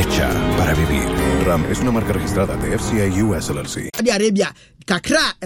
hecha para vivir. Ram es una marca registrada de FCI US LLC. Arabia, Kakra,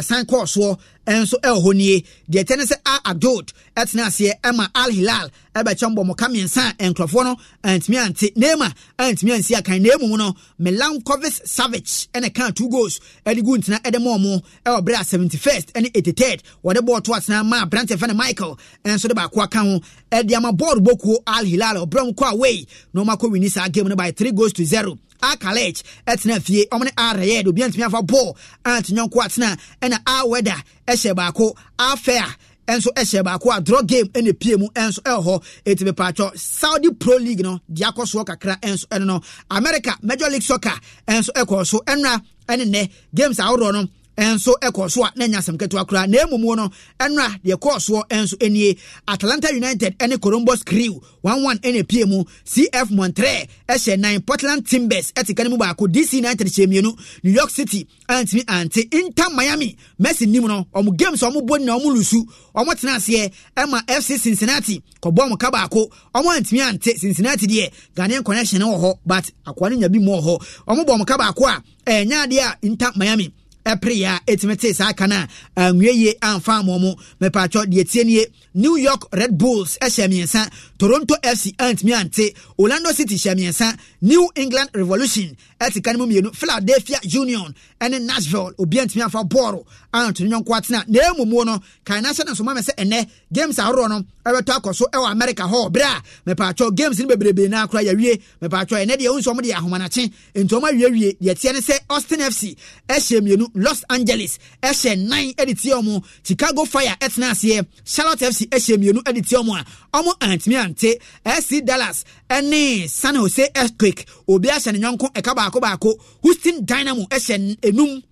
nso ɛwɔ e hɔ nie deɛ ɛkyɛ ne sɛ a adod ɛtena aseɛ ɛma al hilal ɛbɛkyɛ mbɔ mɔka mmiɛnsa a nkurɔfoɔ no antumi ante neema antumi ansi akan na no melankovic savage ɛna kan two goals ɛde gu ntena ɛde mɔɔ mo ɛwɔ bere a seventy first ɛne eighty third wɔde bɔɔl to atena ma aberante fɛn michael ɛnso de baako aka ho ɛde ama bɔɔl bɔkuo al hilal ɔbrɛ mu kɔ away na wɔn akɔ wini saa game no by three goals to zero a college ɛtena fie ɔmo ne a reyed obi antumi afa ball ant nyɔnko atena ɛna a weather ɛhyɛ baako a fair ɛnso ɛhyɛ baako a draw game ɛna pie mu ɛnso ɛwɔ hɔ eti mipaatwɔ saudi pro league no di akɔ soɔ kakra ɛnso ɛno no america major league soccer ɛnso ɛkɔ so ɛnura ɛne nɛ games ahodoɔ no nso kɔ so a na nya asɛm ketewa koraa na mmom no ɛnora deɛ kɔɔ soɔ nso nie atlanta united ne columbus crew one ne pie mu cf montre hyɛ 9 portland timbers te ka no mu baako dc united hyɛ mmienu new york city antimi ante inter miami messi nim no ɔmo games ɔmo bɔ nyina ɔmo lusu ɔmo tena aseɛ ɛma fc cincinnati kɔbɔ ɔmo ka baako ɔmo antimi ante cincinnati deɛ ghanaian connection wɔ hɔ but akoa no nya bi mu wɔ hɔ ɔmo bɔ ɔmo ka baako a ɛnyɛ adeɛ a inter miami ɛpere a ɛtumi tee saa ka no a anwea yie amfa amoɔ mo mepatwɔ deɛ tie nie new york red bulls ɛhyɛ mmiɛnsa toronto fc antumi ante orlando city hyɛ mmiɛnsa new england revolution ɛte ka no mu mmienu philadelphia union ɛne nashville obi antumi afa bɔɔlo antono nyɔnko atena na ɛmumu no kan na hyɛ no nsoma mɛ sɛ ɛnɛ games ahoroɔ no ɛbɛtɔ akɔ so ɛwɔ america hɔ berɛ a mɛpaatwɔ games no bebrebe naa kora yɛwie mɛpaatwɔ ɛnɛ deɛ ɛhu nso ɔmo de ahomanakye nti ɔmo awiewie deɛ teɛ ne sɛ austin fc ɛhyɛ mmienu los angeles ɛhyɛ nan ɛde tie ɔmo chicago fire ɛtena aseɛ charlotte fc ɛhyɛ mmienu ɛde tie ɔmo a ɔmo antumi ante ɛsi dallas ɛne san jose earthquake obi ahyɛ ne nyɔnko ɛka baako baako houston dynamo ɛhyɛ enum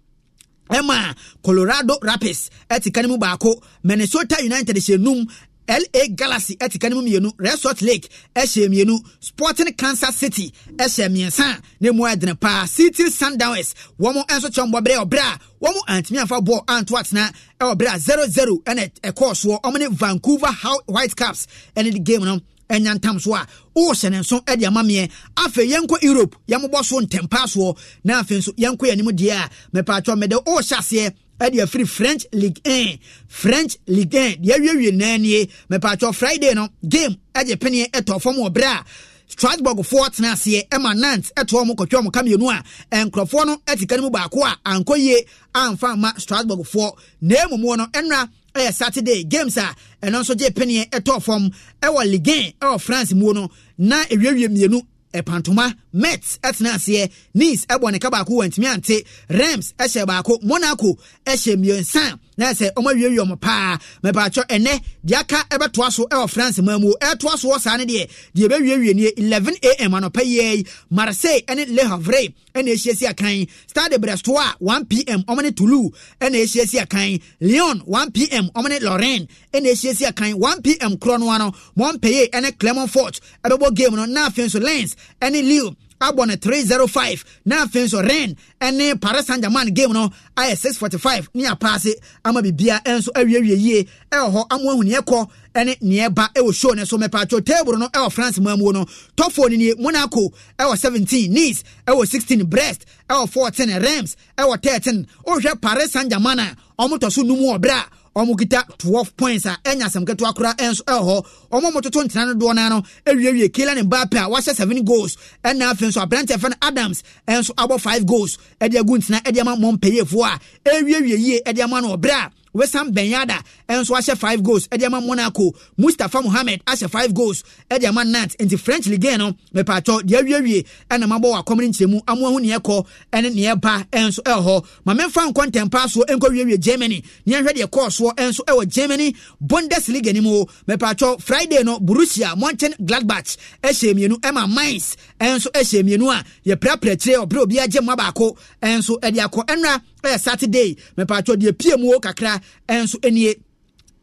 ɛma colorado rapids ɛtika no mu baako minnesota united hyɛ enum la galaxy ɛtika no mu mmienu resort lake ɛhyɛ mmienu sporting kansas city ɛhyɛ mmiɛnsa na mu ɛdene paa city sundowns wɔn nso kyɛn bɔ berɛ ɔberɛ a wɔn antumi afa bɔɔl anto atena ɛwɔ berɛ a zero zero ɛna ɛkɔɔ soɔ wɔn ne vancouver white caps ɛne game no ɛnya ntam so a wosɛne nso de amameɛ afei yɛnkɔ europe yɛmobɔ so ntɛmpa soɔ na afei nso yɛnkɔ yɛnim deɛ a mepatwɔ mede wohyɛ aseɛ ɛde afiri french league 1 french league 1 deɛ awiewie nnaa nie mepatwɔ friday no game gye peneɛ ɛtɔ fam wɔ berɛ a strasbourg foɔ tena aseɛ ɛma nant ɛtoɔ mo kɔtwa mo ka mmienu a nkurɔfoɔ no ɛtika no mu baako a ankɔ yie amfa ama strasbourg foɔ na mmom wɔ no ɛnra ɛyɛ saturday games a ɛno nso gye panyin ɛtɔ fam ɛwɔ ligue ɛwɔ france muo no na ewiewie mmienu ɛpantoma met ɛtena aseɛ nice ɛbɔ ne ka baako wɔntumi ante rems ɛhyɛ baako monaco ɛhyɛ mmiɛnsa na sɛ ɔmo awie wie ɔmo paa mɛpaakyɛ ɛnɛ deɛ aka ɛbɛtoa so ɛwɔ france mu amu ɛtoa so wɔ saa ne deɛ deɛ ɛbɛwie wie nie 11 am anɔpa yie marseille ɛne le havre ɛna ahyia si akan stade brestois 1 pm ɔmo ne toulouse ɛna ahyia si akan lyon 1 pm ɔmo ne lorraine ɛna ahyia si akan 1 pm korɔ no ano montpellier ɛne clermont fort ɛbɛbɔ game no na afei nso lens ɛne lille abɔ no 305 na afei nso ren ne paris saint germain game no ayɛ 645 ne apaase ama biribia nso awiewie yie ɛwɔ hɔ ama ahu neɛ kɔ ne neɛ ba wɔ show no so mɛpaatwo table no ɛwɔ france mamuo no tɔfo no nie monaco ɛwɔ 17 nice ɛwɔ 16 brest ɛwɔ 14 rems ɛwɔ 13 wohwɛ paris saint germain a ɔmotɔ so num wɔ berɛ a ɔmo twelve points a ɛnya asɛm ketewa koraa ɛnso ɛwɔ hɔ ɔmo ɔmo toto ntena dodoɔ naa no ewiewie kila ne mbaapɛ a wahyɛ seven goals ɛna afei nso aberanteɛ fɛn adams ɛnso abɔ five goals ɛde agu ntena ɛde ama mɔmpɛyɛfoɔ a ewiewie yie ɛde ama no ɔbrɛ a wesam benyada nso ahyɛ five goals ɛde ama monaco mustapha mohammed ahyɛ five goals ɛde ama nant nti french league no mepatɔ deɛ awiewie ɛna mabɔ wakɔm no nkyerɛmu amu ho neɛ kɔ ɛne neɛ ba nso ɛwɔ hɔ ma memfa nkɔ ntɛmpa soɔ nkɔwiewie germany neɛhwɛ deɛ kɔɔ soɔ nso ɛwɔ germany bundesliga no mu o mepatɔ friday no borussia monten gladbach ɛhyɛ mmienu ɛma mines ɛnso ɛhyɛ mmienu a yɛprapra kyerɛ ɔberɛ obiara gye mma baako ɛnso ɛde akɔ ɛnra ɛyɛ saturday mepatwɔ deɛ pie mu o kakra ɛnso nie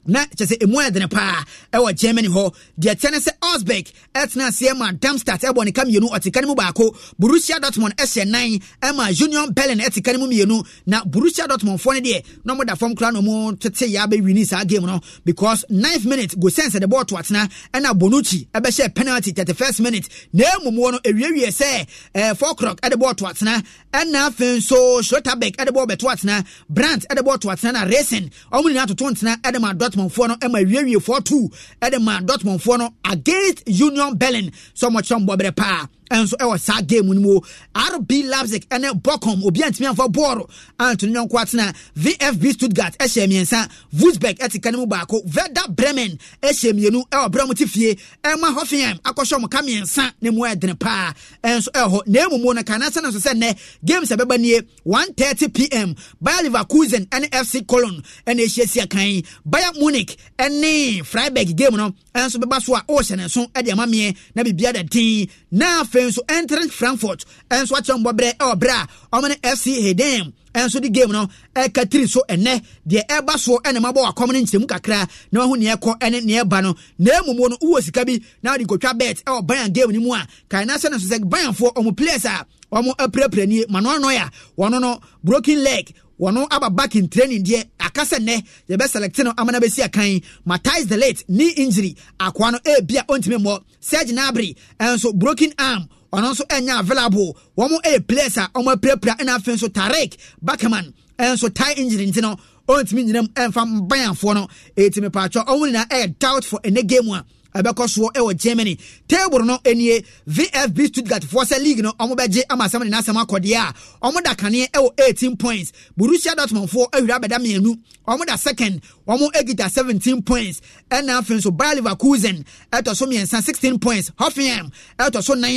na kyɛ sɛ ɛmu ɛdene paa ɛwɔ germany hɔ deɛ kyɛ ne sɛ osberg ɛtena aseɛ ma damstart ɛbɔ ne ka mmienu ɔteka no mu baako borussia dortmund ɛhyɛ nan ɛma union berlin ɛteka no mu mmienu na borussia dortmundfoɔ no deɛ na ɔmoda fam koraa na ɔmu tete yɛ abɛwini saa game no because ninth minute go sense de bɔɔl atena ɛna bonucci ɛbɛhyɛ penalty thirty first minute na emu mu no ewiewie sɛ ɛɛ eh, four o'clock ɛde bɔɔl to atena ɛna afei nso schrotaberg ɛde bɔɔl bɛto atena brandt ɛde bɔɔl atena na racing ɔmo nyinaa toto ntena ɛde ma dot Dortmundfoɔ no ma awiewie 4-2 de maa Dortmundfoɔ no against Union Berlin sɛ ɔmɔkyerɛ mbɔberɛ paa nso ɛwɔ saa game no mu rb lapsic ɛne bocom obi antumi amfa bɔɔlo antoni nyɔnko atena vfb stuttgart ɛhyɛ mmiɛnsa vutsberg ɛte ka mu baako veda bremen ɛhyɛ mmienu ɛwɔ berɛ mu te fie ɛma hoffenheim akɔhyɛ mo ka mmiɛnsa ne mu ɛdene paa ɛnso ɛwɔ hɔ na emu mu no kanasa no nso sɛ nnɛ games ɛbɛba nie 130 pm bayer leverkusen ɛne fc colon ɛna ɛhyiasia kan bayer munich ɛne freiburg game no ɛnso bɛba so a ɔhyɛ ne nso ɛde ama meɛ na biribia da din na afei nso entrant frankfurt nso akyerɛ mbɔberɛ ɛwɔ berɛ a ɔmo ne fc hedem nso de game no ɛka tiri so ɛnɛ deɛ ɛba soɔ ɛna ma bɔ wakɔm ne nkyɛmu kakra na wahu neɛ ɛkɔ ɛne neɛ ɛba no na emu mu no wowɔ sika bi na wɔde nkotwa bet ɛwɔ bayan game no mu a kae na sɛ so sɛ bayanfoɔ ɔmo players a ɔmo apirapira nie manoa noya wɔno no broken leg wɔno aba back in training deɛ aka sɛ nnɛ yɛbɛselect no amana bɛsi akan matis the late knee injury akoa no ebi a ɔntumi mmɔ serge nabri ɛnso broken arm ɔno nso ɛnyɛ available wɔn ɛyɛ e players a wɔn apirapira ɛna afei nso tarik bakaman ɛnso tie injury nti no ɔntumi nyinam ɛnfa mbanyanfoɔ no ɛtumi paatwa wɔn nyinaa ɛyɛ e doubt for ɛnɛ game a ɛbɛkɔ soɔ ɛwɔ germany table no nie vfb stuttgart foɔ league no ɔmo bɛgye ama asɛm ne n'asɛm akɔdeɛ a ɔmo da kaneɛ ɛwɔ 18 points borussia dortmund foɔ ahwira abɛda mmienu ɔmo da second ɔmo ekita 17 points ɛna afei nso bayer leverkusen ɛtɔ so mmiɛnsa 16 points hoffenheim ɛtɔ so nan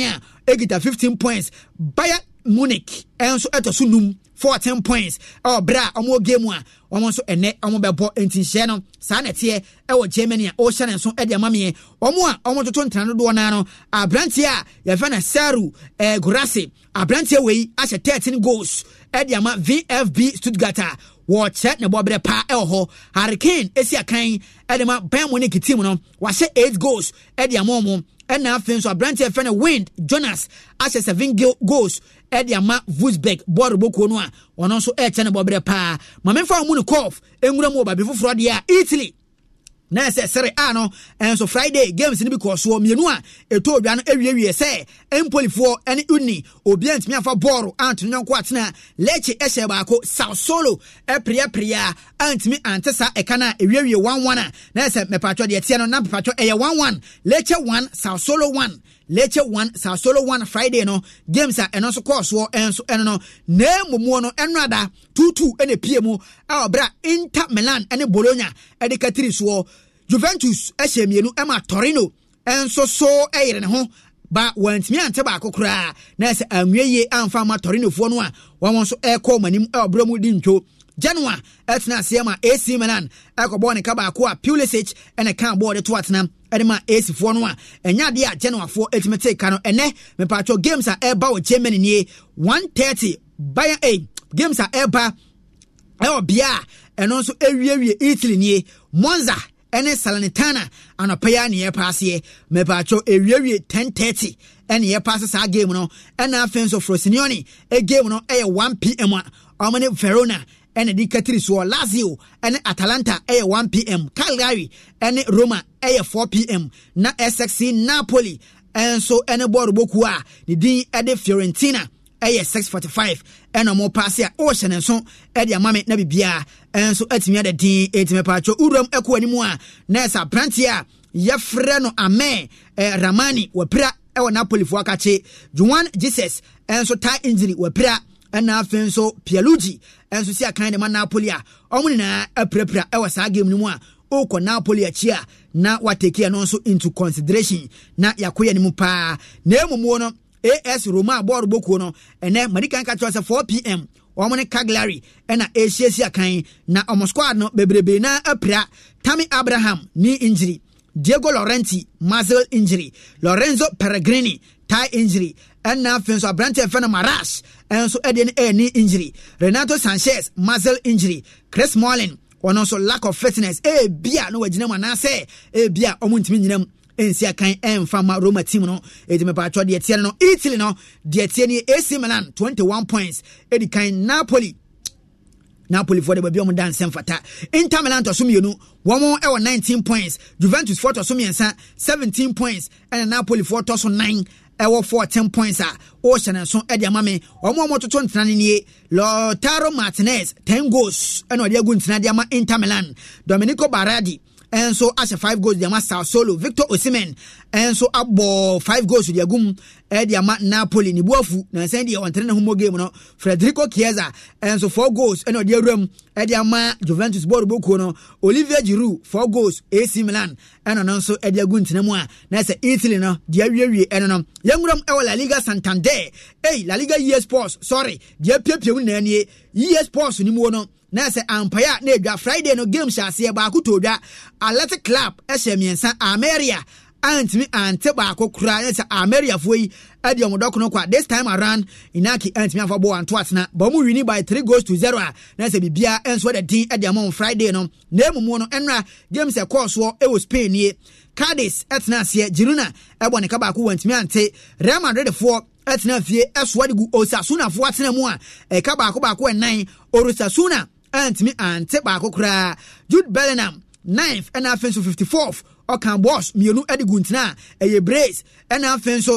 a ekita 15 points bayer munich ɛnso ɛtɔ so num Fourteen points ɛwɔ bra! a ɔmo game a ɔmo nso ɛnɛ ɔmo bɛbɔ ntinhyɛ no saa nɛteɛ ɛwɔ germany a ɔrehyɛ ne nso ɛde ama meɛ ɔmo a ɔmo toto ntena dodoɔ naa no aberanteɛ a yɛfɛ no saru ɛɛ eh, gorase aberanteɛ wei ahyɛ 13 goals ɛde ama vfb stuttgart a wɔkyɛ ne bɔberɛ paa ɛwɔ hɔ hurricane esi akan ɛde ma bayern munich team no wahyɛ 8 goals ɛde ama ɔmo ɛna afei nso aberanteɛ fɛ no wind jonas ahyɛ seven goals ɛde ama vusberg bɔɔdo bokuo no a ɔno nso ɛɛkyɛ no bɔberɛ paa mamemfa wo mu ne kɔf ɛnwura mu wɔ baabi foforɔ deɛ a italy na ɛsɛ sere a no ɛnso friday games no bi kɔɔ soɔ mmienu a ɛtɔ odwa no awiewie sɛ mpolifoɔ ne uni obia ntumi afa bɔɔlo antono nyɔnko atena lekye ɛhyɛ baako sao solo ɛpreaprea antumi ante saa ɛka no a ɛwiewie 11 a na ɛsɛ mepatwɔ deɛ teɛ no na mepatwɔ ɛyɛ 11 lekye 1 sao solo 1 late one saa solo one friday no games a ɛno nso kɔɔsoɔ ɛnso ɛno no na mmomuo no ɛno ada tutu ɛna pie mu a ɔbrɛ a inter milan ɛne bologna ɛde katiri soɔ juventus ɛhyɛ mmienu ɛma torino ɛnso so ɛyere ne ho ba wɔntumi ante baako koraa na ɛsɛ anwea yie amfa ma torinofoɔ no a wɔn nso ɛrekɔ wɔn anim ɛwɔ mu di ntwo genoa ɛtena aseɛ ma ac milan ɛkɔbɔɔ ne ka baako a pulisic ɛna kan bɔɔl de to atena ɛne ma asifoɔ no a ɛnyɛ adeɛ a genoafoɔ ɛtumi te ka no ɛnɛ mepatwɔ games a ɛba wɔ germany nie 130 bayern a eh, games a ɛba ɛwɔ bea a ɛno nso ɛwiewie italy nie monza ɛne salernitana anɔpɛyɛ ne yɛpa aseɛ mepatwɔ ten thirty ɛne yɛpa ase saa game no ɛna afei nso frosinione eh, game no ɛyɛ 1 pm a ɔmo verona ɛna di katiri soɔ lazio ɛne atalanta ɛyɛ 1 pm calgary ɛne roma ɛyɛ 4 pm na ɛsɛksi napoli ɛnso ɛne bɔɔl bokuo a ne din ɛde fiorentina ɛyɛ 645 ɛna ɔmo paase a ɔhyɛ ne nso ɛde ama na biribiara ɛnso ɛtumi ɛde din ɛtumi paatwo wuram ɛkɔ anim a nɛɛsa aberanteɛ a yɛfrɛ no amɛ ɛɛ ramani wapira, ɛwɔ napolifoɔ akakye Juwan jesus ɛnso taa injury wapira ɛna afei nso pialugi nso si akan ne ma napoli a wɔn nyinaa apirapira wɔ saa game no mu a ɔrekɔ napoli akyi a na watake ɛno nso into consideration na yakoyɛ no mu paa na emumuo no as roma a bɔɔlo bokuo no ɛnɛ madikan ka kyerɛ sɛ 4pm wɔn ne caglary ɛna ɛresiesie akan na wɔn squad no bebrebe na apira tammy abraham ne injury diego laurenti muscle injury lorenzo peregrini tie injury ɛna afei nso aberanteɛ fɛ no maras ɛnso ɛde no ɛni injury renato sanchez muscle injury chris molin wɔn nso lack of fitness ebia na wɔgyina mu anaasɛ ebia wɔn ntumi nyina mu nsi akan ɛnfa ma roma team no edimi paatɔ deɛ tiɛ no italy no deɛ tiɛ ni ac milan twenty one points edi kan napoli napolifoɔ de baabi a wɔn da nsɛm fata inter milan tɔ so mmienu wɔn ɛwɔ nineteen points juventus foɔ tɔ so mmiɛnsa seventeen points ɛna Napoli tɔ so nine ɛwɔ fourteen points a ɔhyɛ ne nso ɛde ama me wɔn a wɔtoto ntena ne nie lɔtaro martinez ten goals ɛna ɔde agu ntena de ama inter milan dominico baradi nso ahyɛ five goals de ama sao solo victor osimhen nso abɔ five goals de agum de ama napoli ne buafu nansan deɛ ɔntene ne ho mɔ game no frederico chiesa nso four goals na ɔde awura mu de ama juventus bɔɔdo bokuo no olivier giroud four goals ac milan ɛna no nso de agu ntena mu a na sɛ italy no deɛ awiewie ɛno no yɛnwuram ɛwɔ la liga santander ei la liga year sports sorry deɛ piepie mu nyinaa nie year sports ne mu no na sɛ ampaeɛ a na ɛdwa friday no games hyɛ aseɛ baako to dwa athletic club ɛhyɛ mmiɛnsa ameria antumi ante baako kura ne sɛ ameriafoɔ yi adi ɔmo dɔko no kwa this time around inaki antumi afa bɔ wanto atena bɔn mu wini by three goals to zero a na sɛ bibia nso ɛda din ɛdi ɔmo friday no na emu mu no ɛnura james ɛkɔɔ soɔ ɛwɔ spain nie cardis ɛtena aseɛ girona ɛbɔ ne ka baako wɔntumi ante real madrid foɔ ɛtena fie ɛsoa de gu osasunafoɔ atena mu a ɛka baako baako ɛnan orosasuna antimi ante baako koraa jude bellingham ninth, th ɛna afei nso 54th ɔkan bɔs mmienu de gu ntena a ɛyɛ brace ɛna afei nso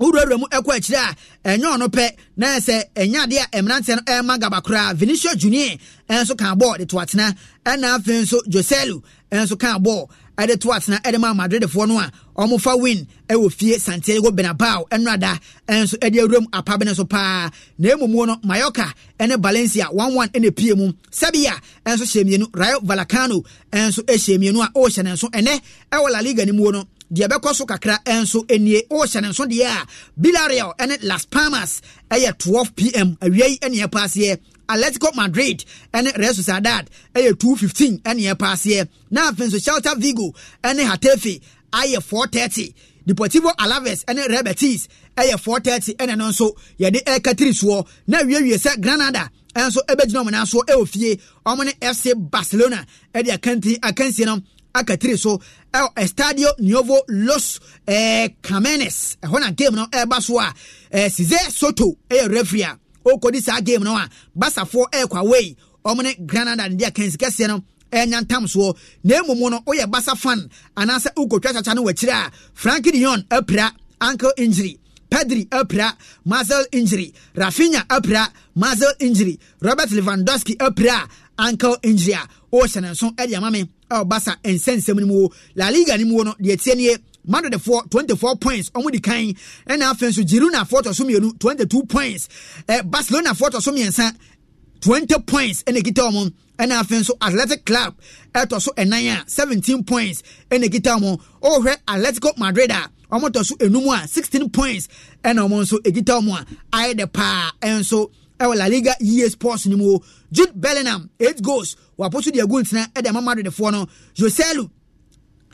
wowurawura mu ɛkɔ akyire a ɛnyɛ ɔno pɛ na sɛ ɛnyɛ adeɛ a mmeranteɛ no ɛma gaba koraa vinicio junior ɛnso kan bɔɔl de to atena ɛna afei nso joselu ɛnso kan bɔɔl ɛde to atena ɛde ma madridfoɔ no a ɔmofa win ɛwɔ fie santiago benabao ɛnrada ɛnso ɛde awuram apabene so paa na emmumu no mallorca ɛne valencia one one ɛna pie mu sɛbia ɛnso hyɛ mmienu rayo valacano ɛnso ɛhyɛ mmienu a ɔrehyɛ ne nso ɛnɛ ɛwɔ la liga ne muo no deɛ ɛbɛkɔ so kakra nso nie ɔrehyɛ ne nso deɛ a bilarial ɛne las palmas ɛyɛ 12 pm awia yi ɛne ɛpaaseɛ Atletico Madrid ɛne Real Sociedad ɛyɛ two fifteen ɛne ɛpa aseɛ na afei nso Celta Vigo ɛne Hatafe ayɛ four thirty Deportivo Alaves ɛne Real Betis ɛyɛ four thirty ɛna no nso yɛde ɛkɛtiri soɔ na wiewie sɛ Granada ɛnso ɛbɛgyina wɔn nan so ɛwɔ fie wɔn ne FC Barcelona ɛde akanti akansie no akatiri so ɛwɔ Estadio Nuevo Los ɛɛ eh, Camenes ɛhɔ na game no ɛɛba eh, so a ɛɛ eh, Cesar Soto ɛyɛ referee a ɔkɔdi saa game no a basafoɔ ɛɛkɔ away ɔmo ne granada ne deɛ kɛnsi kɛseɛ no ɛnya ntam soɔ na mmom no woyɛ basa fan anaasɛ wokɔtwa kyakya no wakyirɛ a frank dion apira ankle injury pedri apira muscle injury rafinha apira muscle injury robert lewandowski apira ankle injury a ɔhyɛ ne nso de ama me ɛwɔ basa nsɛnsɛm no mu wo la liga ni mu wo no deɛ tie nie madridfoɔ 24 points ɔmo di kan ɛna afei nso gironafoɔ tɔ so mmienu 22 points ɛ eh, Barcelona tɔ so mmiɛnsa 20 points ɛna ekita wɔn ɛna afei nso athletic club ɛtɔ so ɛnan a 17 points ɛna ekita wɔn ɔwɔhwɛ atletico madrid a wɔn tɔ so enum a 16 points ɛna wɔn nso ekita wɔn a ayɛ dɛ paa ɛnso ɛwɔ la liga yie sports ni mu o jude bellingham 8 goals wɔapo so deɛ gu ntina ɛde ama madridfoɔ no joselu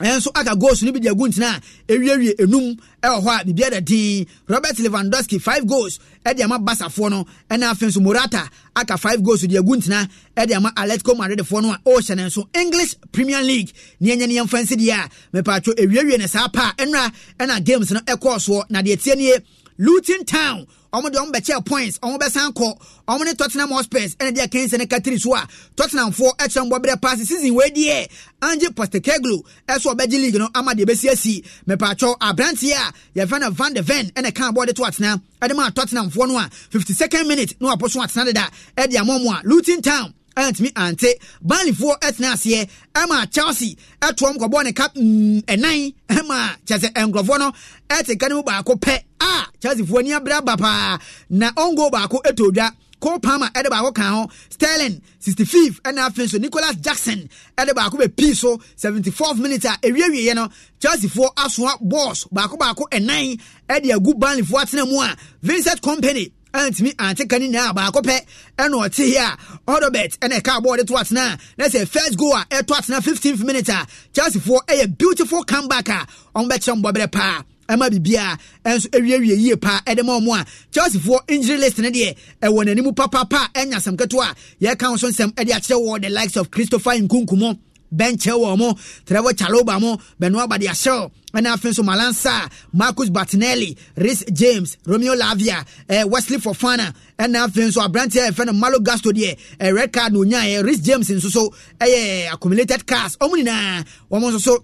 nso aka goals no bi de agu ntena a ɛwiewie enum ɛwɔ hɔ a biribia da din robert lewandowski five goals ɛde ama basafoɔ no ɛna afei nso morata aka five goals de agu ntena ɛde ama atletico madridfoɔ no a ɔrehyɛ ne nso english premier league ne ɛnyɛ ne yɛmfa nsi deɛ a mepatwo ɛwiewie ne saa paa ɛnura ɛna games no ɛkɔɔ soɔ na deɛ tie nie luton town ɔmo de ɔmo bɛkyɛ points ɔmo bɛsan kɔ ɔmo ne tottenham hotspurs ɛna deɛ kensa ne katiri so a tottenhamfoɔ ɛkyɛn bɔ berɛ paase season wei deɛ ange postekeglo ɛso ɔbɛgye league no ama deɛ bɛsiesi mepatwɔ aberanteɛ a yɛfɛ no van de ven ɛna kan bɔɔde to atena ɛde ma tottenhamfoɔ no a 52nd minute na wɔpo so atena deda ɛde ama mu a luton town ɛntumi ante balifoɔ ɛtena aseɛ ɛma chelsea ɛtoɔm kɔbɔ ne cap ɛnan mm, ɛma kyɛ sɛ nkurɔfoɔ no ɛte ka ne mu baako pɛ a chelseafoɔ ni abere aba paa na ɔngo baako ɛtɔ odwa cole palmer ɛde baako kan ho sterling sixty five ɛna afei nso nicholas jackson ɛde baako bɛ pii so seventy four minutes a ewiewie no chelseafoɔ asoa balls baako baako ɛnan ɛde agu balifoɔ atena mu a vincent company antimi ante ka ne nyinaa baako pɛ ɛna ɔte yɛ a ɔdɔbɛt ɛna ɛka abɔɔ de to atena a na sɛ first goal a ɛto atena 15th minute a chelseafoɔ ɛyɛ beautiful comeback a ɔmbɛkyerɛ mbɔberɛ paa ɛma bibia ɛnso awiewie yie paa ɛde ma ɔmo a chelseafoɔ injury list ne deɛ ɛwɔ n'anim papapa ɛnya asɛm ketewa a yɛka ho so nsɛm ɛde akyerɛ wɔ the likes of christopher nkunkumo bɛnkyɛ wɔ mo trevor chaloba mo benoit badiahyɛw ɛna afei nso malansa marcus batinelli rhys james romeo lavia eh, wesley fofana ɛna afei nso aberanteɛ yɛfrɛ no malo gasto deɛ eh, red card na onyaeɛ rhys james nso so ɛyɛ eh, accumulated cars ɔmo nyinaa wɔn nso so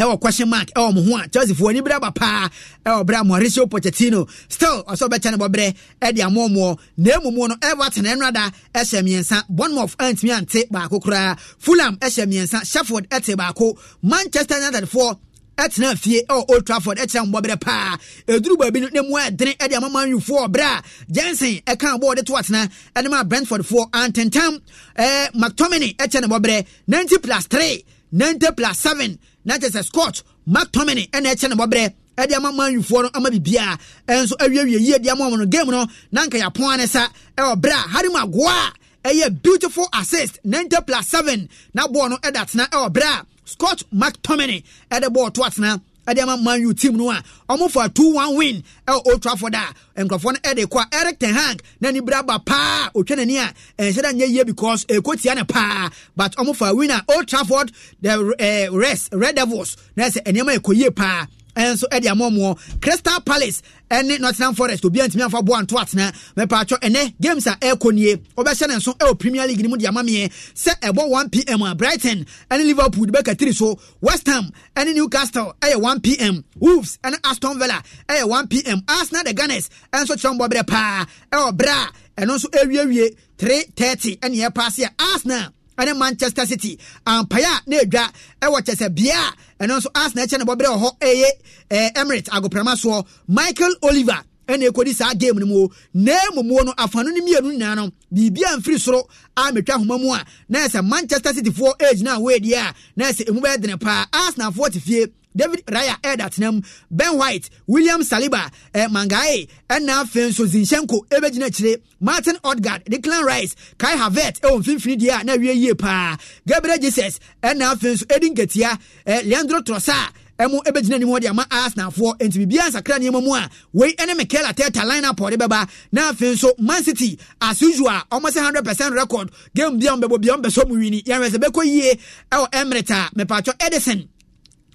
ɛwɔ question mark ɛwɔ mo ho a chelsea fo ani bere aba paa ɛwɔ bere a mauricio pochettino still ɔsɛ ɔbɛkyɛ e ne bɔberɛ ɛde amoɔmoɔ na emu mu no everton ɛnrada ɛhyɛ e mmiɛnsa bournemouth ɛntumi e ante baako koraa fulham ɛhyɛ mmiɛnsa sheffield ɛte baako manchester united foɔ ɛtena fie ɛwɔ old trafford ɛkyerɛ mbɔberɛ paa ɛduru baabi no na mu ɛdene ɛde ama man ufoɔ berɛ a jensen ɛka bɔɔ de to atena ɛne ma brentfordfoɔ antentam ɛɛ mctominay ɛkyɛ ne bɔberɛ 90 plus 3 90 plus 7 na kyerɛ scott mctominy ɛna ɛkyɛ ne bɔberɛ ɛde ama ma nwufoɔ no ama bibia ɛnso awiewie yie de ama wɔn no game no Nanka nka yɛapoa ne sa ɛwɔ berɛ a harim agoa a ɛyɛ beautiful assist 90 plus 7 na bɔɔl no ɛda tena ɛwɔ berɛ a scott mctominy ɛde eh, bɔɔl to atena ɛde ama man u team no a ɔmo fa two one win ɛwɔ old trafford a nkurɔfoɔ no ɛde kɔ a eric ten hag n'ani bere aba paa otwa n'ani a ɛnhyɛ dɛ nyɛ yie because eko eh, tia ne paa but ɔmo fa win a old trafford the uh, eh, rest red devils na ɛsɛ nneɛma ɛkɔ yie paa nso ɛde amɔmoɔ crystal palace ɛne nottingham forest obi antumi anfa boa nto atena mɛpaatwɔ ɛnɛ games a ɛrekɔ nie wɔbɛhyɛ ne nso ɛwɔ premier league no mu de ama meɛ sɛ ɛbɔ 1 pm a brighton ɛne liverpool de bɛka tiri so west ham ɛne newcastle ɛyɛ 1 pm wolves ɛne aston villa ɛyɛ 1 pm arsenal the gunners ɛnso kyerɛ mbɔberɛ paa ɛwɔ berɛ a ɛno nso ɛwiewie 3 30 ɛne ɛpaase a arsenal ɛne manchester city ampaeɛ a na ɛdwa ɛwɔ kyɛsɛ bea a ɛno nso arsenal kyɛ ne bɔberɛ wɔ hɔ ɛyɛ ɛɛ emirates agoprama soɔ michael oliver ɛna ɛkɔdi saa game no mu o na mmommuo no afanu no mmienu nyinaa no biribia mfiri soro a metwa ahoma mu a na ɛsɛ manchester cityfoɔ ɛgyina awɔ adiɛ a na ɛsɛ emu bɛyɛ dene paa arsenalfoɔ te fie david raya ɛda tena mu ben white william saliba eh, mangae ɛna eh, afei nso zinchenko ɛbɛgyina eh, akyire martin odgard declan rice kai havert ɛwɔ eh, mfimfini deɛ a na awie yie paa gabriel jesus ɛna eh, afei nso ɛdi nketia eh, leandro trosa ɛmo ɛbɛgyina anim wɔde ama arsenalfoɔ nti biribiara nsakra nneɛma mu a ah, wei ɛne mikel ateta line up ɔde bɛba na afei nso man city as usual ɔmo ah, sɛ hundred percent record game bia ɔmo bɛbɔ bia ɔmo bɛsɔ mu wini yɛn wɛsɛ bɛkɔ yie ɛwɔ emirates a ah, mɛpatwɔ edison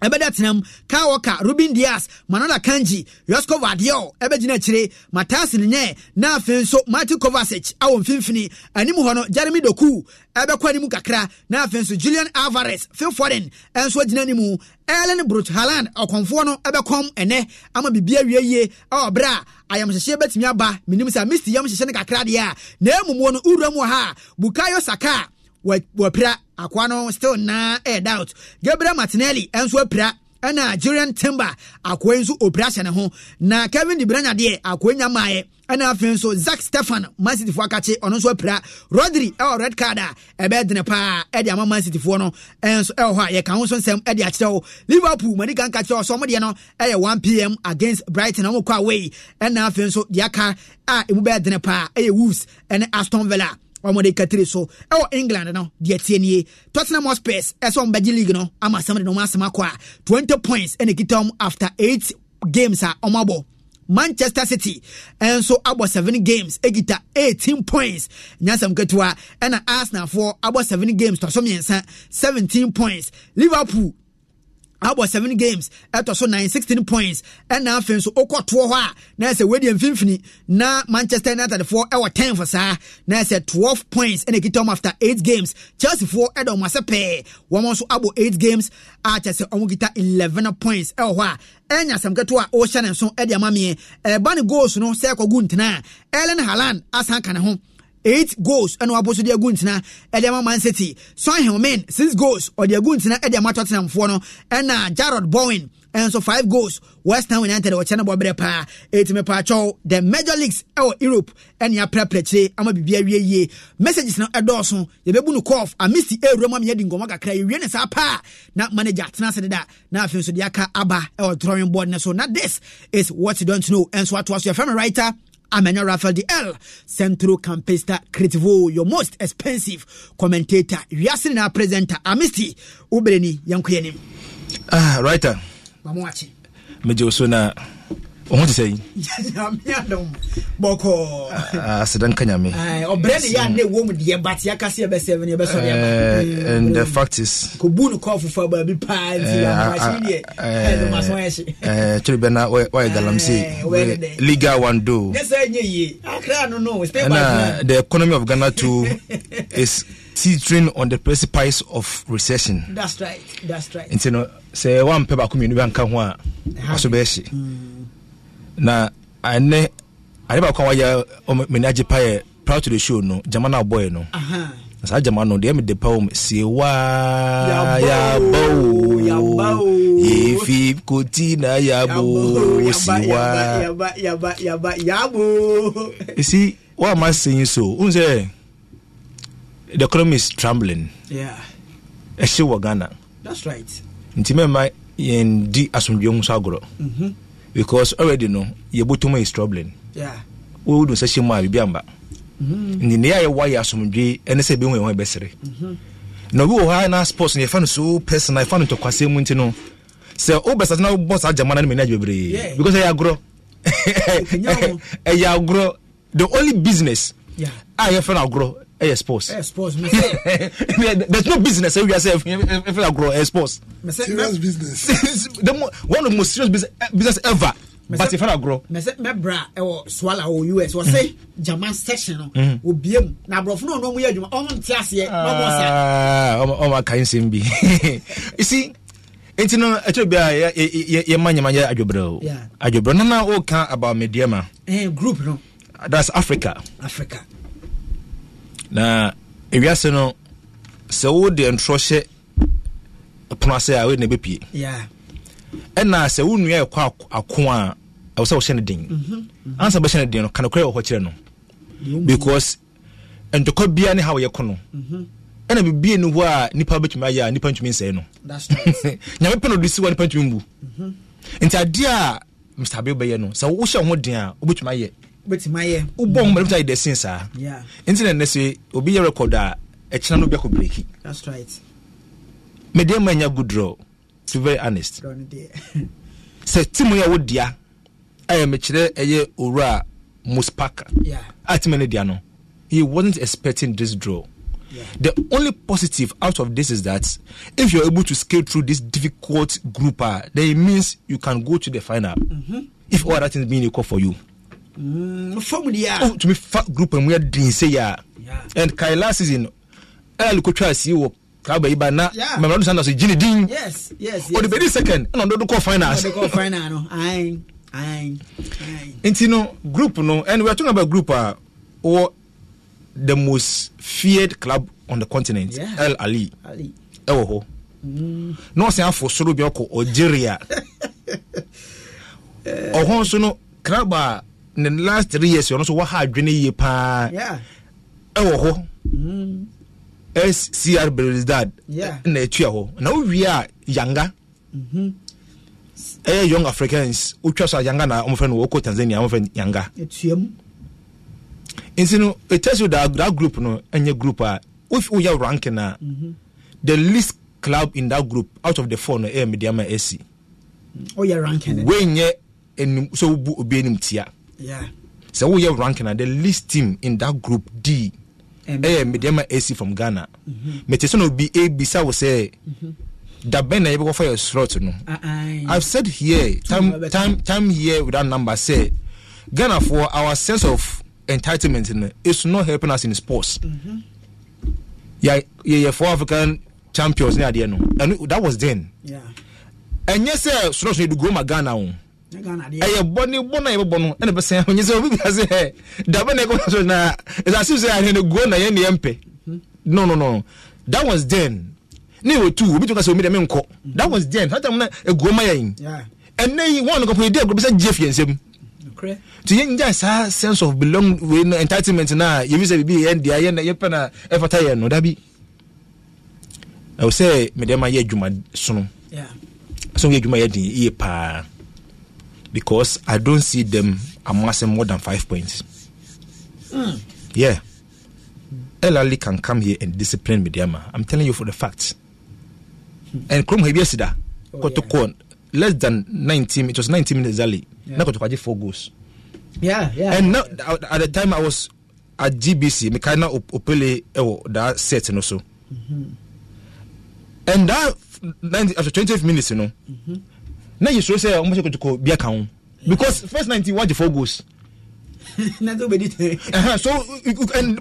ɛbɛda tenam Kawoka, walker ruben dias manola kanji yosco vadeɛ ɛbɛgyina akyire matase nenyɛ na afei nso martin kovacic awɔ mfimfini anim hɔ no jeremy doku ɛbɛkɔ anim kakra na afei nso julian alvarez phil foden ɛnso agyina anim ellen brut haland ɔkɔmfoɔ no ɛbɛkɔm ɛnɛ ama biribi awie yie ɛwɔ berɛ a ayamhyehyeɛ bɛtumi aba menim sɛ misti yam hyehyɛ no kakra deɛ a na mmuo no wura wɔ ha bukayo saka wɔpira akoa no still na ɛda out gabriel martinelli nso apira ɛna Julian timber akoa nso opira hyɛ ne ho na kevin de brenya deɛ akoa nya maayɛ ɛna afei nso zack stefan mansitifoɔ akakye ɔno nso apira rodri ɛwɔ red card a ɛbɛyɛ dene paa ɛde ama mansitifoɔ no ɛnso ɛwɔ hɔ a yɛka ho nso nsɛm ɛde akyerɛ wo liverpool madi kan ka kyerɛ ɔsɔ ɔmo deɛ no ɛyɛ one pm against brighton ɔmo kɔ away ɛna afei nso deɛ aka a emu bɛyɛ dene paa ɛyɛ wolves ɛne aston villa wɔmde katire so ɛwɔ england no deɛ tie nie tottenham hotspurs ɛsɛ wɔn bɛgye league no ama asɛm de na wɔn asɛm akɔ a twenty points ɛna ekita wɔn after eight games a wɔn abɔ manchester city nso abɔ seven games ekita eighteen points nyasam ketewa ɛna arsenal foɔ abɔ seven games tɔso mmiɛnsa seventeen points liverpool abɔ seven games ɛtɔ so nine sixteen points ɛna afei nso okɔtoɔ hɔ a na ɛsɛ wedi mfimfini na manchester united foɔ ɛwɔ ten for saa na ɛsɛ twelve points ɛna ekita wɔn after eight games chelsea foɔ ɛda wɔn ase pɛɛ wɔn nso abɔ eight games a kyɛ sɛ wɔn kita eleven points ɛwɔ hɔ a ɛnya asɛm ketewa a ɔrehyɛ ne nso ɛde ama meɛ ɛɛba ne goals no sɛ ɛkɔgu ntena ɛlɛn haaland asan ka ne ho eight goals ɛna wabɔ so de agu ntina ɛde ama man city son hemin six goals ɔde agu ntina ɛde ama tottenhamfoɔ no ɛna jarrod bowen ɛnso five goals west ham united wɔkyɛ no bɔberɛ paa ɛtumi paakyɛw the major leagues ɛwɔ europe ɛne aprɛprɛkyire ama biribi awie yie messages no ɛdɔɔso yɛbɛbu no kɔf amisi ɛwura mu a meyɛdi nkɔmmɔ kakra yɛwie ne saa paa na manager tena ase deda na afei nso de aka aba ɛwɔ drawing board no so na this is what you don't know ɛnso atoa so yɛfrɛ me writer Amenya Rafael L Centro Campista Creativo, your most expensive commentator, Yasina presenter, Amisti, Ubreni, Yankuyenim. Ah, writer. Mamuachi. Mejo Suna ɔho te sɛ yisɛdɛ nka nyame the fact is kyere bɛ na wayɛ galamse legal one do ɛna the economy of ghana too is teetering on the precipice of recession that's right that's right nti no sɛ wampɛ baako mmienu bi ho a waso bɛɛhye hmm na ɛnɛ ade baako a wayɛ mene agye pa yɛ proud to the show no gyama no abɔɛ no saa Jama no deɛ mede pa wo m siewaa yɛaba o yefi koti na yabo siwa ɛsi woama sɛyi so wohu sɛ the economy is trembling ɛhye yeah. wɔ ghana nti mɛma yɛndi asomdwe hu so agorɔ mm-hmm because already no yɛbotoma is troubling Yeah. We would say she might be amba Hmm. nti ne yɛayɛ wayɛ asomdwe ɛne sɛ bɛhu ɛho ɛbɛsere na obi wɔ hɔ a na sports no yɛfa no so personal yɛfa no ntɔkwasɛm mu nti no sɛ wobɛsate na wobɔ saa gyama no ne mani agye bebree because ɛyɛ agorɔ ɛyɛ grow. the only business Yeah. I have found grow ɛyɛ sports. ɛyɛ sports mi sɛ. there's no business ɛyɛ wiase ɛfɛ agorɔ ɛyɛ sports. serious business. the mo one of the most serious business eh, business ever. but ɛfɛ agorɔ. mɛsɛ mɛbra ɛwɔ eh, swala o us wɔsɛ jama mm. section no obie mu na aborɔfo náà n'ɔmu yɛ adwuma ɔmu nti aseɛ n'ɔmu ɔsa. ɔmu ɔmu aka nsɛm bi esi nti no ɛkyɛ bi a yɛ yɛ ma nyama yɛ adwobere o adwobere nana o kan about media ma. Eh, group no. that's africa. africa na ewiase no sɛ wode ntorɔ hyɛ pono ase a wode na bɛpie ɛna sɛ wo nnua ɛkɔ ako a ɛwɔ sɛ wohyɛ no den mhm, mhm. ansa bɛhyɛ no den no kanokora wɔ hɔ kyerɛ no because ntɔkwa bia ne ha woyɛ ko no mhm. ɛna bibie no hɔ a nipa bɛtumi ayɛ a nipa ntumi nsɛe no nyame pɛ no de si hɔ nipa ntumi mbu nti adeɛ a mr abe bɛyɛ no sɛ wohyɛ ho den a wobɛtumi ayɛ bɛtumi ayɛ wobɔ ho mmadom sɛ ayɛ dɛsen saa nti na nnɛ sɛ obi yɛ record a ɛkyena no biakɔ breki medeɛ ma nya draw. to very honest sɛ tim yɛ wo dea ayɛ mekyerɛ ɛyɛ owura mospaka a tim no dea no he wasn't expecting this draw Yeah. The only positive out of this is that if you're able to scale through this difficult group, then it means you can go to the final. Mm-hmm. If all that is being equal for you wotumi mm, oh, fa group mu yɛ den sɛ yi a and kae last season ɛl kɔtwa asie wɔ kaba yi ba na mamadu sanda so gyine din ɔde bɛdi second ɛna ɔdɔdo kɔ finals nti no group no and we are talking about group a uh, wɔ the most feared club on the continent yeah. el ali ɛwɔ hɔ mm. na ɔsan afo soro bi ɔkɔ algeria ɔhɔ nso no club a uh, ne last three years ɔno nso waha adwene yie paa ɛwɔ hɔ mm. scr belisdad na ɛtua hɔ na wowie a yanga mm-hmm. ɛyɛ young africans wotwa so a yanga na ɔmfrɛ no wɔkɔ tanzania ɔmfrɛ yanga nti no ɛtɛ so that, that group no ɛnyɛ group a if woyɛ rank no a the least club in that group out of the four no ɛyɛ mediama asi woyɛ rank no woyɛ so wobu obi anim tia sɛ woyɛ ranking a the least team in that group d ɛyɛ medeɛma ac from ghana mm-hmm. mete sɛ na obi ɛbisa wo sɛ mm-hmm. da bɛn na yɛbɛkɔfa yɛ slot no i've said here time, time, time here with that number sɛ ghana for our sense of entitlement no is not helping us in sports mm mm-hmm. yɛyɛ yeah, yeah, four african champions ne adeɛ no and that was then ɛnyɛ sɛ slot no yɛde goma ghana o ɛyɛ bɔne bɔ no yɛbɛbɔ no ɛne bɛsɛn ho sɛ obi bia sɛ daba na ɛkɔfa so na ɛsɛ asem sɛ ahene go na yɛne yɛmpɛ mhm. no no no that was then ne ɛwɔ tu obi tumi sɛ omi dɛ menkɔ mhm. that was then saa tam na ɛguo ma yɛn ɛnɛ yi wɔn nokɔpɔ yɛdi agorɔ bi gye fie nsɛm nti yɛngya saa sense of belong wei no entitlement no a yɛfi sɛ biribi yɛn dea yɛn yɛpɛ no ɛfata yɛn no da ɛwɔ sɛ mede ma adwuma sono ɛsɛ yɛ adwuma yɛ den yie paa because I don't see them amassing more than five points. Mm. Yeah. El Ali can come here and discipline Midiama. I'm telling you for the facts. Hmm. And Krom Hebiasida, oh, Kotoko, less than 19, it was 19 minutes early. Yeah. Now Kotoko four goals. Yeah, yeah. And now, at the time I was at GBC, Mikaina Opele, eh, oh, that set and also. Mm-hmm. And that, after 20 minutes, you know, mm-hmm na yɛ suro sɛ ɔmo hyɛ kotoko bia ka ho because first ninety wagye four goals. so and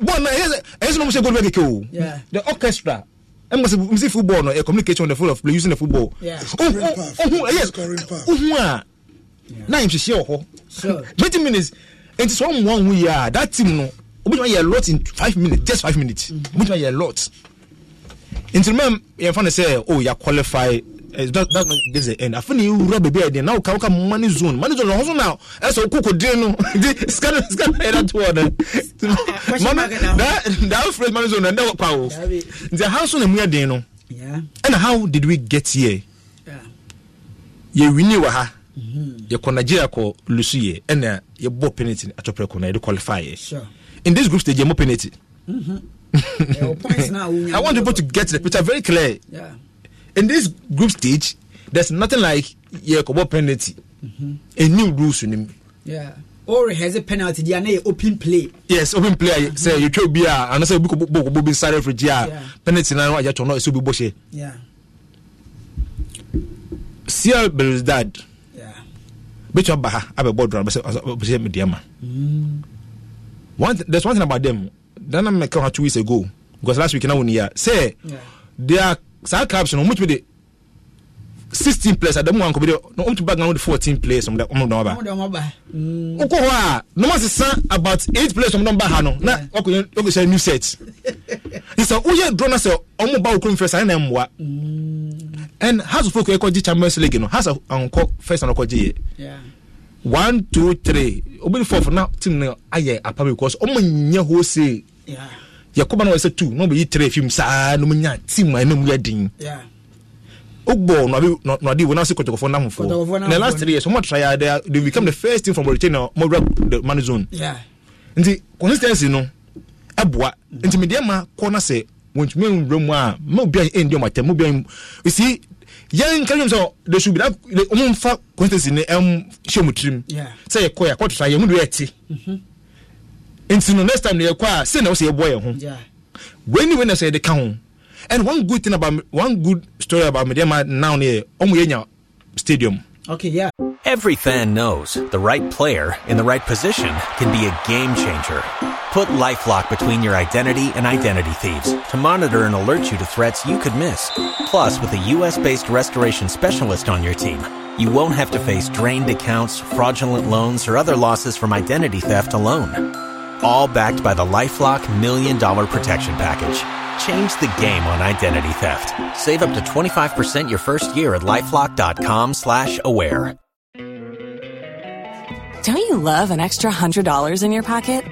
bɔl na ɛyɛ sɛ ɛyɛ sɛ ɔmo hyɛ goal bɛ keke o the orchestra ɛmɛ sɛ football no communication on the field of play using the football. ohun yes ohun a na yɛn hyehyɛ wɔ hɔ twenty minutes nti sɛ ɔmo wɔn ho that team no obìnrin yɛ a lot in five minutes just five minutes mhm. obìnrin yɛ a lot nti mɛ yɛn fa ne sɛ o oh, yà qualify that that man the end I feel you rub a yɛ den na ɔka come money zone money zone ɔhoso na ɛsɛ eh, ɔkoko den no nti scan kind of eh, that word ɛ eh. mama that that phrase money zone ɛnda wɔ pa o nti aha so na mu yɛ den no how did we get here yɛ wini wɔ ha mm-hmm. yɛkɔ nigeria kɔ lusu yɛ ɛna yɛbɔ penalty atɔpɛrɛ kɔ na you qualify Sure. in this group stage yɛ mo penalty. Mm-hmm. I want people to get the picture very clear. Yeah in this group stage there's nothing like yɛ kɔbɔ penalty mm-hmm. a new rules in him. Yeah. has a penalty di ana yɛ open play. yes open play ayi sɛ yɛtwa obi a ana sɛ obi kɔ bɔ kɔ bɔ bi sáré firi gyi a penalty na wa yɛtɔ náà ɛsɛ Yeah. bɔ hyɛ. cl Yeah. bɛtwa ba ha abɛbɔ dora bɛsɛ bɛsɛ mi diɛ ma. one there's one thing about them dana mɛka ha two weeks ago because last week na wɔn Yeah. ya sɛ they are saa clubs no ɔmotumi de sixteen players adamu wa nkɔmɔdé ɔmotumi bag na ɔmode fourteen players ɔmode ɔmode ɔmaba mm. wokɔ hɔ a na ɔma sisan about eight players ɔmode ɔmba ha no na ɔkɔ hyɛ new set sisan woyɛ draw na sɛ ɔmo ba okurum fɛ saa ɛna mmoa mm. and house folk ɛkɔ gye champions league no house ankɔ first na ɔkɔ gye yɛ one two three obìnrin fọfọ náà tìmù náà ayẹ apá mi because so ọmọ nyẹ hósè yɛkɔba no wɔsɛ two na wɔbɛyi three fim saa na wɔnya team a ɛnam yɛ den ogbɔ nɔbi n'ase kɔtɔkɔfɔ n'amu na last three years wɔn try ya they become the first team from Mauritania wɔn wura the man zone nti consistency no ɛboa nti mi deɛ ma kɔ na sɛ wɔn tumi nwura mu a mɛ obi a ɛndi ɔmo atɛ mɛ obi a esi yɛn de su bi na ɔmo nfa consistency ne ɛm hyɛ ɔmo tirim sɛ yɛ kɔ yɛ akɔtɔ sa yɛ mu de yɛ ti. nti no next time yɛkɔ a se na wosɛ yɛboa yɛ ho wei wei na sɛ yɛde ka ho and one good thing about one good story about Medema now near Omuyenya Stadium. Okay, yeah. Every fan knows the right player in the right position can be a game changer. Put LifeLock between your identity and identity thieves to monitor and alert you to threats you could miss. Plus, with a U.S.-based restoration specialist on your team, you won't have to face drained accounts, fraudulent loans, or other losses from identity theft alone all backed by the LifeLock Million Dollar Protection Package. Change the game on identity theft. Save up to 25% your first year at LifeLock.com slash aware. Don't you love an extra $100 in your pocket?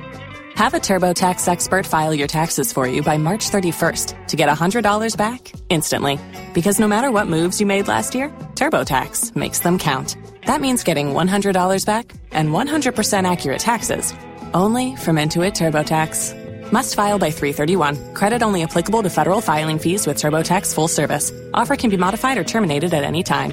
Have a TurboTax expert file your taxes for you by March 31st to get $100 back instantly. Because no matter what moves you made last year, TurboTax makes them count. That means getting $100 back and 100% accurate taxes – only from Intuit TurboTax. Must file by 331. Credit only applicable to federal filing fees with TurboTax full service. Offer can be modified or terminated at any time.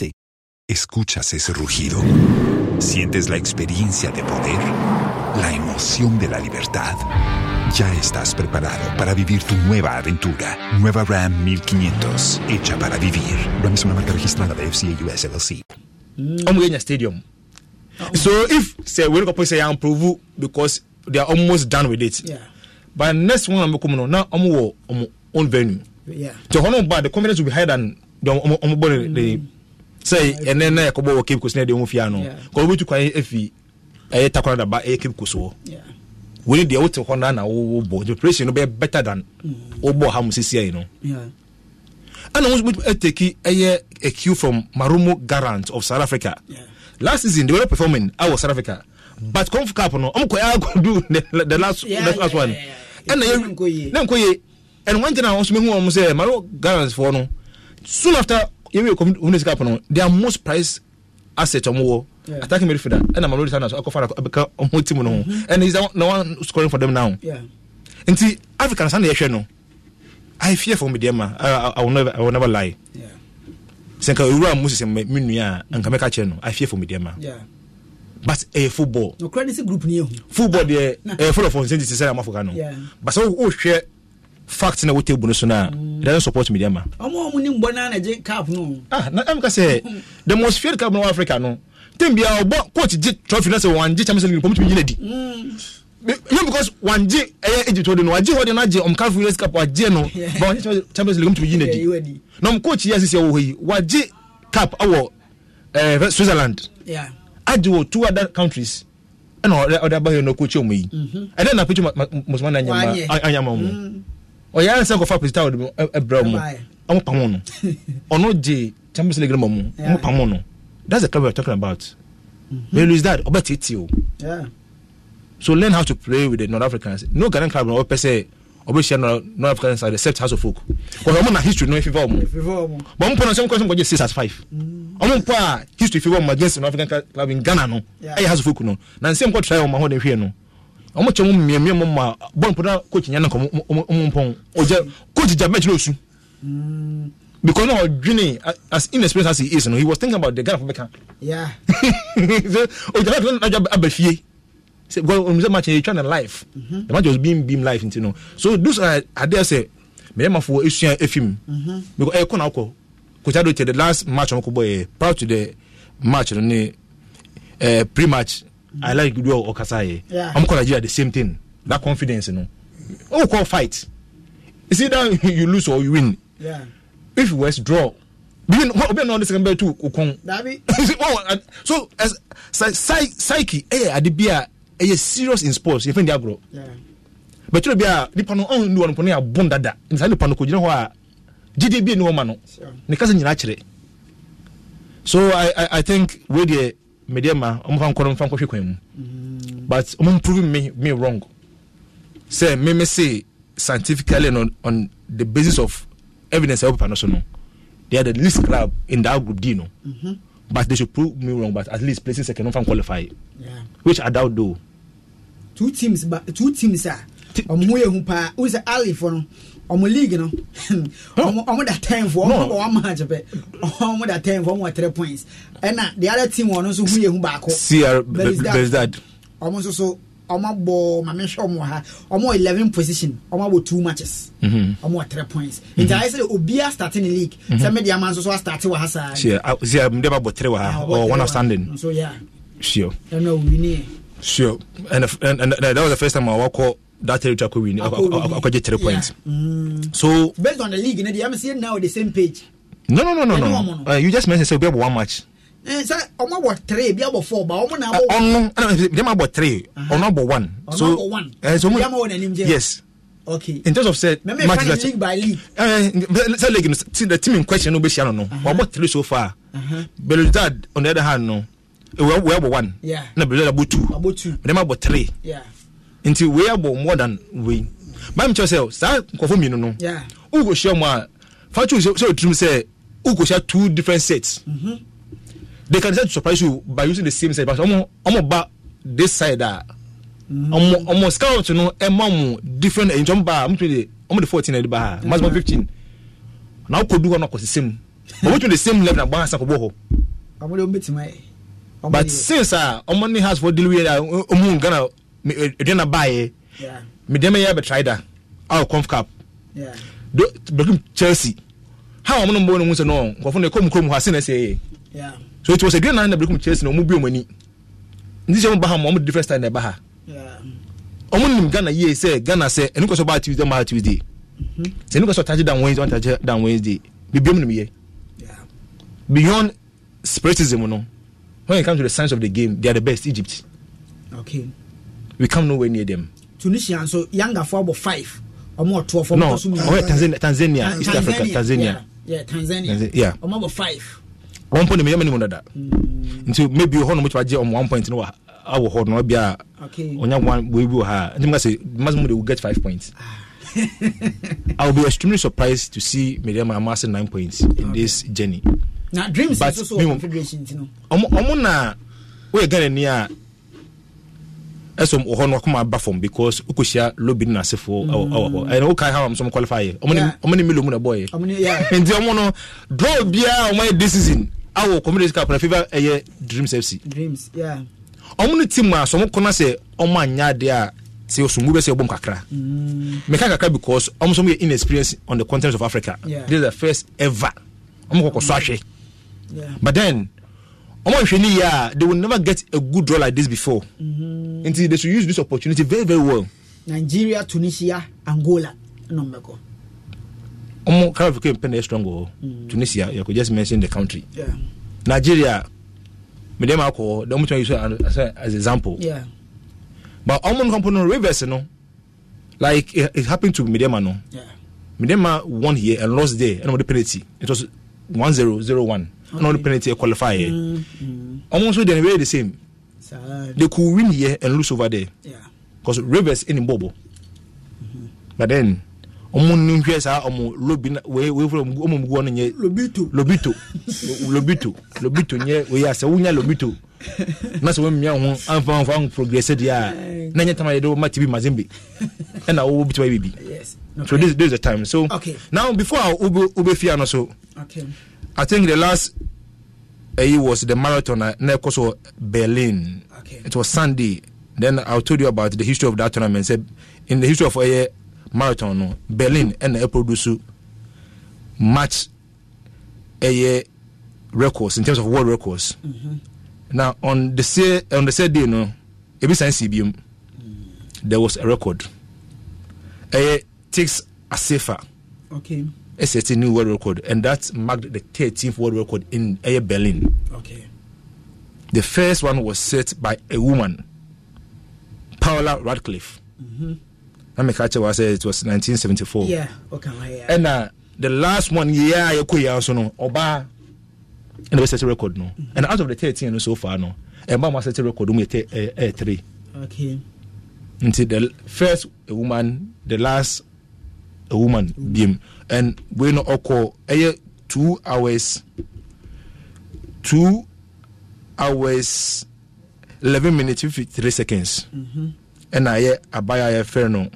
Escuchas ese rugido. Sientes la experiencia de poder, la emoción de la libertad. Ya estás preparado para vivir tu nueva aventura. Nueva Ram 1500, hecha para vivir. Ram es una marca registrada de FCA US LLC. Mm. Stadium. So if say we're going to say I'm prove because they are almost done with it. Yeah. But next one I'm coming on now I'm on own venue. Yeah. So how about the confidence will be higher than the sɛ ɛnɛ uh, na yɛkɔbɔ wɔ cape coast na yɛde ho fia no kɔ wobɛtu kwan afi ɛyɛ takora daba ɛyɛ cape coast wɔ wei deɛ wote hɔ naa na wobɔ preparation no bɛyɛ better than mm. wobɔ ha mo sesia yi no ɛna wobɛtumi ataki ɛyɛ a cue from marumo garant of south africa last season they were performing awɔ south africa but conf cup no ɔmo kɔyɛ the last the last yeah, one ɛna yɛ na nkɔ and one thing a wɔn so mehu wɔn sɛ marumo garant foɔ no soon after yɛwɛ community cup no their most price asset ɔmo wɔ yeah. attacking midfielder ɛna malori sanders akɔfa abɛka ɔmo team no ho mm-hmm. ɛna he's the one scoring for them now yeah. nti African nasa na yɛhwɛ no i fear for mediama I, I, will never, i will never lie yeah. sɛ nka owura mu sesɛ me nua a nka mɛka kyerɛ no i fear for mediama yeah. but ɛyɛ eh, football no, football deɛ ɛyɛ eh, full of uncertainty sɛ amafoka no but sɛ wohwɛ Facts na wote bunu so na mm. it doesn't support me dem ma ọmọ ọmọ ni mbọ na na cap no ah na am ka say mm. the most feared cap no africa no tem bia ọbọ coach je trophy na say wan je champions league pom tumi nyina di mm. yẹn because wan je ẹyẹ egypt ọdẹ no wajẹ ọdẹ no ajẹ ọmọ kan fún us cup wajẹ no but wan je champions league pom tumi nyina di na ọmọ coach yẹ sisi ọwọ yi wajẹ cap ọwọ ẹ switzerland ajẹ wọ two other countries ẹna ọdẹ abayọ na coach ọmọ yi ẹdẹ mhm. na pẹtù mọsùmánà anyamọ mu ɔyɛ ayɛ sɛ nkɔfa posita wɔde brɛ mu ɔmo pam no ɔno gye champions league no ma mu ɔmo pam no that's the club we're talking about may lose that ɔbɛ titi o so learn how to play with the north africans no ghanaian club na ɔbɛpɛ sɛ ɔbɛhyia north africans side except house of folk because ɔmo na history no efiva ɔmo but ɔmo pɔ na sɛ ɔmo kɔ sɛ ɔmo gye six as five mm. ɔmo mpo a history efiva ɔmo against north african club in ghana no ɛyɛ house of folk no na nsɛm kɔ try ɔmo ahɔn de hwɛ no ɔmo kyɛ mo mmiamia mo ma bɔl mpɔ na coach nyɛ nanka ɔmo mpɔn ɔgya coach gya bɛkyerɛ osu because na ɔdwene as inexperienced as he is no he was thinking about the ghana fo bɛka ɔgya na gya aba Fiyé. because ɔmo sɛ match yɛ twa ne life mm-hmm. the match was being beam life nti no so those are adeɛ sɛ mmarima fo esua efim because ɛyɛ kɔ na akɔ coach ado tɛ the last match ɔmo kɔ eh, proud to the match no ne eh, pre match i like do way ọkasa yẹ ọmọ kọ nigeria the same thing that confidence no o call fight it's that you lose or you win yeah. if you west draw bíi ọbẹ̀ náà ọdún sẹ́kẹ̀ bẹ́ẹ̀ tún okun so psyche ẹ yẹ adi bi a ẹ yẹ serious in sports yẹ fẹ́ ní agorɔ bẹ̀tẹ̀rẹ̀ bi a nipa no ọ̀hún ni wọn pọ̀ ní abọ́n dada nsa nipa no kò gyina hɔ a jíde bíi ni wọ́n ma no ne kasa nyinaa kyerɛ so i i i think wey deɛ media ma ɔmo fa nkɔrɔ nfa nkɔhwe kwan mu but ɔmo prove me me wrong sɛ me me say scientifically on, on the basis of evidence ɛwɔ papa no so no they are the least club in that group D no mm-hmm. but they should prove me wrong but at least placing second nfa qualify yeah. which I doubt though. two teams ba two teams a ɔmo yɛ hu paa o sɛ ali fɔ no ɔmo league no ɔmo da ten fo ɔmo bɔ one match pɛ ɔmo da ten fo ɔmo wɔ three points ɛna the other team wɔn nso hu yɛ hu baako cr bezdad ɔmo nso so ɔmo abɔ maame hwɛ ɔmo wɔ ha ɔmo wɔ eleven position ɔmo abɔ two matches ɔmo mm-hmm. wɔ three points mm-hmm. nti ayɛ sɛ obiara start in the league mm-hmm. sɛ mi di ama nso so astart wɔ ha saa cr cr mi bɔ three wɔ ha ɔ ah, one outstanding so yeah sure ɛna owi ni yɛ sure and, and, and, that was the first time I wakɔ that territory could win akɔgye three points so. based on the league ne de yamu se now the same page. no no no no no uh, you just mention say obi abo one match. sɛ ɔmo abɔ three bi abɔ four ba ɔmo na abɔ. ɔno ɛna dem abɔ three ɔno uh-huh. abɔ one. ɔno abɔ one uh, so bi ama wɔ n'anim jɛ. yes. Okay. In terms of said, Remember match that league by league. Uh, that league, the team in question, no, be sure no. Uh-huh. so far. uh on the other hand, no, uh, we have one. Yeah. No, Belgrade about two. About two. Them about three. Yeah nti wei abɔ more than wei maame kyerɛ sɛ saa nkɔfo mmienu no wokɔ hyia mu a fa tu sɛ oturum sɛ wokɔ hyia two different sets mhm. they can say to surprise you by using the same set but ɔmo ɔmo ba this side a mhm. ɔmo ɔmo scout no ɛma mo different ɛyìn tí ɔmo ba ɔmo tún de ɔmo de fourteen ɛdi ba ha maximum fifteen na wokɔ du hɔ na ɔkɔ sisɛm ɔmo tún de same level na gbɔn asan kɔ bɔ hɔ. ɔmo de ɔmo bɛ tuma yɛ. but since a ɔmo ni house for delivery a ɔmo n gana aduane baeɛ medɛma yɛ bɛtrae da aw conf cap bɛkum chelsea ha wɔn nom bɔ ne ho sɛ no nkɔfo no ɛkɔm kurom hɔ ase na ɛsɛ yɛ so ɛti wɔ sɛ aduane nane na bɛkum chelsea na ɔmo bi ɔmo ani nti sɛ ɔmo ba ha ma ɔmo different style na ɛba ha ɔmo nim ghana yie sɛ ghana sɛ ɛnu kɔsɔ ba tuesday ma tuesday sɛ ɛnu kɔsɔ ɔtaagye dan wednesday ɔtaagye dan wednesday bibiam nim yɛ beyond spiritism no when it comes to the science of the game they are the best egypt. Okay we come nowhere near them. Tunisia younger yangafoɔ abɔ five or more, two or four. no ɔyɛ oh, Tanzania Tanzania East Africa Tanzania. Yeah, Tanzania. Yeah. or more five. one point maybe mane mu that. Hmm. nti maybe hɔ no much gye on one point no awɔ hɔ no bia ɔnya wei bi wɔ ha nti mka sɛ maximum they will get five points ah. I will be extremely surprised to see Miriam amassing nine points in okay. this journey. Now, dreams but, is also a confederation, you know. I'm I'm on a Ghana ni a ɛsɛ wɔ hɔ no wakoma aba fam because wokɔhyia lobi no nasefoɔ ɛwɔ hɔ ɛna wokae mm. how amsom qualify yɛ ɔmo ne milo mu na ɛbɔɔyɛ nti ɔmo no draw biara ɔmo ayɛ this season community cup na fifa ɛyɛ dreams fc ɔmo no team a sɔmo kɔna sɛ ɔmo anya adeɛ a sɛ ɔsongu bɛ sɛ ɔbɔm kakra mm. meka kakra because ɔmo sɔmo yɛ inexperience on the continent of africa yeah. this is the first ever ɔmo kɔkɔ so ahwɛ but then ọmọ ìhwẹ ni yà they will never get a good draw like this before mm-hmm. until they should use this opportunity very very well. Nigeria, Tunisia, Angola ẹnna mẹkọ. ọmọ karafikin mpẹ na ẹ strong wọ mm. Tunisia you could just mention the country yeah. Nigeria mẹdẹ maa kọ ọmọ tí wọn use as as example yeah. but ọmọ nǹkan pọnọ rivers no like it, it happened to Medema no yeah. Medema won uh, here and lost there ẹnna wọn de penalty it was one zero zero one na ɔno penalty qualify yɛ mm-hmm. ɔmo nso deɛ no wey the same they could win here and lose over there because yeah. rivers ɛni bɔbɔ mm-hmm. but then ɔmo ni nhwɛ saa ɔmo lobi na wei wei fura ɔmo mu guɔ no nyɛ lobito lobito lobito lobito nyɛ wei asɛ wonya lobito na sɛ wɔmia ho amfa amfa progresse deɛ a na nyɛ tama yɛde wɔma tv mazembe ɛna wɔwɔ bi tuma yɛ bibi so this, this is the time so okay. now before a wobɛfia no so okay. I think the last uh, it was the marathon uh, na ɛkɔ Berlin. Okay. It was Sunday. Then I told you about the history of that tournament. Said in the history of a uh, eh, marathon, no, Berlin and the produce match a uh, records in terms of world records. Mm-hmm. Now on the say on the said day, no, every san CBM, mm. there was a record. A uh, takes a safer. Okay set a new world record, and that marked the 13th world record in uh, Berlin. Okay. The first one was set by a woman, Paula Radcliffe. Mm-hmm. a mean, catch was it was 1974. Yeah, okay, yeah. And uh, the last one, yeah, you could also know, Oba, and we set a record, no. Mm-hmm. And out of the 13 so far, no, and Mama set a record, um, uh, uh, three. Okay. Until the first woman, the last a woman biem and wei no ɔkɔ ɛyɛ two hours two hours eleven minutes fifty three seconds mm-hmm. and ɛyɛ uh, abaya a yɛfrɛ It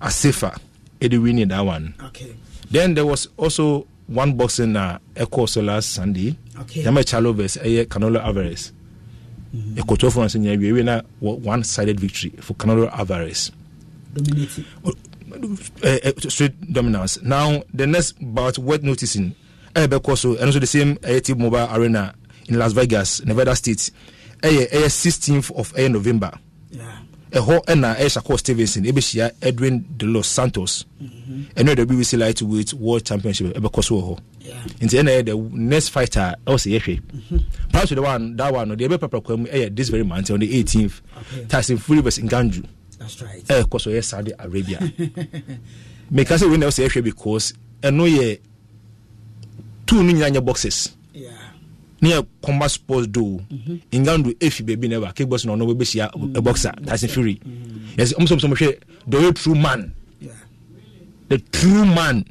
asefa ɛde winning that one okay. then there was also one boxing uh, ɛkɔ so last sunday okay. yamma chalovers ɛyɛ uh, Canola alvarez ɛkɔtɔ fɔlɔ sɛ nyɛ wie wie na one sided victory for canolo alvarez. Dominating. Oh, uh, eh, eh, straight dominance. Now, the next bout worth noticing, ɛbɛkɔ so ɛno nso the same ɛyɛ eh, Mobile Arena in Las Vegas, Nevada State. ɛyɛ 16th of ɛyɛ November. ɛhɔ ɛna ɛyɛ Shakur Stevenson ɛbɛhyia Edwin De Los Santos. ɛno mm-hmm. the BBC lightweight world championship ɛbɛkɔ so wɔ hɔ. nti ɛna ɛyɛ the next fighter ɛwɔ sɛ yɛhwɛ. prior to the one that one no deɛ ɛbɛ this very month on the 18th. Okay. Tyson Fury vs Ngannou ɛɛkɔ eh, so ɛyɛ saudi arabia meka sɛ wei na ɛsɛ ɛhwɛ because ɛno yɛ two no nyinaa nyɛ boxes ne yɛ combat sports do mm-hmm. do efi baabi na ɛba kickbox na ɔno bɛbɛhyia boxer mm-hmm. tyson fury yɛsɛ ɔmo sɛ ɔmo hwɛ the way true man the true man.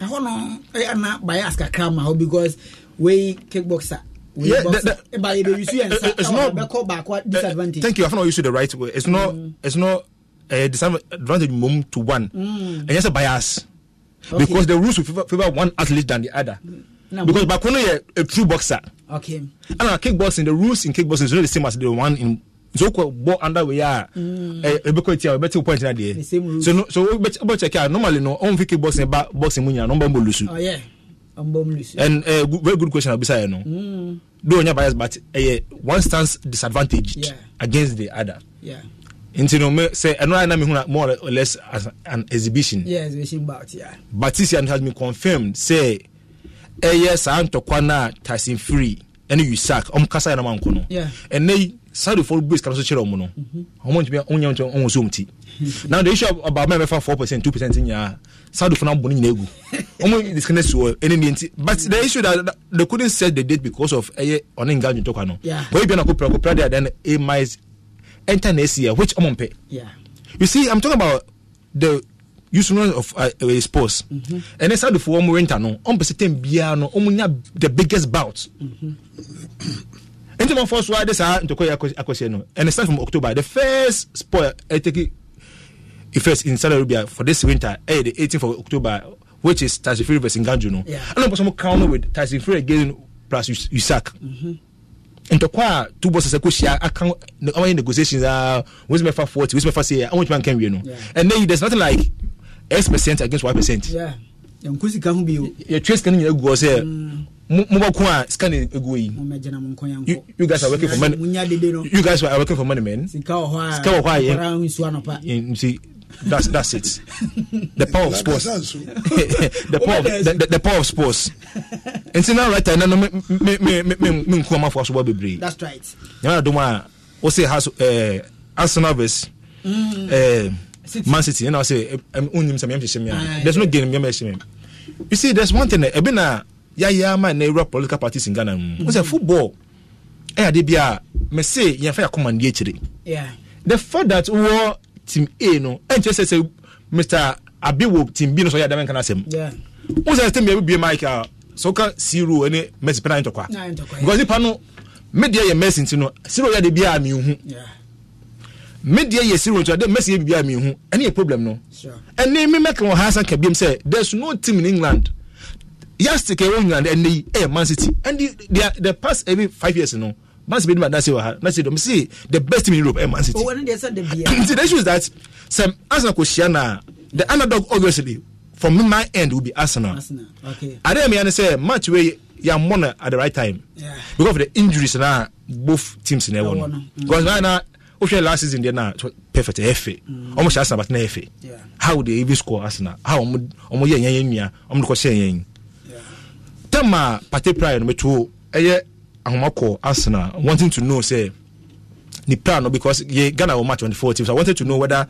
ɛhɔ no ɛyɛ ana bayas kakra ma hɔ because wei kickboxer Thank you. I found used the right way. It's not mm. it's not a uh, disadvantage mom to one. Mm. And yes, a bias. Okay. Because the rules will favor, favor one athlete than the other. Mm. No, because Bakono is a true boxer. Okay. And uh, kickboxing, the rules in kickboxing is not the same as the one in so kɔ under we are mm. uh, ebe kɔ tia ebe ti point na deɛ so no so ebe kɔ check out normally no ɔn fi kickboxing ba boxing mu nyina no n bɛ n and uh, very good question abisa yẹn no mm. though bias but uh, one stands disadvantaged yeah. against the other. Yeah. nti no sɛ ɛno ara na mehuna more or less as an exhibition. yeah exhibition bout yeah. but this year has been confirmed Say, eh, sɛ ɛyɛ saa ntɔkwa na tyson free ɛne usac ɔmo kasa yɛ na ma nko no. yeah ɛnɛ yi saudifo base kan so kyerɛ ɔmo no ɔmo ntumi ɔmo nyɛ ɔmo ti. now the issue about mɛ mɛfa four percent two percent nyinaa. Sadofo now born in Egu. Omo disconnect to any nti. But the issue that, they couldn't set the date because of eh on engagement talk no. Yeah. But you be na ko pra ko pra there then a miles enter next year which omo pay. Yeah. You see I'm talking about the usual of uh, uh, sports. Mm-hmm. And then Sadofo omo renter no. Omo pese tem bia no omo nya the biggest bout. Mm-hmm. first why this ah ntoko akose no. And it starts October. The first sport I eh, take first in Saudi Arabia for this winter, eh, the 18th of October, which is Tyson Fury versus Ngannou. No? Yeah. And then some counter with Tyson Fury again plus Usak. Mm-hmm. ntɔkwa two bosses ɛkɔ hyia aka ɔmo yɛ negotiations aa wɔn ti mɛ fa forty Which ti mɛ fa se ɔmo ti mɛ nkɛn wie no and then there's nothing like x percent against y percent. Yeah, sika ho bi o. yɛtwe sika no nyinaa gu hɔ sɛ mobɔko a sika no ɛgu yi you guys are working for money you guys are working for money man sika wɔ hɔ a That's that's it. The power of sports. the power of, the, the, the power of sports. And see now right now me me me me me nkuma for so bebre. That's right. Now do ma o say has eh Arsenal vs eh mm. uh, Man City and I say unim some yam me. There's no game yam me. You see there's one thing e eh, be na ya ya ma na Europe political parties in Ghana. Mm. mm. say football eh ade bia me say yɛmfa yɛ command yɛ akyire the fact that wɔ team a no ɛnkyɛ sɛ sɛ mr abi wɔ team b no so yɛ adama nka no asɛm wo sɛ sɛ mmiabi bie mike a sɛ woka siro ne messi pɛ na ntɔkwa because nipa no medeɛ yɛ messi nti no siro yɛ de bi a mehu medeɛ yɛ siro nti de messi yɛ bi a mehu ɛne yɛ problem no ɛne me mɛka wɔ ha sa ka biam sɛ there's no team in england yastik ɛwɔ england ɛnɛ yi ɛyɛ man city and the, the, past every five years you no know, Man City bɛnim adanse wɔ ha na sɛ dɔm see the best team in Europe ɛ Man City nti the issue is that sɛ Arsenal kɔhyia no a the underdog obviously from my end will be Arsenal Arsenal, okay. mmea ne sɛ match wei yɛammɔ no at the right time yeah. because of the injuries na both teams na ɛwɔ no mm. because right now wohwɛ last season deɛ na perfect ɛfɛ ɔmo hyɛ Arsenal but na ɛfɛ how they even score Arsenal how ɔmo ɔmo yɛ yɛn yɛn nua ɔmo de kɔ hyɛ yɛn tɛm a pate prayer no to ɛyɛ ahoma kɔ arsenal wanting to know say the plan no because yeah, Ghana will match on the 14th. So I wanted to know whether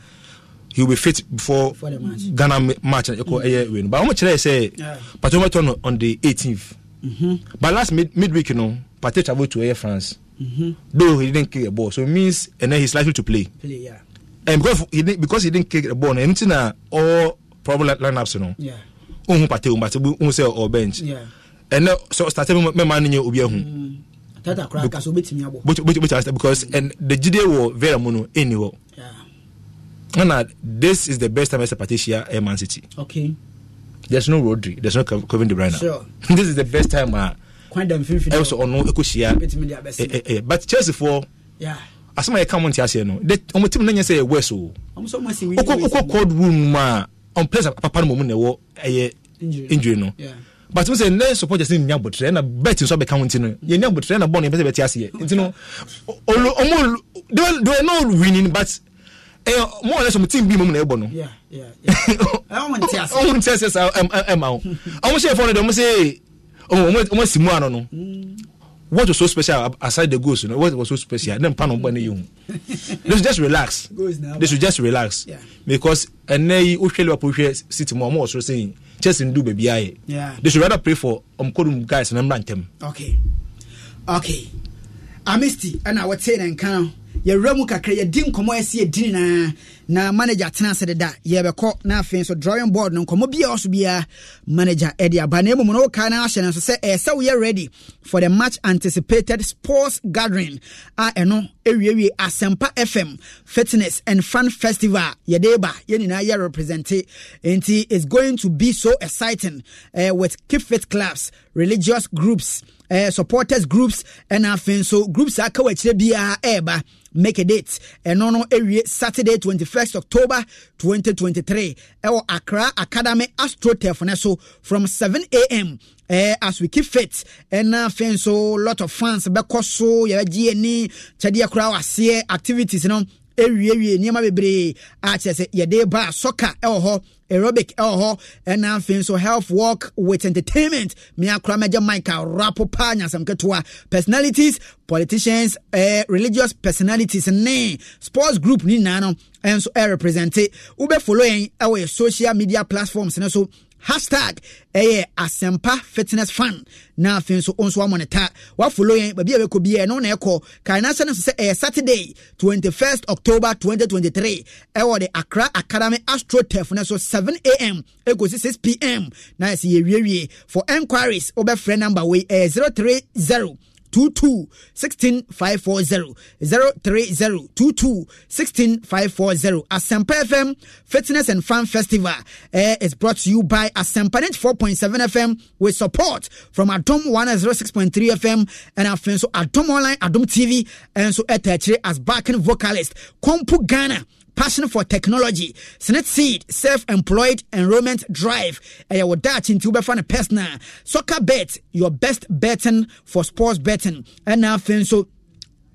he will be fit before, before match. Ghana match. Mm. Mm-hmm. But how much did I say? Yeah. But on, on the 18th. Mm-hmm. But last mid midweek, you know, Pate traveled to Air France. Mm-hmm. Though he didn't kick a ball, so it means and then he's likely to play. Play, yeah. And because he didn't, because he didn't kick a ball, anything all probable lineups, you know. Yeah. Pate, but sell or bench. Yeah ɛnɛ sɛ ɔstate mɛma no nyɛ obi ahu mm. because and the gide wɔ vera mu no ɛnni hɔ ɛna this is the best time ɛsɛ patricia ɛ uh, man city okay. there's no rodri there's no kevin de bruyne sure. this is the best time a ɛwɔ sɛ ɔno ɛkɔhyia but chelsea foɔ yeah. asɛm a yɛka mo nte aseɛ no ɔmo tim no nyɛ sɛ ɛwɛ so wokɔ kɔd room mu a ɔmpɛ sɛ papa no mɔ mu na ɛwɔ ɛyɛ injury yeah but mo sɛ ne support jɛ sɛ ne nya abotire na bet nso abɛka ho nti no yɛ nya abotire na bɔɔl no yɛ pɛ sɛ bɛte aseɛ nti no olu ɔmo they were they not winning but ɛyɛ more or less ɔmo team bi mu na ɛbɔ no ɔmo nti aseɛ saa ɛma ho ɔmo hyɛ fɔlɔ de ɔmo sɛ ɔmo ɔmo si mu ano no what was so special aside the goals you know what was so special then pan on boy you they should just relax they should just relax yeah. because ɛnɛ yi o hwɛ liverpool hwɛ city mu ɔmo wɔ so sɛyin chelsea ndu baabi yeah. they should rather pray for ɔmkodum um, guys and mmra ntɛm okay okay amisti I would say then no yɛwura mu kakra yɛdi nkɔmmɔ ɛsi yɛdi nyinaa na manager tena ase deda yɛbɛkɔ na afei nso drawing board no nkɔmmɔ bia ɔso bia manager ɛde aba na mmom no woka no ahyɛ no nso sɛ ɛsɛ woyɛ ready for the much anticipated sports gathering a ɛno ɛwiewie asɛmpa fm fitness and fun festival yɛde ba yɛn nyinaa yɛ represente nti is going to be so exciting uh, with keep fit clubs religious groups uh, supporters groups ɛna afei nso groups a aka wɔ akyirɛ biara ɛreba make a date ɛno no ɛwie saturday 21st october 2023 ɛwɔ eh, accra academy astrotef no so from 7am eh, as we keep fit ɛna afei nso lot of fans bɛkɔ so yɛbɛgye e, ani kyɛdeɛ koraa waseɛ eh, activities no ɛwiewie nneɛma bebree akyerɛ sɛ yɛde ba soccer ɛwɔ hɔ aerobic ɛwɔ hɔ ɛna afei nso health work with entertainment mmea kora mɛgye mike rapo paa nyasɛm ketewa personalities politicians religious personalities ne sports group ne nyinaa no ɛnso ɛrepresente wobɛfolo yɛn ɛwɔ yɛ social media platforms ne so hashtag ɛyɛ asɛmpa fitness fan na afei nso nso amɔ ne ta wafolo yɛn baabi a bɛkɔ biɛ no na ɛkɔ kainasa na sɛ sɛ ɛyɛ saturday 21st october 2023 ɛwɔ de accra academy astrotef no so 7am ɛkɔsi 6pm na ɛsɛ yɛwiewie for enquiries wobɛfrɛ number wei ɛyɛ 030 22 0302 540 Asempa FM Fitness and Fan Festival uh, is brought to you by Asempa 4.7 FM with support from Atom 106.3 FM and i Atom so Online Adom TV and so Etachere as backing vocalist Kompu Ghana passion for technology senate seed self-employed enrollment drive ɛyɛ wɔ daakye nti wobɛfa personal soccer bet your best betting for sports betting and afei so.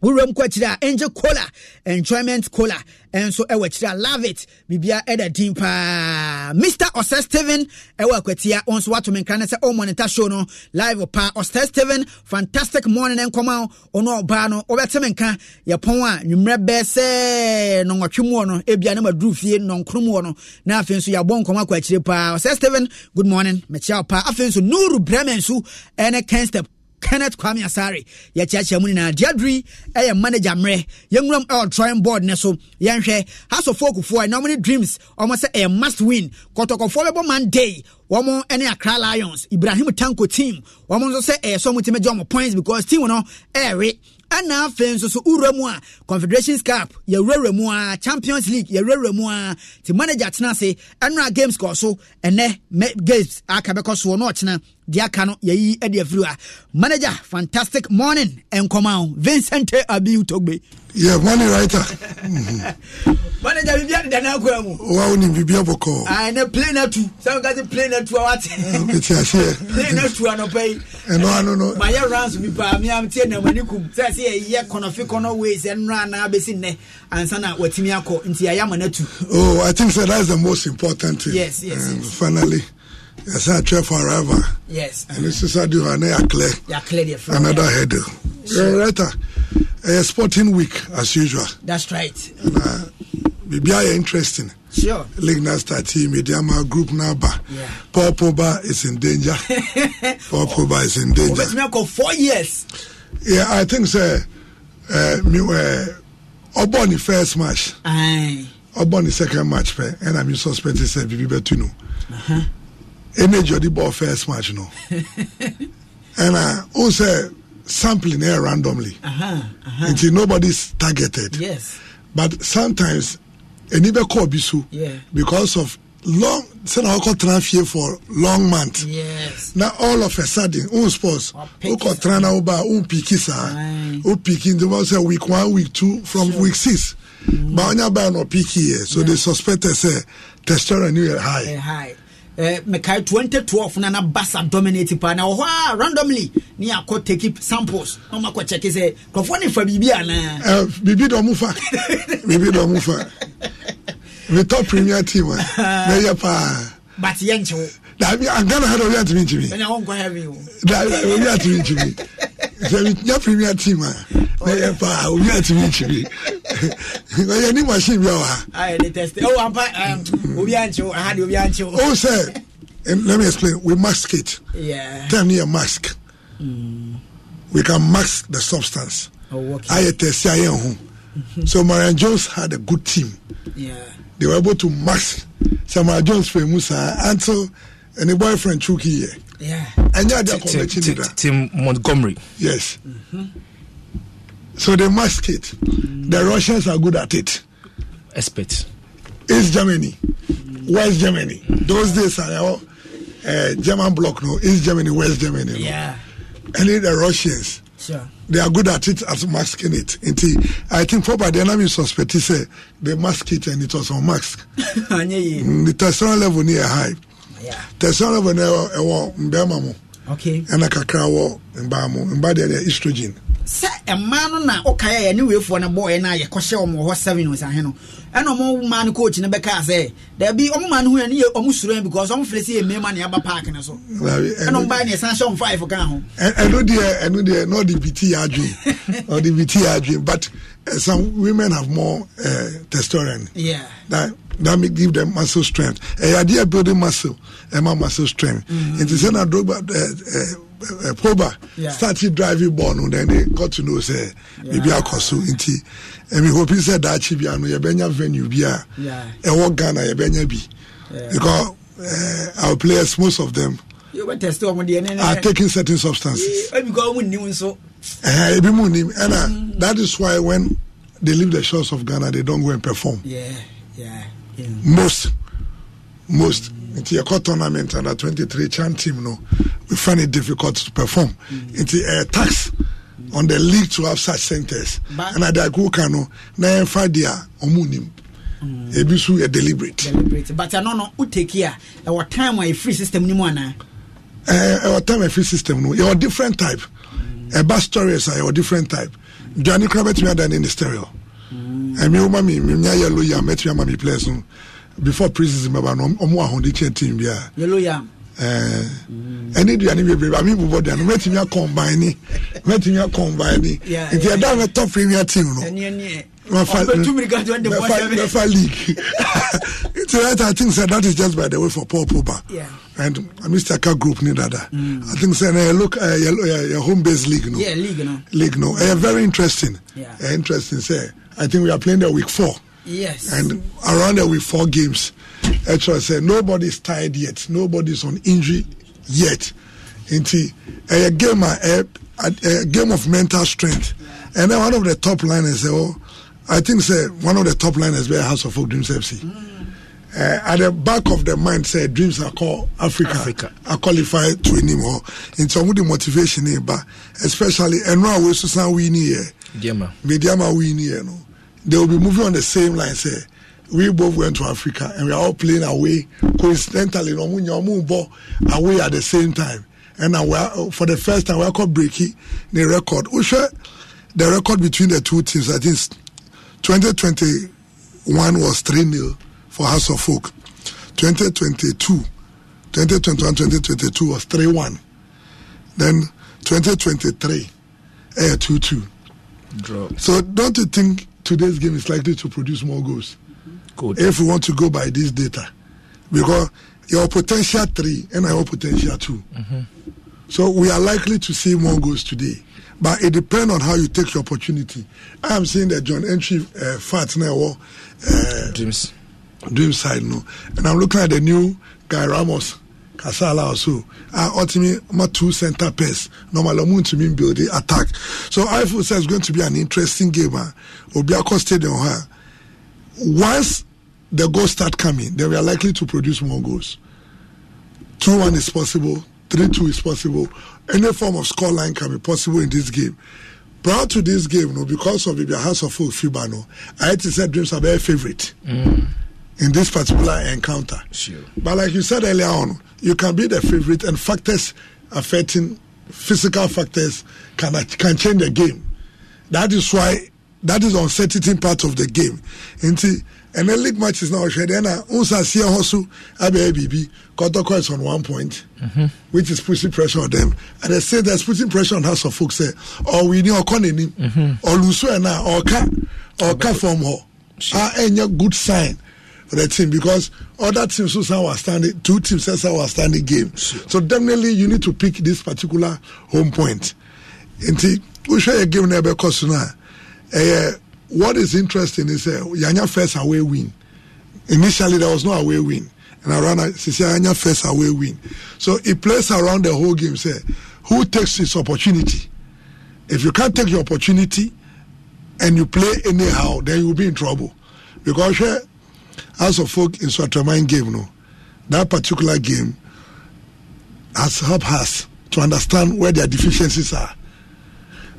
wuram kɔ akyire a Angel cola enjoyment cola ɛnso ɛwɔ akyire a love it biribia ɛda din paa mr ɔsɛ steven ɛwɔ akwatia ɔnso wato me nkra ne sɛ ɔmɔneta show no live paa ɔsɛ steven fantastic morning ne nkɔma ɔno ɔbaa no ɔbɛte me nka yɛpɔn a nwummerɛ bɛɛ sɛ nɔnwɔtwe muɔ no ebia ne maduru fie nɔnkoro muɔ no na afei nso yɛabɔ nkɔmɔ akɔ akyire paa ɔsɛ steven good morning mekyia wo paa afei nso nuru brɛmɛ nso ɛne kenstep kenneth kwame asare yɛkyeakyea mu nyinaa deadri ɛyɛ manager mmerɛ yɛnwuram ɛwɔ drawing board ne so yɛnhwɛ house of folkfoɔ ɛna ɔmo ne dreams ɔmo sɛ ɛyɛ must win kɔtɔkɔfoɔ bɛbɔ monday wɔn ne accra lions ibrahim tanko team wɔn nso sɛ ɛyɛ sɔmu team wɔn points because team no ɛɛwe ɛna afei nso so wura mu a confederations cup yɛwurawura mu a champions league yɛwurawura mu a te manager tena ase ɛnora games kɔɔ so ɛnɛ games aka bɛkɔ soɔ na ɔkyena deɛ aka no yɛyi adi afiri a manager fantastic morning nkɔma vincent abiu togbe yɛ yeah, money writer manager bibia deda no akoa mu wa wo nim biribia bɔkɔɔ ne plane atu sɛ woka sɛ plane atu a wate mete aseɛ plane atu anɔpa yi ɛno ano no mayɛ rans mi paa mea mteɛ namani kum sɛ sɛ yɛyɛ kɔnɔfe kɔnɔ wei sɛ nnora anaa bɛsi nnɛ ansa na watumi akɔ nti ayɛ ama no atu oh i think sɛ so that's the most important thing yes, yes, um, yes. finally yes, I try forever. Yes. And this is how do I clear. Yeah, clear the Another yeah. header. Sure. Yeah, right. A sporting week as usual. That's right. And, uh, be interesting. Sure. League nastar team, Mediama Group Naba. Yeah. Paul Poba is in danger. Paul Poba is in danger. Oh, four years. Yeah, I think so. Uh, eh, me, uh, Obon the first match. Aye. Obon the second match, and I'm suspecting that Bibi know. Uh-huh energy ɔde bɔɔ first match no ɛna o sɛ sampling ɛyɛ randomly uh nti nobody's targeted yes. but sometimes ɛni bɛ kɔɔ bi so because of long sɛnɛ ɔkɔ tena fie for long month yes. na all of a sudden o sports ɔkɔ tena na o ba o piki saa o piki nti sɛ week one week two from sure. week six mm-hmm. ba onye na no, ɔ so yeah. they suspected sɛ testosterone high. They're high. Eh, mekae 2012 na na basa dominate paa na wɔ a randomly ne akɔ take samples na ɔma akɔ kyɛke sɛ nkurɔfoɔ ne fa biribi anaa eh, biribi dɔ mu fa biribi dɔ mu fa metɔ premier team a mɛyɛ paa but yɛnkyew dabi agana ha na obi atumi ntumi dabi obi atumi ntumi sẹbi nya premier team a na yẹ pa obi atumi ntumi ọyẹ ni machine bi a wa. o sẹ let me explain we mask it yeah. tell me mask hmm. we can mask the substance ayẹ tẹsi ayẹ ohun so Marian Jones had a good team yeah. they were able to mask Samara Jones fẹ mu saa until. And ɛne boyfriend took yɛ Yeah. ade akɔmɛkyi ne da tim montgomery yes mm-hmm. so they mask it mm the russians are good at it experts east germany mm west germany those days are all uh, german block, no east germany west germany no yeah. ɛne the russians sure. they are good at it as masking it nti i think for by the enemy suspect sɛ they mask it and it was on mask mm, the testosterone level near high te sara bɛ nɛ ɛwɔ mbɛɛma mu ɛna kakra wɔ mba mu mba deɛ deɛ estrogen sɛ ɛmaa no na wokaeɛ yɛ ne weifoɔ no bɔɔɛ no a yɛkɔhyɛ ɔm hɔ seven sahe no ɛna ɔmo ma no coach no bɛkaa sɛ daabi ɔmo ma no hu ne yɛ ɔmo suroɛ because ɔmo frɛ sɛ yɛ mmɛma ne aba park no so ɛna ɔmba ne ɛsan hyɛ ɔm five ka ho ɛno deɛ ɛno deɛ na ɔde biti yɛ adwene ɔde biti yɛ adwene but uh, some women have more uh, testosterone yeah. that may give them muscle strength ɛyɛ eh, adeɛ building muscle ɛma eh, muscle strength nti sɛ na drogba ɛɛ ɛɛ proba started driving born, and then they got to know sɛ biribi akɔ so And we hope said sɛ daakye bi ano yɛbɛnya venue bi a ɛwɔ ghana yɛbɛnya be because eh, our players most of them are taking certain substances. ebi mu nim ɛna that is why when they leave the shores of ghana they don't go and perform. Yeah, yeah most most nti yɛkɔ tournament under 23 champ team no we find it difficult to perform mm. nti ɛyɛ uh, eh, tax on the league to have such centres ɛna de agoka no na yɛmfa deɛ a ɔmo nim mm. ebi so yɛ deliberate. deliberate but ɛno no o take care ɛwɔ time a free system ni mu ana. ɛɛ eh, ɛwɔ time a free system no yɛwɔ different type ɛba mm. stories a yɛwɔ different type duane kura bɛtumi adan ne ne stereo ɛmi wo ma mi mi nya yellow yam ɛtumi ama mi players no before preseason baba no ɔmo ahɔnde kyɛn team bi a. yellow yam. ɛne duane bebree ba mebobɔ duane mɛtumi akɔmbine mɛtumi akɔmbine nti ɛda mɛtɔ premier team no mɛfa league nti right i think sɛ that is just by the way for paul poba yeah. and uh, mr ka group ne dada mm. i think sɛ na look uh, your, your home based league no yeah, league no league no ɛyɛ very interesting yeah. uh, interesting sɛ I think we are playing the week four. Yes. And around the week four games, actually, I said nobody's tired yet. Nobody's on injury yet. Into a game, a, a, game of mental strength. And then one of the top liners, oh, I think say, one of the top liners where House of Folk Dreams FC. Mm. Uh, at the back of the mind, say dreams are called Africa. Africa. I qualify to anymore. And some of the motivation, but especially, and now we're here. Media Mediama Winnie, here, no they will be moving on the same line. Say, we both went to Africa and we are all playing away coincidentally. away at the same time. And now uh, for the first time, we're called breaking the record. Usha, the record between the two teams, I think 2021 was 3 0 for House of Folk. 2022, 2021, 2022 was 3 1. Then 2023, air eh, 2 2. Drop. So don't you think today's game is likely to produce more goals. Good. If we want to go by this data, because your potential three and our potential two, mm-hmm. So we are likely to see more goals today. But it depends on how you take your opportunity. I am seeing that John Entry uh, fat now uh, dreams dream side no, and I'm looking at the new Guy Ramos kasala also uh, ah, ultimately my two center pairs normally moon to mean build attack so Ifo says going to be an interesting game uh, obiako stadium huh? Ah. once the goals start coming then we are likely to produce more goals Two one is possible Three two is possible any form of score line can be possible in this game prior to this game no because of the house of full fibano i had to say dreams are very favourite. mm in this particular encounter. Sure. But like you said earlier on, you can be the favorite, and factors affecting physical factors can can change the game. That is why that is uncertainty part of the game. Nti and the league match is now then unsa see hosu abibi kotoko is on one point mm-hmm. which is putting pressure on them and they say that's putting pressure on us. of folks say eh, or we need a koneni mm-hmm. or lusu na or ka or ka from her ah a good sign for the team because other teams also are standing, two teams also are standing game. Sure. So definitely you need to pick this particular home point. Nti, we share a game na because now eh, what is interesting is uh, Yanya first away win. Initially there was no away win. And around Yanya first away win. So it plays around the whole game. Say, who takes this opportunity? If you can't take your opportunity and you play anyhow, then you'll be in trouble. Because eh, House of Folk in Swatraman game, no, that particular game has helped us to understand where their deficiencies are.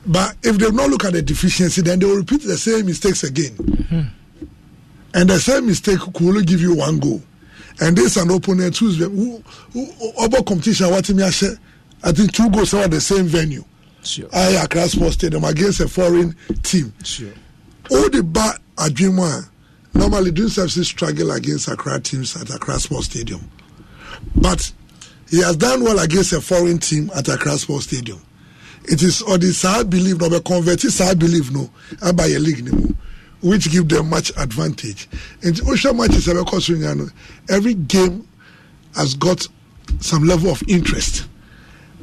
But if they do not look at the deficiency, then they will repeat the same mistakes again. Mm-hmm. And the same mistake could only give you one goal. And this an opponent who's who, who, over competition, what I think two goals are the same venue. Sure. I Accra Sports Stadium against a foreign team. Sure. All the bad adrenaline Normally, doing services struggle against Accra teams at Accra Sports Stadium, but he has done well against a foreign team at Accra Sports Stadium. It is on the side believe. no, but convert it side believe. no, by a league, no, which give them much advantage. And ocean matches are because every game has got some level of interest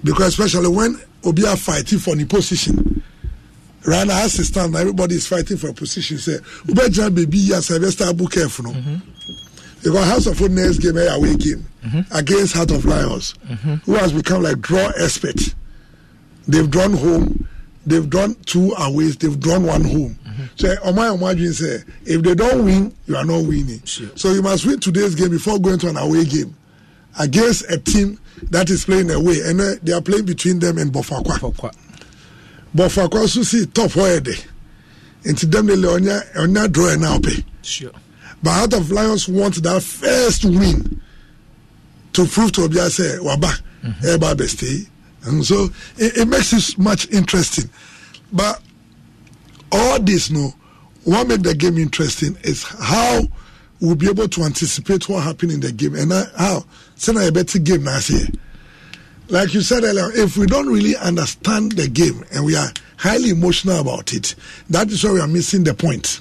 because especially when Obia fighting for the position right now as it stand everybody is fighting for a position say ube jan baby yi as sylvester abu kef no mm-hmm. because house of hope next game air eh, away game mm-hmm. against heart of lions mm-hmm. who has become like draw expert they've drawn home they've drawn two away they've drawn one home mm-hmm. so omo omo adwin say if they don't win you are not winning sure. so you must win today's game before going to an away game against a team that is playing away and uh, they are playing between them and bofakwa. bofakwa but for akwa so see top head nti definitely onya onya draw and up sure but heart of lions want that first win to prove to obia say waba mm-hmm. ẹ ba stay and so it, it makes it much interesting but all this no what make the game interesting is how we'll be able to anticipate what happen in the game and how sẹ na yẹ bẹ ti game na ase yẹ like you said earlier, if we don't really understand the game and we are highly emotional about it, that is where we are missing the point.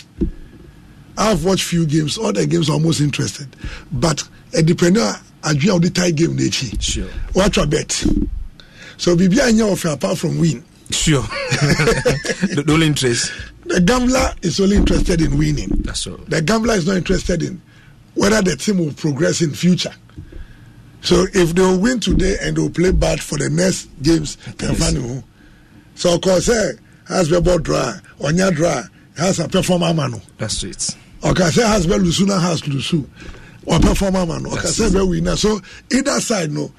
I've watched few games, all the games are most interested. But a depender adwene a the tie game n'akyi sure. a bet so biribi a nyɛ ɔfɛ apart from win. sure the only interest. the gambler is only interested in winning. that's all. the gambler is not interested in whether the team will progress in future. So if they win today and they play bad for the next games, yes. Fanny. So of course, eh, has been ball dry, onya dry, has a performer manu. That's it. Okay, say has been Lusuna has Lusu. Or performer manu. Okay, say be winner. So either side no.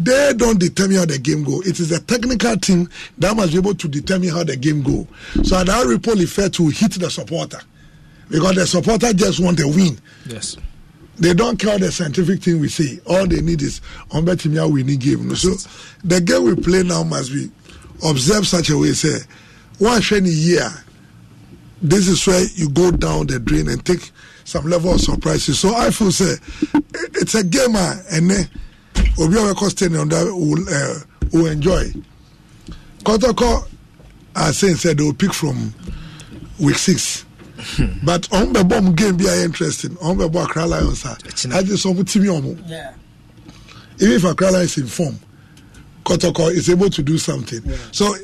They don't determine how the game go. It is a technical team that must be able to determine how the game go. So that report fair to hit the supporter because the supporter just want a win. Yes they don't care the scientific thing we see. All they need is on we need game. So the game we play now must be observed such a way say one shiny year. This is where you go down the drain and take some level of surprises. So I feel say it's a gamer ah, and then obi a wɔkɔ stadium that will uh, will enjoy. Kotoko are saying say they will pick from week six. Hmm. but on the bomb game be interesting On the bɔ Accra Lions a agye sɛ ɔmo timi yeah even if Accra is in form Kotoko is able to do something yeah. so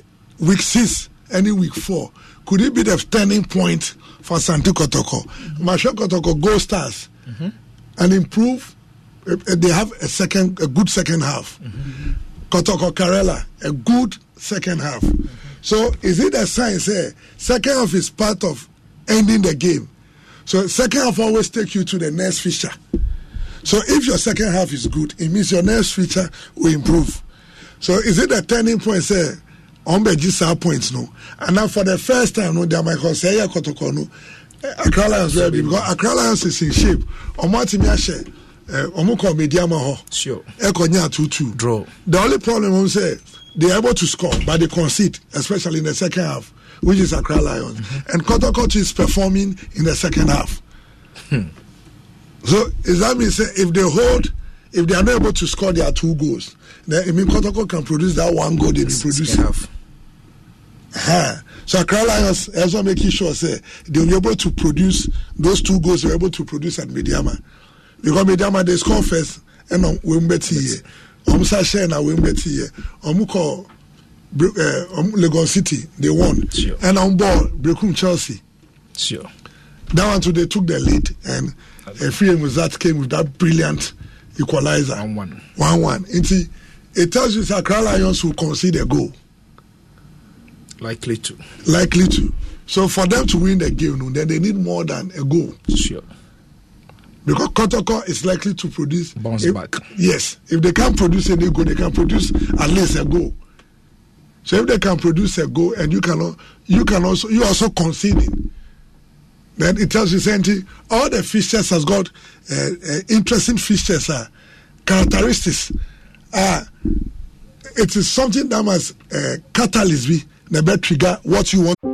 week six any week four could it be the turning point for Santi Kotoko mm-hmm. Kotoko go stars mm-hmm. and improve eh, they have a second a good second half mm-hmm. Kotoko Karela a good second half. Mm-hmm. So is it a sign say second half is part of ending the game. So second half always take you to the next feature. So if your second half is good, it means your next feature will improve. So is it a turning point? Say, on the points no. And now for the first time, no, they might say yeah, kotoko no. Accra Lions will be because Accra Lions is in shape. Omo timi ahye. Eh, Omo ko media ma Sure. E ko nya 2-2. Draw. The only problem is say they are able to score but they concede especially in the second half. which is Accra Lions. Mm-hmm. And Kotokochi is performing in the second half. Hmm. So is that say if they hold, if they are not able to score their two goals, then it means Kotoko can produce that one goal they've been producing. Uh-huh. So Accra Lions well, making sure say they be able to produce those two goals they are able to produce at Mediama. Because Mediama they score first and on Wimbeti. Omusa share na Wimbeti. Omuko uh, um, Lagos City, they won. Sure. And on ball, Brekum Chelsea. Sure. That one too, they took the lead, and uh, Ephraim that came with that brilliant equalizer. 1 1. 1 1. It, it tells you that Accra Lions will concede a goal. Likely to. Likely to. So for them to win the game, no, then they need more than a goal. Sure. Because Kotoko is likely to produce. Bounce if, back. Yes. If they can't produce any goal, they can produce at least a goal. So if they can produce a goal and you can you can also you also conceding, then it tells you saying all the features has got uh, uh, interesting features, uh, ah, characteristics. Uh, it is something that must uh, eh, catalyze me, never trigger what you want.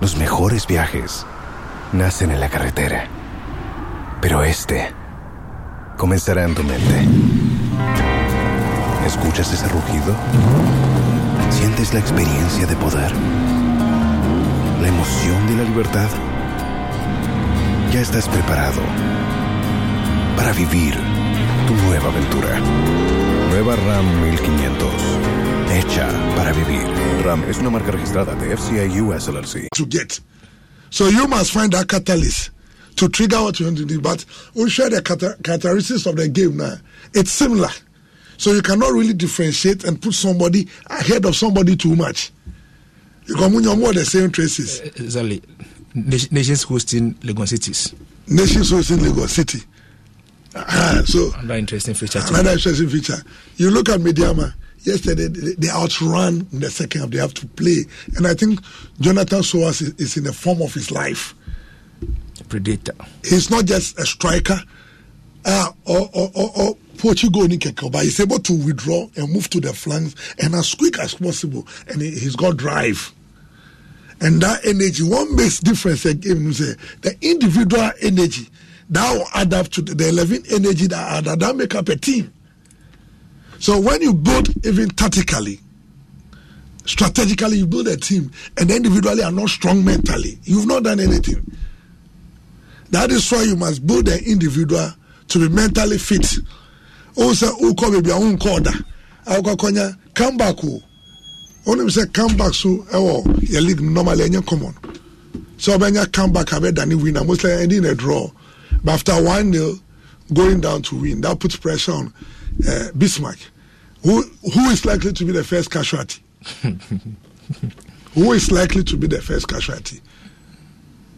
Los mejores viajes nacen en la carretera, pero este comenzará en tu mente. ¿Escuchas ese rugido? ¿Sientes la experiencia de poder? ¿La emoción de la libertad? Ya estás preparado para vivir tu nueva aventura. Nueva RAM 1500. Hecha para vivir. RAM es una marca registrada de US LLC. To get. So you must find that catalyst to trigger what you want to do. But we share the characteristics of the game now. It's similar. So you cannot really differentiate and put somebody ahead of somebody too much. You come more the same traces. Eh, eh, exactly. Nations hosting Lagos cities. Nations hosting Lagos city. so another interesting feature. Another interesting feature. You look at Mediama. Yesterday they, they outran in the second half. They have to play, and I think Jonathan Soas is, is in the form of his life. Predator. He's not just a striker, uh, or, or, or, or Portugal Nikeko, but he's able to withdraw and move to the flanks and as quick as possible, and he, he's got drive and that energy one makes difference again. The individual energy that will add up to the, the 11 energy that are that, that make up a team. So when you build even tactically, strategically, you build a team, and individually are not strong mentally, you've not done anything. That is why you must build an individual to be mentally fit. Also, uko baby, I won't call that. I come back. Oh. Only say come back so. Eh, oh, your league normally any common. So when you come back, I bet Danny win. I mostly end in a draw. But after one nil going down to win, that puts pressure on uh, Bismarck. Who, who is likely to be the first casualty? who is likely to be the first casualty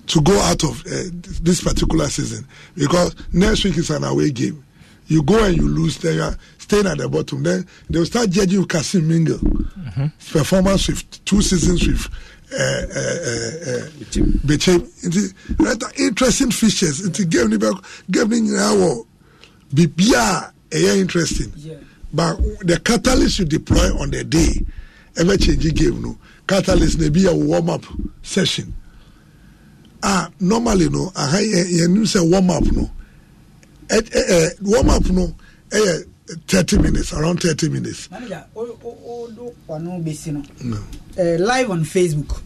to go out of uh, this particular season? Because next week is an away game. You go and you lose, then you are staying at the bottom. Then they will start judging Kasim Mingle mm-hmm. performance with two seasons with bɛkyɛm nti rata interesting features nti game ni bɛ game ni nyinaa wɔ bibia a ɛyɛ interesting but the catalyst you deploy on the day ɛbɛ change game no catalyst na bi yɛ warm up session a ah, normally no aha yɛ yɛn nim sɛ warm up no ɛ eh, ɛ eh, ɛ eh, warm up no ɛyɛ thirty minutes around thirty minutes. manager o o do ọ̀nà gbèsè no. Eh, live on facebook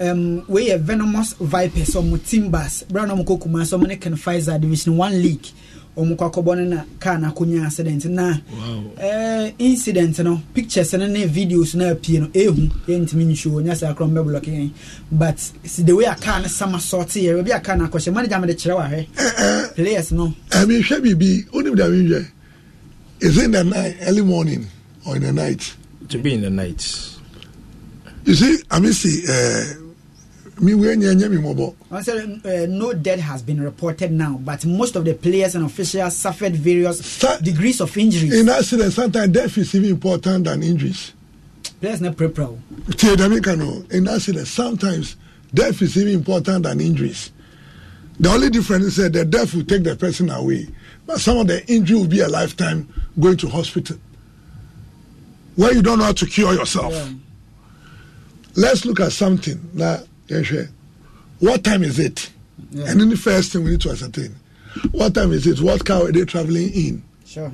um, wei yɛ venomous vipers ɔmo timbers Brown na ɔmo kɔ kuma sɛ ɔmo ne ken pfizer division one league ɔmo kɔ akɔbɔ ne na car na akɔnya accident na wow. Eh, incident no pictures no ne videos no apie no ehu yɛntumi nsuo nya sɛ akorɔ mbɛ block yɛn but si the way a car no sama sɔɔte yɛ baabi a car no akɔhyɛ manager mi de kyerɛ wɔ ahwɛ players no. ɛmi hwɛ biribi onim de a mi hwɛ. Is in the night, early morning, or in the night? To be in the night. You see, I mean, see, uh, me when you we me mobile. I said uh, no death has been reported now, but most of the players and officials suffered various Sa- degrees of injuries. In accident, sometimes death is even important than injuries. Players not prepare. In accident, sometimes death is even important than injuries. The only difference is that the death will take the person away. But some of the injury will be a lifetime going to hospital where you don't know how to cure yourself. Yeah. Let's look at something. Now, what time is it? Yeah. And then the first thing we need to ascertain what time is it? What car are they traveling in? Sure.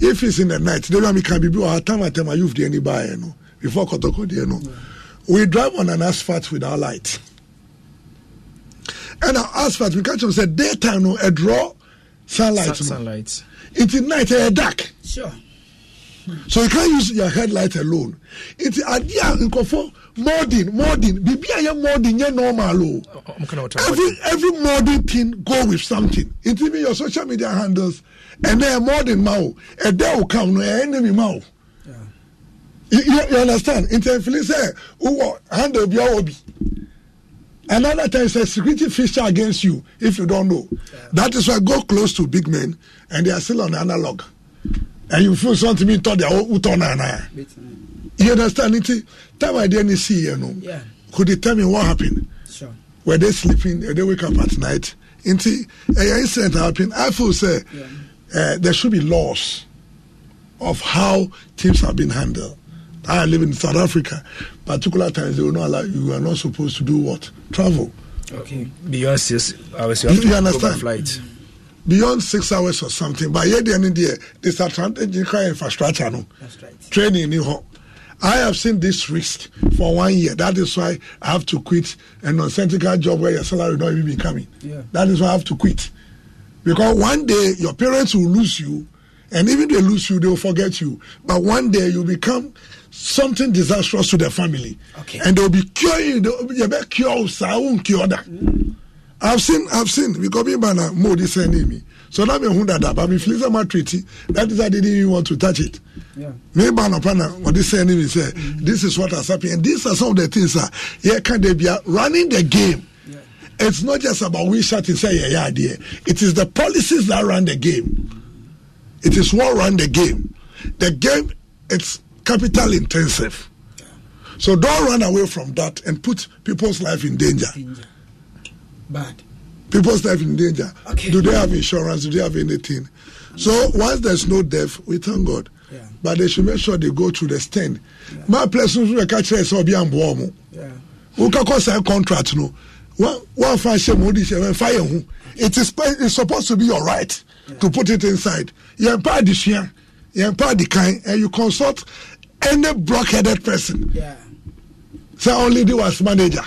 If it's in the night, they don't can be our time at time you've the anybody, you know, before Kotoko, you know. Yeah. We drive on an asphalt with our light. And our asphalt, we catch them say daytime no a draw sunlight Sun, sunlight nti night ɛyɛ eh, dark sure. so you can't use your headlight alone nti adeɛ a uh, nkɔfo modern modern biribi a yɛ modern yɛ normal o oh. oh, oh, every every modern thing go with something It mi your social media handles ɛnna ɛ modern ma o ɛdɛ o kam no ɛ enemy ma o you, you understand nti nfili sɛ wowɔ handle bi ɔwɔ bi. Another time is a security feature against you if you don't know. Yeah. That is why go close to big men and they are still on analog. And you feel something mean thought they are utonana. You understand it? Tell my didn't see you know. Yeah. Could me what happened. Sure. Were they sleeping? Were they wake up at night? Until an incident happened, I feel say yeah. uh, there should be laws of how things have been handled. I live in South Africa particular times they will not allow you. are not supposed to do what? Travel. Okay. Beyond six hours, you, have you to understand? Flight. Beyond six hours or something. But here, the end the disadvantage in infrastructure. No. That's right. Training in home. I have seen this risk for one year. That is why I have to quit a nonsensical job where your salary will not even be coming. Yeah. That is why I have to quit. Because one day your parents will lose you, and even they lose you, they will forget you. But one day you become something disastrous to their family. Okay. And they'll be curing, they'll be a cure, so I won't cure that. I've seen, I've seen, because me bana more this me. So now me hunda da, but me flisa ma treaty, that is I didn't even want to touch it. Yeah. Me bana pana, what this me. say, this is what has happened. And these are some of the things that, yeah, can they be uh, running the game. Yeah. It's not just about we shut and say, yeah, yeah, dear. It is the policies that run the game. It is what run the game. The game, it's capital intensive. So don't run away from that and put people's life in danger. Bad. People's life in danger. Okay. Do they have insurance? Do they have anything? So once there's no death, we thank God. Yeah. But they should make sure they go through the stand. My person who catch us or be ambomo. Yeah. Who can cause a contract no? One fashion modi seven fire who it is it's supposed to be your right yeah. to put it inside. You empower the share, you empower the kind, and you consult any blockheaded person. Yeah. So only do was manager.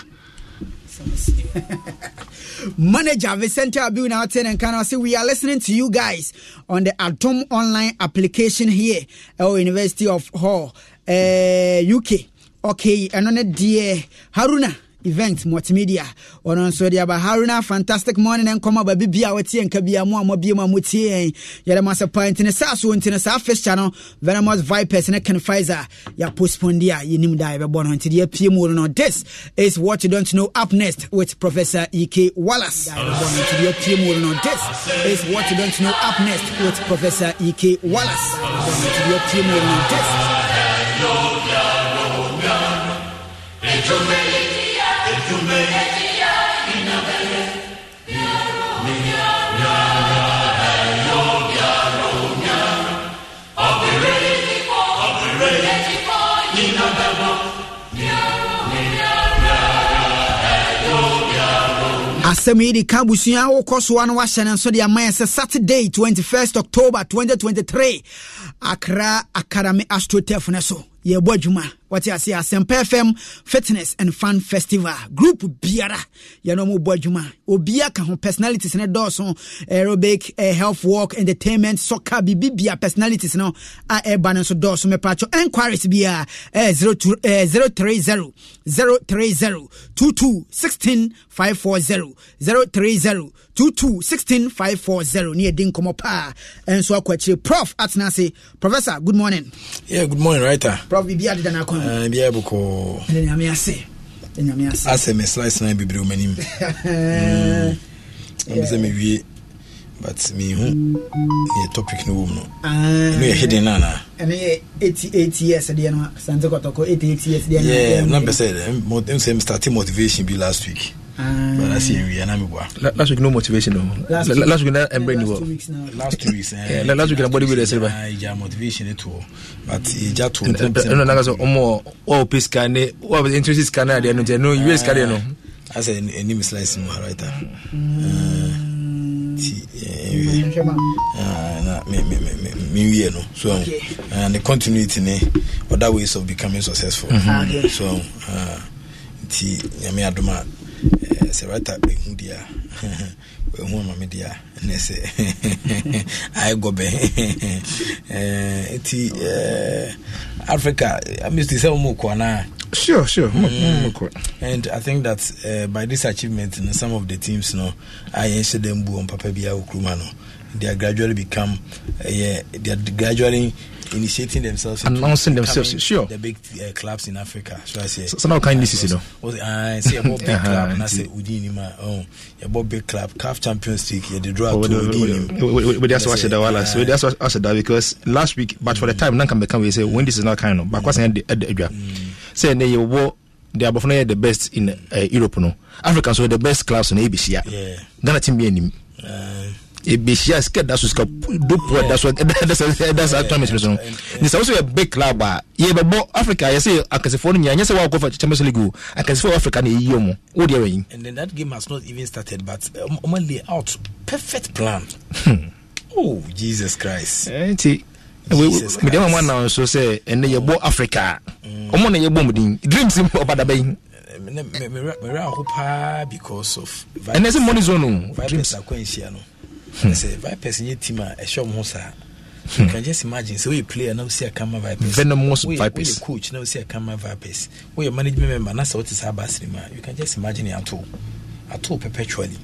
manager Vicente Abu now and can I say we are listening to you guys on the Atom online application here at University of Hall, uh, UK. Okay, and on it, dear Haruna event multimedia ɔno nso de aba haruna fantastic morning nkɔmɔ baabi bia wɔtie nka bia mu a mɔbie mu a motie yɛn yɛde ma sɛ paa ntini saa so ntini saa fixture no venomous vipers ne ken yɛapostpone de a yɛnim da yɛbɛbɔ no nti deɛ apie mu no this is what you don't know up next with professor ek wallace this is what you don't know up next with professor ek wallace this asɛm yi de ka abusua wokɔ soa no wahyɛ ne nso de ama yɛ sɛ saturday 21st october 2023 akra akarame astrotef no so yɛbɔ adwuma wɔte ase asɛmpa fm fitness and fun festival group biara yɛno mu bɔ adwuma obia ka ho personalities no dɔɔso aerobic eh, health walk entertainment soccer bibibia personalities no a ɛba no nso dɔɔso mepatwɔ enquiries biaa eh, 0 030 22 eh, 16 540 030 22 16 ne yɛdi nkɔmmɔ paa ɛnso akɔ akyire prof atena ase professor good morning yeah good morning writer prof biara bɔ kɔɔ ɛnɛ asɛ mɛ slice na bebree wɔn anim ɛn sɛ mewie but mehu yɛ topic no wɔ mu no ah. ɛno yɛ hidden no anaa ɛno yɛ 88 years deɛ no sante kɔtɔkɔ 88 years deɛ no na mpɛ sɛ ɛm sɛ mstarte motivation bi last week but I see him here and Last week no motivation no. Last, week na embrace ni wo. Last two weeks. Eh, yeah, last week na body builder silver. Yeah, motivation it too. But it just to. No, na kaso omo o pay scan ne, o interest scan na there no no US scan no. I say any mislice mo right there. Ti eh me me me me no. So and the continuity ne other ways of becoming successful. So uh ti nyame adoma sɛ wata bɛhu amame ne sɛ nti africa eh, sɛ Sure, sure. Mm. Mm. And I think that uh, by this achievement, you know, some of the teams, you know, I them on Papa Bia Ukrumano. They are gradually become, uh, yeah, they are gradually initiating themselves, announcing themselves, sure. The big uh, clubs in Africa. So I say, so, so now can this is it? I say about big uh-huh. club, and I say Udinima. Oh, about big club, Calf Champions League. Yeah, they draw to Udinima. But that's what I said. Wallace. So ah. that's what I said that because last week, but for the time, none can become. We say when this is not kind of, but what's mm. the idea? Mm. Say they were they are no the best in eh, Europe no Africans were the best clubs in ABC Yeah. Ghana team bi anim ebehyia sika da so sika dopo da so ɛda sa ɛda sa tournament so no ne sɛ wosɛ yɛ big club a yɛbɛbɔ africa yɛ sɛ akasifoɔ no nyinaa nyɛ sɛ wɔakɔ fa champions league o akasifoɔ wɔ africa na ɛyi ɔmo wo deɛ wɔyi and then that game has not even started but ɔmo um, lay out perfect plan hmm. oh jesus christ eh, nti mede ma mo anam so sɛ ɛnɛ yɛbɔ africa mm. ɔmo na yɛbɔ mu din dreams ɔbadaba yi mmerɛ eh, aho paa because of ɛnɛ sɛ money zone o dreams akwanhyia no Hmm. sɛ vipers nyɛ team a ɛhyɛ ɔmo ho saa you can just imagine sɛ woyɛ player na wosi akama vipers venomous vipers woyɛ coach na wosi akama vipers woyɛ management member na sɛ wote saa baasere mu a you can just imagine yɛ ato ato perpetually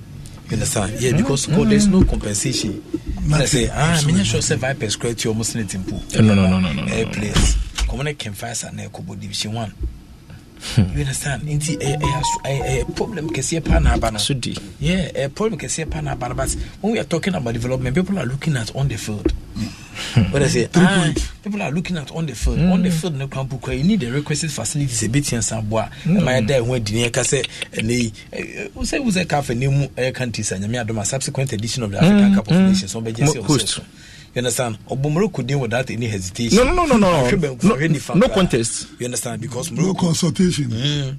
you understand yeah hmm. because mm. there's hmm. no compensation na sɛ ah menyɛ sure sɛ vipers kora ti ɔmo sene tempo ɛno no no no no no players kɔmɔ ne kɛmfa sa na ɛkɔbɔ division one Hmm. you understand nti ɛyɛ eh, eh, eh, problem kɛseɛ paa na aba no yeah ɛyɛ problem kɛseɛ paa na aba no but when we are talking about development people are looking at on the field hmm. what I say ah people are looking at on the field mm. on the hmm. field ne kwan bukɔ you need the requisite facilities a bit in boa My dad da ɛho adi ne yɛka sɛ ɛnɛ yi sɛ wusɛ kaa mu ɛyɛ countries a nyame adoma subsequent edition of the African Cup of Nations ɔbɛgye sɛ wusɛ so. You understand? Obu could deal with that any hesitation. No, no, no, no, no. No, no contest. You understand? Because Morocco. No consultation. Mm.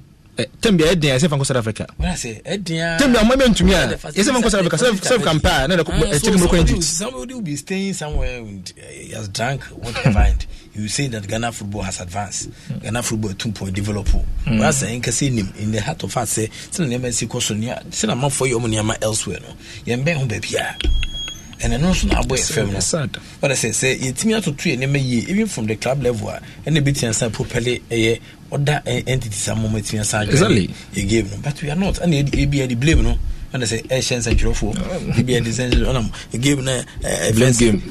tɛm bia ɛden a ɛsɛ fa nkɔ south africa tɛm bia ɔmama ntumi a ɛsɛ fa nkɔ south africa south campa na ɛkyɛ mu rokɔ egypt somebody will be staying somewhere and eh, he drunk, drank whatever find, you say that ghana football has advanced hmm. ghana football two point develop wɔn asɛ nka sɛ nim in the heart of heart sɛ sɛ na nneɛma ɛsi kɔ so nea sɛ na amanfoɔ yɛ ɔmo nneɛma elsewhere no yɛn bɛn ho baabi a and ɛno nso na abɔ yɛ fam no ɔne sɛ sɛ yɛtumi atoto yɛ nneɛma yie even from the club level a ɛna ɛbɛtumi asa propɛle ɛyɛ ɔda eh, entity sa mmɔma tumi asa adwene yɛ game no but we are not ɛna ebi yɛ de blame no ɔne sɛ ɛhyɛ nsɛntwerɛfoɔ oh. ebi yɛ de nsɛntwerɛ ɔnam eh, game na ɛfɛn eh, game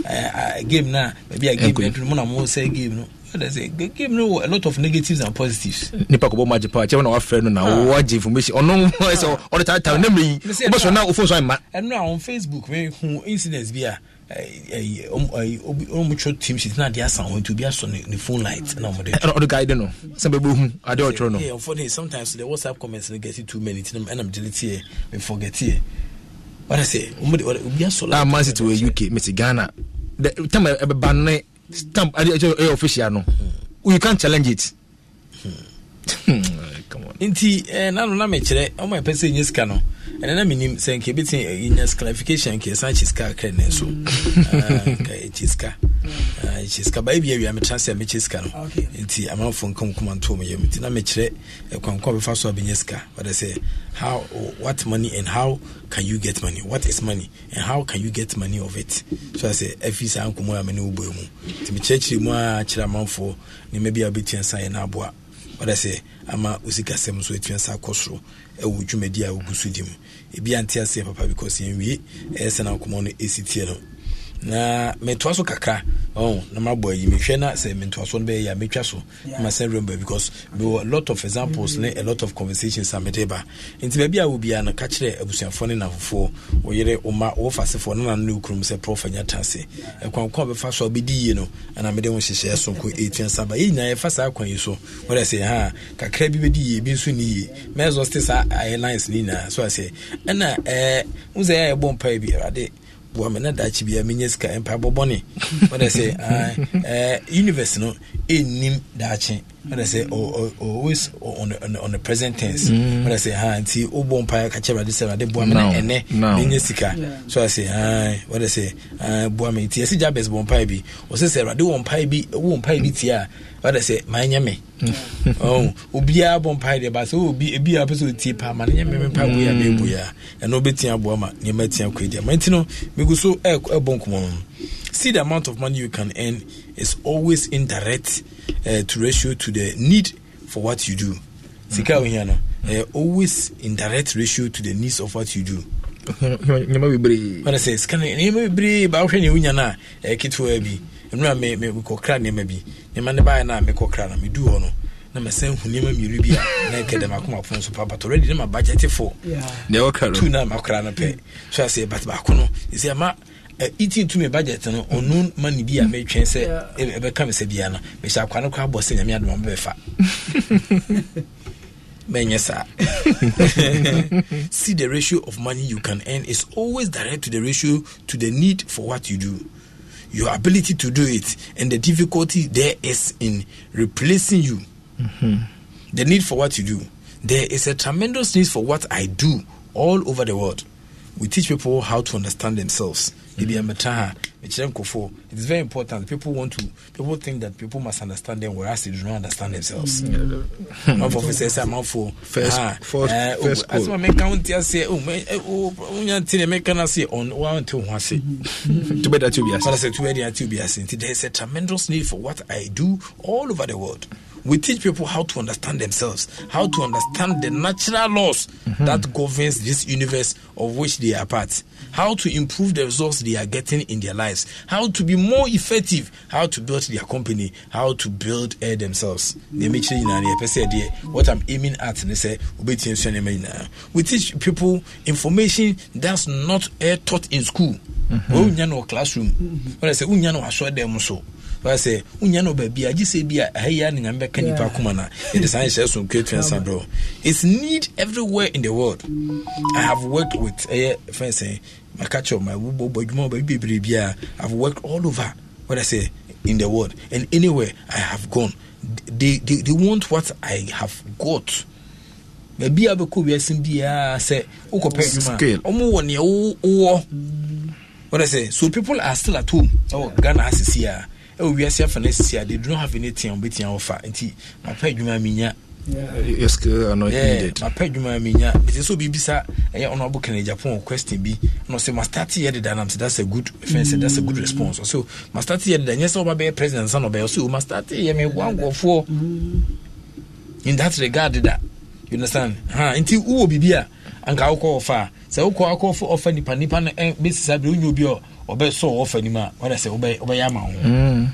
game na ebi yɛ game na mu na mo sɛ game no I give me a lot of negatives and positives. Nipa kobo maji pa, chairman wa friend na wo ji information. Ono so all the time time me. Obo so na ofo so ma. Eno on Facebook we hu incidents bia. ɔmutwɛ team sheet na adeɛ asan hɔ nti obi asɔ ne phone light na ɔmɔde ɔde guide no sɛ bɛbɛ hu adeɛ ɔtwerɛ no ɔfɔde sometimes the whatsapp comments no get too many nti ɛnam delete yɛ meforget yɛ wɔde sɛ obi asɔ light man city uk mete ghana time ɛbɛba ne stamp adi ɛkyɛ ɛyɛ official no you can challenge it. Hmm. nti ɛɛ eh, nanu na mɛ kyerɛ ɔmɔ ɛpɛ sɛ nye sika no ɛnɛ na menim sɛ nka ɛbɛtumi ɛnya eh, clarification nka ɛsan kye sika kakrɛ ne so ah, nka ɛkye sika ah, ɛkye sika baɛ bi awia metra sɛ mɛkye sika no nti amanfo nka nkoma nto mu yam nti na mekyerɛ ɛkwankwa eh, bɛfa so a bɛnya sika wɔde sɛ how what money and how can you get money what is money and how can you get money of it so I say ɛfi saa nkɔmmɔ a mene wobɔe mu nti mekyerɛkyerɛ mu a kyerɛ amanfoɔ nneɛma bi a wobɛtua sa yɛ no aboa wɔde sɛ ama osikasɛm so atua sa kɔ soro ɛwɔ dwumadi a wogu so di mu ebi ante aseɛ papa because yɛnwie ɛyɛ sɛ na nkɔmmɔ no ɛsi tie no na metoa so kakra oh na ma bɔ ayi mehwɛ na sɛ mentoaso no bɛyɛ a metwa so ma sɛ remember because mewɔ a lot of examples mm. ne a lot of conversations a mede ba nti baabi a wobiaa no ka kyerɛ abusuafoɔ ne nafofoɔ wo yere wo ma wo fasefoɔ no nano ne wo kurom sɛ prɔfa nya tase ɛkwankwa wobɛfa so a wobɛdi yie no ana mede wo nhyehyɛɛ sonko ɛtua saba yɛ nyinaa yɛfa saa kwan yi so wodɛ sɛ ha kakra bi bɛdi yie bi nso ne yie mɛɛsɔ ste saa airlines no nyinaa so asɛ ɛna wo sɛ ɛyɛbɔ mpa bi awurade boa me na daakye bia menyɛ sika mpa bɔbɔne wode sɛ ah, eh, universe no ɛnnim daakye wode sɛ always on the, present tense mm. wode sɛ ha ah, nti wobɔ mpa ka kyɛ wrade sɛ wrade boa me na ɛnɛ menyɛ sika so asɛ ah, wode sɛ boa me nti ɛsɛ jabes bɔ mpae bi ɔsɛ sɛ wrade wɔ mpae bi wɔ mpae bi tie a Mm. Oh, ɔde sɛ manyɛ me obiaa bɔ mpae deɛ ba sɛ ebia pɛ sɛ ɔtie paa ma no nyɛ meme pa mm. bua bɛ bua ɛno wobɛtia aboa ma nneɛma atia kɔ di ama nti no megu so ɛbɔ nkɔmmɔ no see the amount of money you can earn is always indirect uh, to ratio to the need for what you do sika mm -hmm. ohia no eh, always indirect ratio to the needs of what you do nneɛma bebree ɔne sɛ sika nneɛma bebree ba wohwɛ ne wonya no a ɛketewa eh, bi nnura me me nneɛma bi nneɛma ne baayɛ na me kɔkra na me hɔ no na mɛ sɛn hu nneɛma mmienu bi a na ɛkɛ dɛm akoma fo nso pa but already ne ma budget fo deɛ wɔkra no tu na ma kra no pɛ so asɛ but baako no ɛsɛ ama iti tu budget no ɔno ma ne bi a mm. metwɛn sɛ ɛbɛka me sɛ bia no mehyɛ akwa no kɔ abɔ sɛ nyame adoma mobɛfa mɛnyɛ saa see the ratio of money you can earn is always direct to the ratio to the need for what you do your ability to do it, and the difficulty there is in replacing you. Mm-hmm. The need for what you do. There is a tremendous need for what I do all over the world. We teach people how to understand themselves it's very important. People want to, people think that people must understand them, whereas they do not understand themselves. Not mm-hmm. for first, I'm ah, for first, first, eh, oh, first. As my oh, eh, oh, make count, I say, oh, my, oh, until they make an say on one to one say. To better to be as I said, to better to be as There is a tremendous need for what I do all over the world. We teach people how to understand themselves, how to understand the natural laws mm-hmm. that governs this universe of which they are part. how to improve the results they are getting in their lives, how to be more effective, how to build their company, how to build uh, themselves. What I'm aiming at, they say, we teach people information that's not uh, taught in school. Mm-hmm. Classroom. Mm-hmm. When I say, sɛ wonya no baabi agye sɛ bi a ɛhɛyɛ a ne nyame bɛka nnipa koma no yɛde saa nhyɛ so nkuatuansa berɛ its need everywhere in the world i have worked with ɛyɛ fɛn sɛ maka kyerɛ ma wobɔbɔ adwuma baabi bebree bi a i've worked all over what i say in the world and anywhere i have gone they, they, they want what i have got baabi a bɛkɔ wiase biaa sɛ wokɔpɛ adwuma ɔmo wɔ neɛ wowɔ what i say so people are still at home ɛwɔ oh, ghana asesi a ɛwɔ wiase afa no a they do not have anything a wɔbɛtia wɔfa nti mapɛ adwuma a menya your skill are not yeah, needed. mapɛ adwuma a menya bɛte sɛ obibisa ɛyɛ ɔno abo kane japan question bi na ɔsɛ mastarte yɛ deda nam sɛ that's a good fɛn sɛ that's a good response ɔsɛ mastarte yɛ deda nyɛ sɛ woba bɛyɛ president sa na ɔbɛyɛ ɔsɛ mastarte yɛ mehoa nkurɔfoɔ in that regard deda you understand ha nti wowɔ biribi a anka wokɔ ɔfa a sɛ wokɔ akɔ ɔfa nipa nipa no bɛsi saa berɛ wonya obi a ɔbɛsɔ ɔfa nim a wɔde sɛ wobɛyɛ ama ho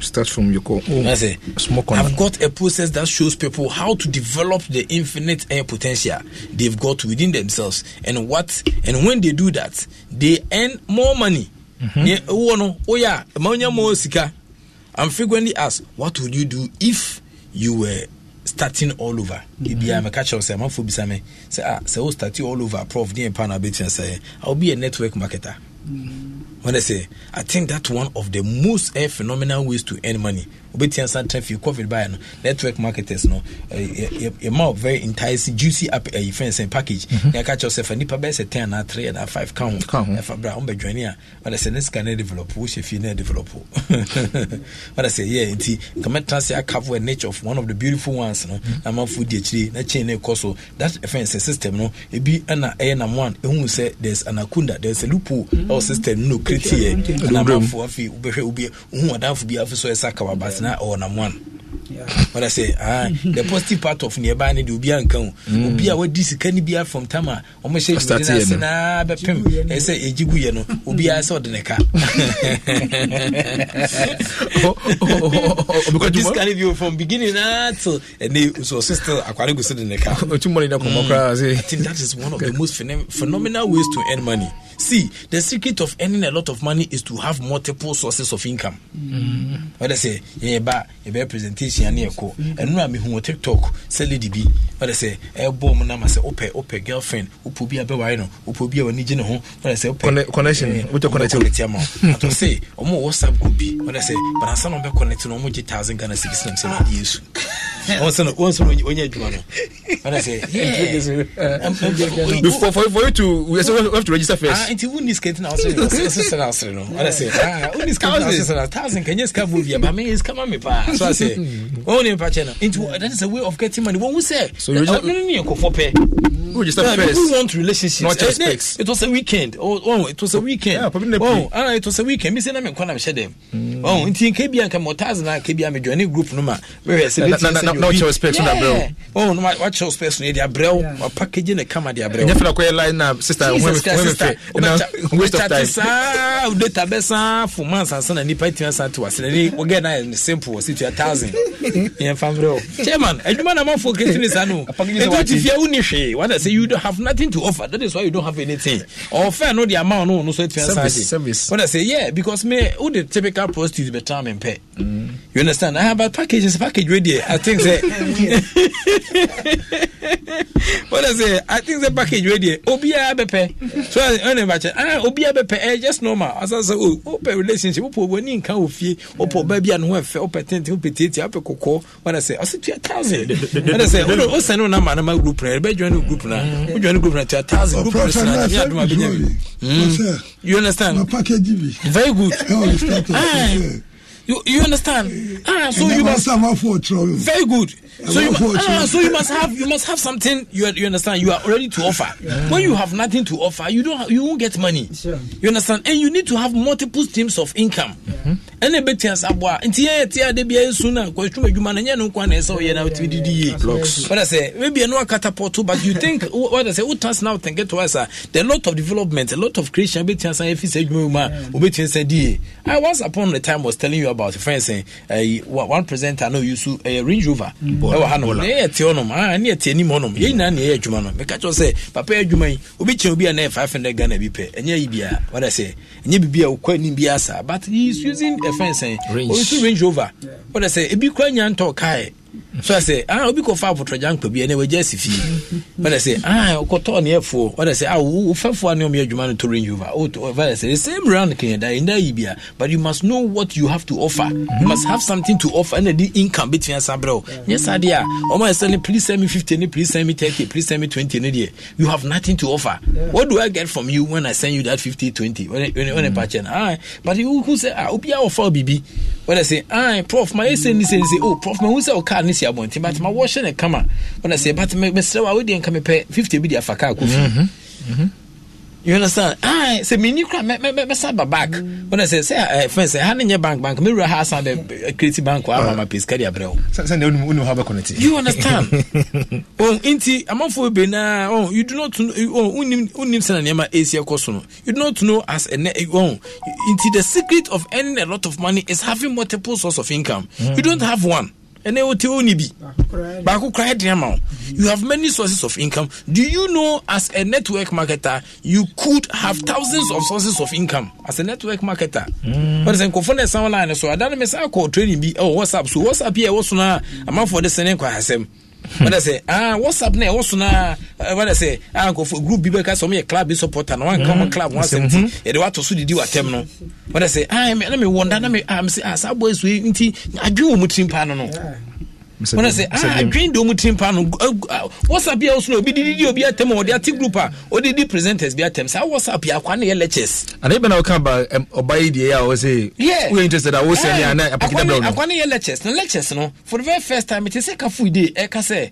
Start from your own oh, say, I've got a process that shows people how to develop the infinite air potential they've got within themselves, and what and when they do that, they earn more money. Mm-hmm. Oh yeah, mm-hmm. I'm frequently asked, what would you do if you were starting all over ebi mm-hmm. a meka kyerɛw sɛ amanfoɔ bisa me sɛ a ah, sɛ wo starting all over prof deɛ mpa no abɛtua sɛ i will be a network marketer When I say, I think that's one of the most uh, phenomenal ways to earn money obɛtia nsa tena fie covid baɛ no network marketers no eh, yɛma uh, very enticing juicy up ayi uh, fɛn sɛ package na mhm. ɛka kyerɛ sɛ fa nipa bɛyɛ sɛ ten anaa three anaa five ka ho ɛfa berɛ a wombɛdwane a wada sɛ ne sika no develop wohyɛ fie no develop wada mhm. sɛ yɛ nti nkamɛtena sɛ acavo a eh, nature of one of the beautiful ones no mhm. na mafoɔ di akyire na chain no ɛkɔ so that ɛfɛn sɛ system no ebi ɛna ɛyɛ nam one ɛhu sɛ there's anacunda there's a loophole ɛwɔ system no no kretiɛ na mafoɔ afei wobɛhwɛ wobi hu adamfo bi afi so ɛsa kawabase na ɔwɔ nam one wada sɛ ah, the positive part of neɛ ɛbaa ne deɛ obi anka wo mm. obi a wadi sika no biara from time a ɔmɔhyɛ dwumadi no ase naa bɛpem ɛɛ sɛ ɛgye guyɛ no obiara sɛ ɔde ne ka ɔdi sika no bio from beginning naa till ɛnɛ ɔsɛ still akware gu so ne ka that is one of the most phenomenal ways to earn money See, the secret of earning a lot of money is to have multiple sources of income. Mm. What I say, yeah, but a presentation near co. And now me who TikTok, sell it be. What I say, a bomb number say, Ope, Ope, girlfriend, who be a bewino, who be a Nijin home. What I say, connection eh, What the connection with Yama. I say, oh more WhatsApp could be. What I say, but I'm not connecting on which thousand Ghana six names in my use. Once on once on your Juma. What I say, yeah. For you to, we have to register first nti wonni skate na wosesere asere no ɔdɛ kanyɛ sika bɔ bia ba me sika ma me paa so asɛ wɔn ne no nti that is a way of getting money wɔn sɛ ne yɛ pɛ we just have first want relationships it was a weekend oh, it was a weekend yeah, oh it was a weekend me say na me kwa na me hyɛ dem oh nti nka bia nka mo thousand na nka bia me join group no ma we say na na na your respect na bro oh no my what your respect na dia bro package na kama dia bro nyefra we when we wobɛkyate saa wodata bɛsaa fo months ansa na nnipa atumi asa to ase nani wogɛ na simple wɔ sɛ tua thousand yɛmfa mmerɛ o chairman adwuma na mafoɔ kɛtini saa no ɛtɔte fia wonni hwee wada sɛ you don't have nothing to offer that is why you don't have anything ɔfɛ no de ama no no so atumi asa gye wada sɛ yeah because me wode typical prostitute bɛtaa me mpɛ you understand ah but packages package wey there i think say wada sɛ i think say package wey there obiara bɛpɛ so ɛna meba kyɛ ah obiara bɛpɛ ɛyɛ eh, just normal asan sɛ o oh, wopɛ relationship wopɛ wani nka wɔ fie wopɛ ɔbaa bi a ne ho ɛfɛ wopɛ tenten wopɛ tietia wopɛ kɔkɔɔ wɔde sɛ ɔsɛ tua thousand wɔde sɛ wɔde ɔsɛn no nama anama group na ɛbɛ join group na mm-hmm. wo join group na tua thousand group na sinna tɛmi adum abɛnya bi you understand very good. You, you understand? Ah, so you must have Very good. So you, ah, so you must have you must have something. You, you understand? You are ready to offer. Yeah. When you have nothing to offer, you don't have, you won't get money. Sure. You understand? And you need to have multiple streams of income. Mm-hmm. And a bit as abwa. Nti ya ti ya debi sooner. Kwa chuma juma na nyano kwa na saw yena uti di blocks. What I say? Maybe no know a but you think what I say? What trans now think get to us? Ah? There a lot of development, a lot of creation. Bit as I if you say juma, ubit as I di. I once upon the time was telling you. about friends ɛyi one presenter na oyi so ɛyɛ eh, range rover ɛwɔ hanom na yɛ te hɔnom aa ne yɛ te anim hɔnom yɛn nyinaa na yɛ adwuma papa yɛ adwuma obi kyɛn obi a five hundred ghana bi pɛ ɛnyɛ yi bia wada sɛ ɛnyɛ bibi a okɔ anim bi asa but he using a fence ɛyi oyi so range rover wada sɛ ebi kura nya ntɔ kaa yɛ. so I say ah obi kɔfa apɔtɔgya nkpa bi ɛnna wagya asi fie I say, ah ɔkɔtɔ ne ɛfoɔ I say, ah wofɛfoɔ ne ɔmo adwuma no to range over oh, o I say the same round kenya da in that bia but you must know what you have to offer mm-hmm. you must have something to offer And di income bi tia san brɛw Yes, saa deɛ a please send me fifty please send me thirty please send me twenty And deɛ you have nothing to offer yeah. what do I get from you when I send you that fifty twenty wɛdɛ when I na mm. ah but you who say ah obi a ɔfa obi bi I say, ah prof my yɛ sɛ ni ni oh prof my who say ɔka oh, ne si abɔnten but mm-hmm. ma wɔhyɛ ne kama ɔna sɛ but me wo a wodeɛ nka mepɛ 50 bi de afa kaa kɔfi mm-hmm. mm-hmm. you understand ah sɛ menni kora mɛsa ba back ɔna sɛ sɛ eh, fɛn sɛ ha ne nyɛ bank bank mɛwura ha asan bɛ eh, create bank ama ma ah. pɛ sika abrɛ wo you understand oh, nti amanfoɔ bebree naa oh, you do not know oh, nneɛma ɛsi so no you do not know as ɛnɛ oh, nti the secret of earning a lot of money is having multiple source of income mm. you don't have one ɛnɛ wote wo ni bi baako koraa deɛ ma wo you have many sources of income do you know as a network marketer you could have thousands of sources of income as a network marketer mm. wɔde sɛ nkɔfoɔ no ɛsan wo line so ada no me saa kɔɔ training bi ɛwɔ whatsapp so whatsapp yi a ɛwɔ so no a amanfoɔ de sɛne nkɔ asɛm Hmm. wọ́n sɛ ah whatsapp náà ɛwɔ so naa uh, wọ́n sɛ ah nkɔfo group bi bɛ ka sɛ wɔn yɛ club bi supporter na wɔn nka wɔn club wɔn asɛm ti yɛde wɔn ato so didi wɔn atɛm no wọ́n sɛ ah ɛna mi wɔn da na mi ah mi sɛ ah saa boys wei nti adwi wɔn mu tirim paa no wọn sɛ ah green de ɔmu ti mpa no whatsapp yi a ɔsono obi didi obi atɛm ɔde ati group a ɔde di presenters bi atɛm saa whatsapp um, yi eh, akwa ne yɛ lectures. ana ebe na ɔka ba ɔba yi die a ɔsɛ. yɛ interested a wo sɛ ne a na apakita bila akwa ne yɛ lectures na lectures no for the very first time ti sɛ kafu yi de ɛka eh, sɛ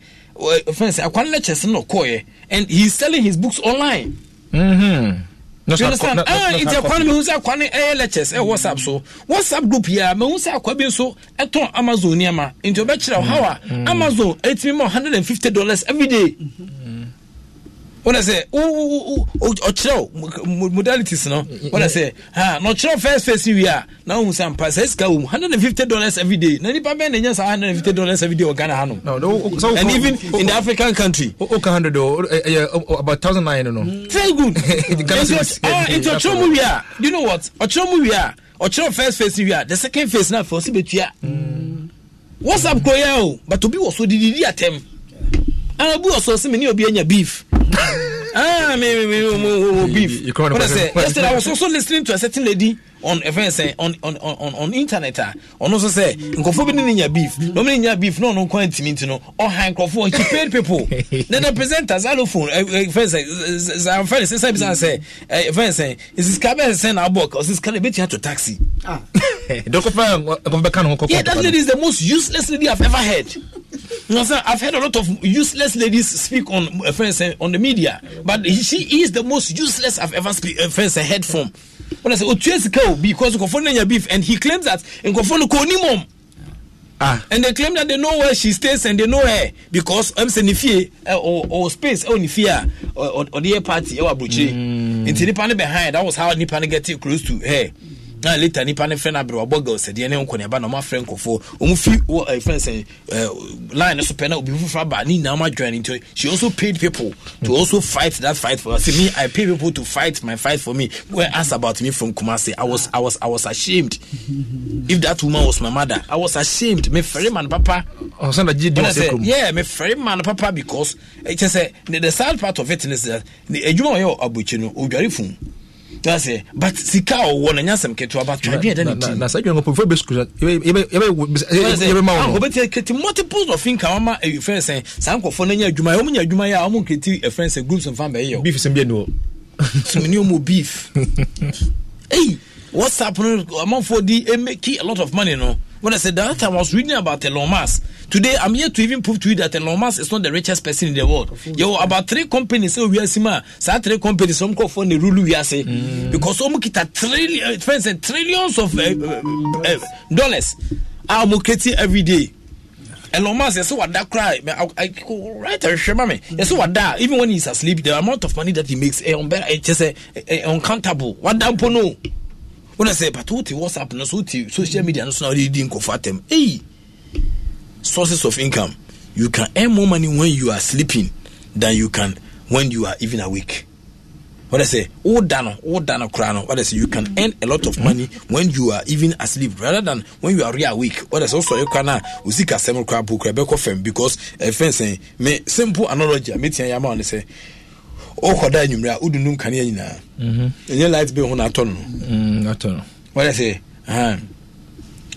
uh, fɛn sɛ akwa ne lectures no kɔɛ and he is selling his books online. Mm -hmm. Ah, no, you understand? No, no, ah, it's a kwan mehu sɛ akwa no ɛyɛ lectures ɛyɛ whatsapp so whatsapp group yi a mehu sɛ akwa bi nso ɛtɔn amazon nneɛma nti ɔbɛkyerɛ wo how a mm. amazon it's ɛtumi ma 150 dollars every day. Mm -hmm. wọn sɛ ɔkyerɛw modalities no wọn sɛ ha na ɔkyerɛw first phase wi a na ohun sa mpa sɛ sika wɔm hundred and fifty dollars every day na nipa bɛn na nya saa hundred and fifty dollars every day wɔ Ghana no. and even in the African country. o ka hundred o oh, ɛyɛ eh, eh, oh, about thousand nine no. Mm. very good ah, nti ɔkyerɛw mu wi a you know what ɔkyerɛw mu wi a ɔkyerɛw first phase wi a the second phase na afɔ si betua mm. whatsapp kuro yɛ o oh? but obi wɔ so didi di atɛm. abu ah, ọsọ sí mi ní obi ẹnya beef ah mi mi mi mi wo beef wọn sẹ yesterday i was also listening to a certain lady on on on on on internet a ah. ọno nso sẹ nkɔfo bi ne ne nya beef na ɔmo nya beef na ɔno nkɔ ntumi nti no ɔha nkɔfo he paid people na the presenter xylophone ɛfɛn sɛ zanfɛn sɛ sɛ bisan sɛ ɛfɛn sɛ sisika bɛ sɛ na abɔ ɔsi sika na ebi tia to taxi. dɔkɔ fɛn bɛ kan na yeah that lady is the most useless lady i have ever heard. You know, sir, I've heard a lot of useless ladies speak on uh, friends uh, on the media, but she is the most useless I've ever speak, uh, friends uh, heard from. When I say, "Oh, cow because Nkofo beef," and he claims that Nkofo no mom. Ah. And they claim that they know where she stays and they know her because I'm saying if you or, space oh, uh, or if or, the party or oh, abuchi. Hmm. into the Nipani behind that was how Nipani get close to her. na later nipa ne fɛ no aberɛ wabɔ girls deɛ ne nkɔ neaba na ɔmafrɛ nkɔfoɔ ɔmu fi eh, frɛ sɛ eh, line so pɛ na obi foforɔ aba ne nyinaa ma join nti she also paid people to also fight that fight for us me i pay people to fight my fight for me were asked about me from Kumasi i was i was i was ashamed if that woman was my mother i was ashamed me fere man papa ɔsɛn gye di ɔsɛ kurom yeah me fere man papa because ɛkyɛ eh, sɛ the sad part of it is that adwuma wɔyɛ abɔkyi no odware fun sɛ eh, but sika a ɔwɔ no ɛnyɛ asɛm ketewa but twadeɛ ɛda ne tiobɛti multiples of income ama frɛ sɛ saa nkɔfoɔ no nya adwuma ɔmu nya adwuma yɛ a ɔmu nkɛti frɛ sɛ groups mfa bɛyɛ beef sɛm bianɔ sumini ɔmu beef ei WhatsApp no amanfoɔ di eh, make a lot of money no. When I said that time I was reading about Elon Musk. Today I'm here to even prove to you that Elon Musk is not the richest person in the world. Yo, about three companies say we are sima. Say three companies some call for the rule we are say mm. because some oh, kita trillion, friends and eh, trillions of uh, uh, uh, dollars are marketing every day. Elon Musk, you yes, what that cry, I, I, right, I remember me. Yes, what that, even when he's asleep, the amount of money that he makes, eh, unbe- just, eh, eh, uncountable. What that, no? wona sɛ but wote whatsapp no so wote social media no so na wode di nkɔfo atɛm ei sources of income you can earn more money when you are sleeping than you can when you are even awake what I say, all done, all done, crown. What I say, you can earn a lot of money when you are even asleep rather than when you are really awake. What I say, also, you can uh, seek a several crab book, because a eh, fence, eh, simple analogy, I'm meeting Yama and say, wokɔ da anwummerɛ a wodundum kanea nyinaa mhm. ɛnyɛ light bi ho no atɔ no mm, wɔdɛ sɛ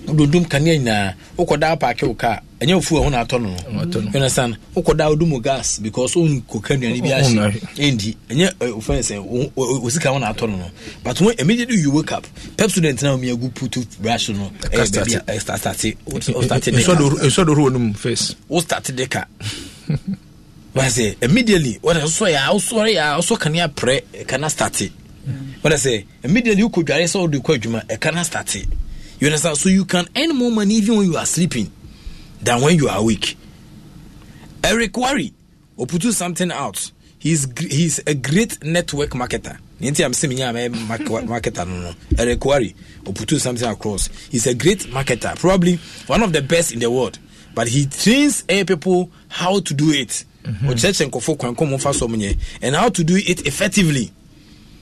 wodundum kanea nyinaa wokɔ da apaake wo ka ɛnyɛ ofu ho no atɔ no mm, no understand wokɔ da wodum gas because wonkɔka nnuane bi ahye mm, ɛndi ɛnyɛ ofɛn sɛ osika ho no atɔ no no but when immediately you wake up pep student na omi agu putu brush no ɛyɛ baabi a ɛstate wostate deka wostate deka wɔsɛ immediately wɔde sɔ yɛ awosɔre yɛ awosɔ kanea prɛ ɛka na starte wɔde sɛ immediately wokɔ dware sɛ wode kɔ adwuma ɛka na starte you understand so you can earn more money even when you are sleeping than when you are awake eric wari oputu something out he's he's a great network marketer nti am sɛ menya mɛ marketer no no eric wari oputu something across he's a great marketer probably one of the best in the world but he trains air people how to do it ɔkyerɛkyerɛ mm-hmm. nkɔfo kwan kɔn mu fa sɔm and how to do it effectively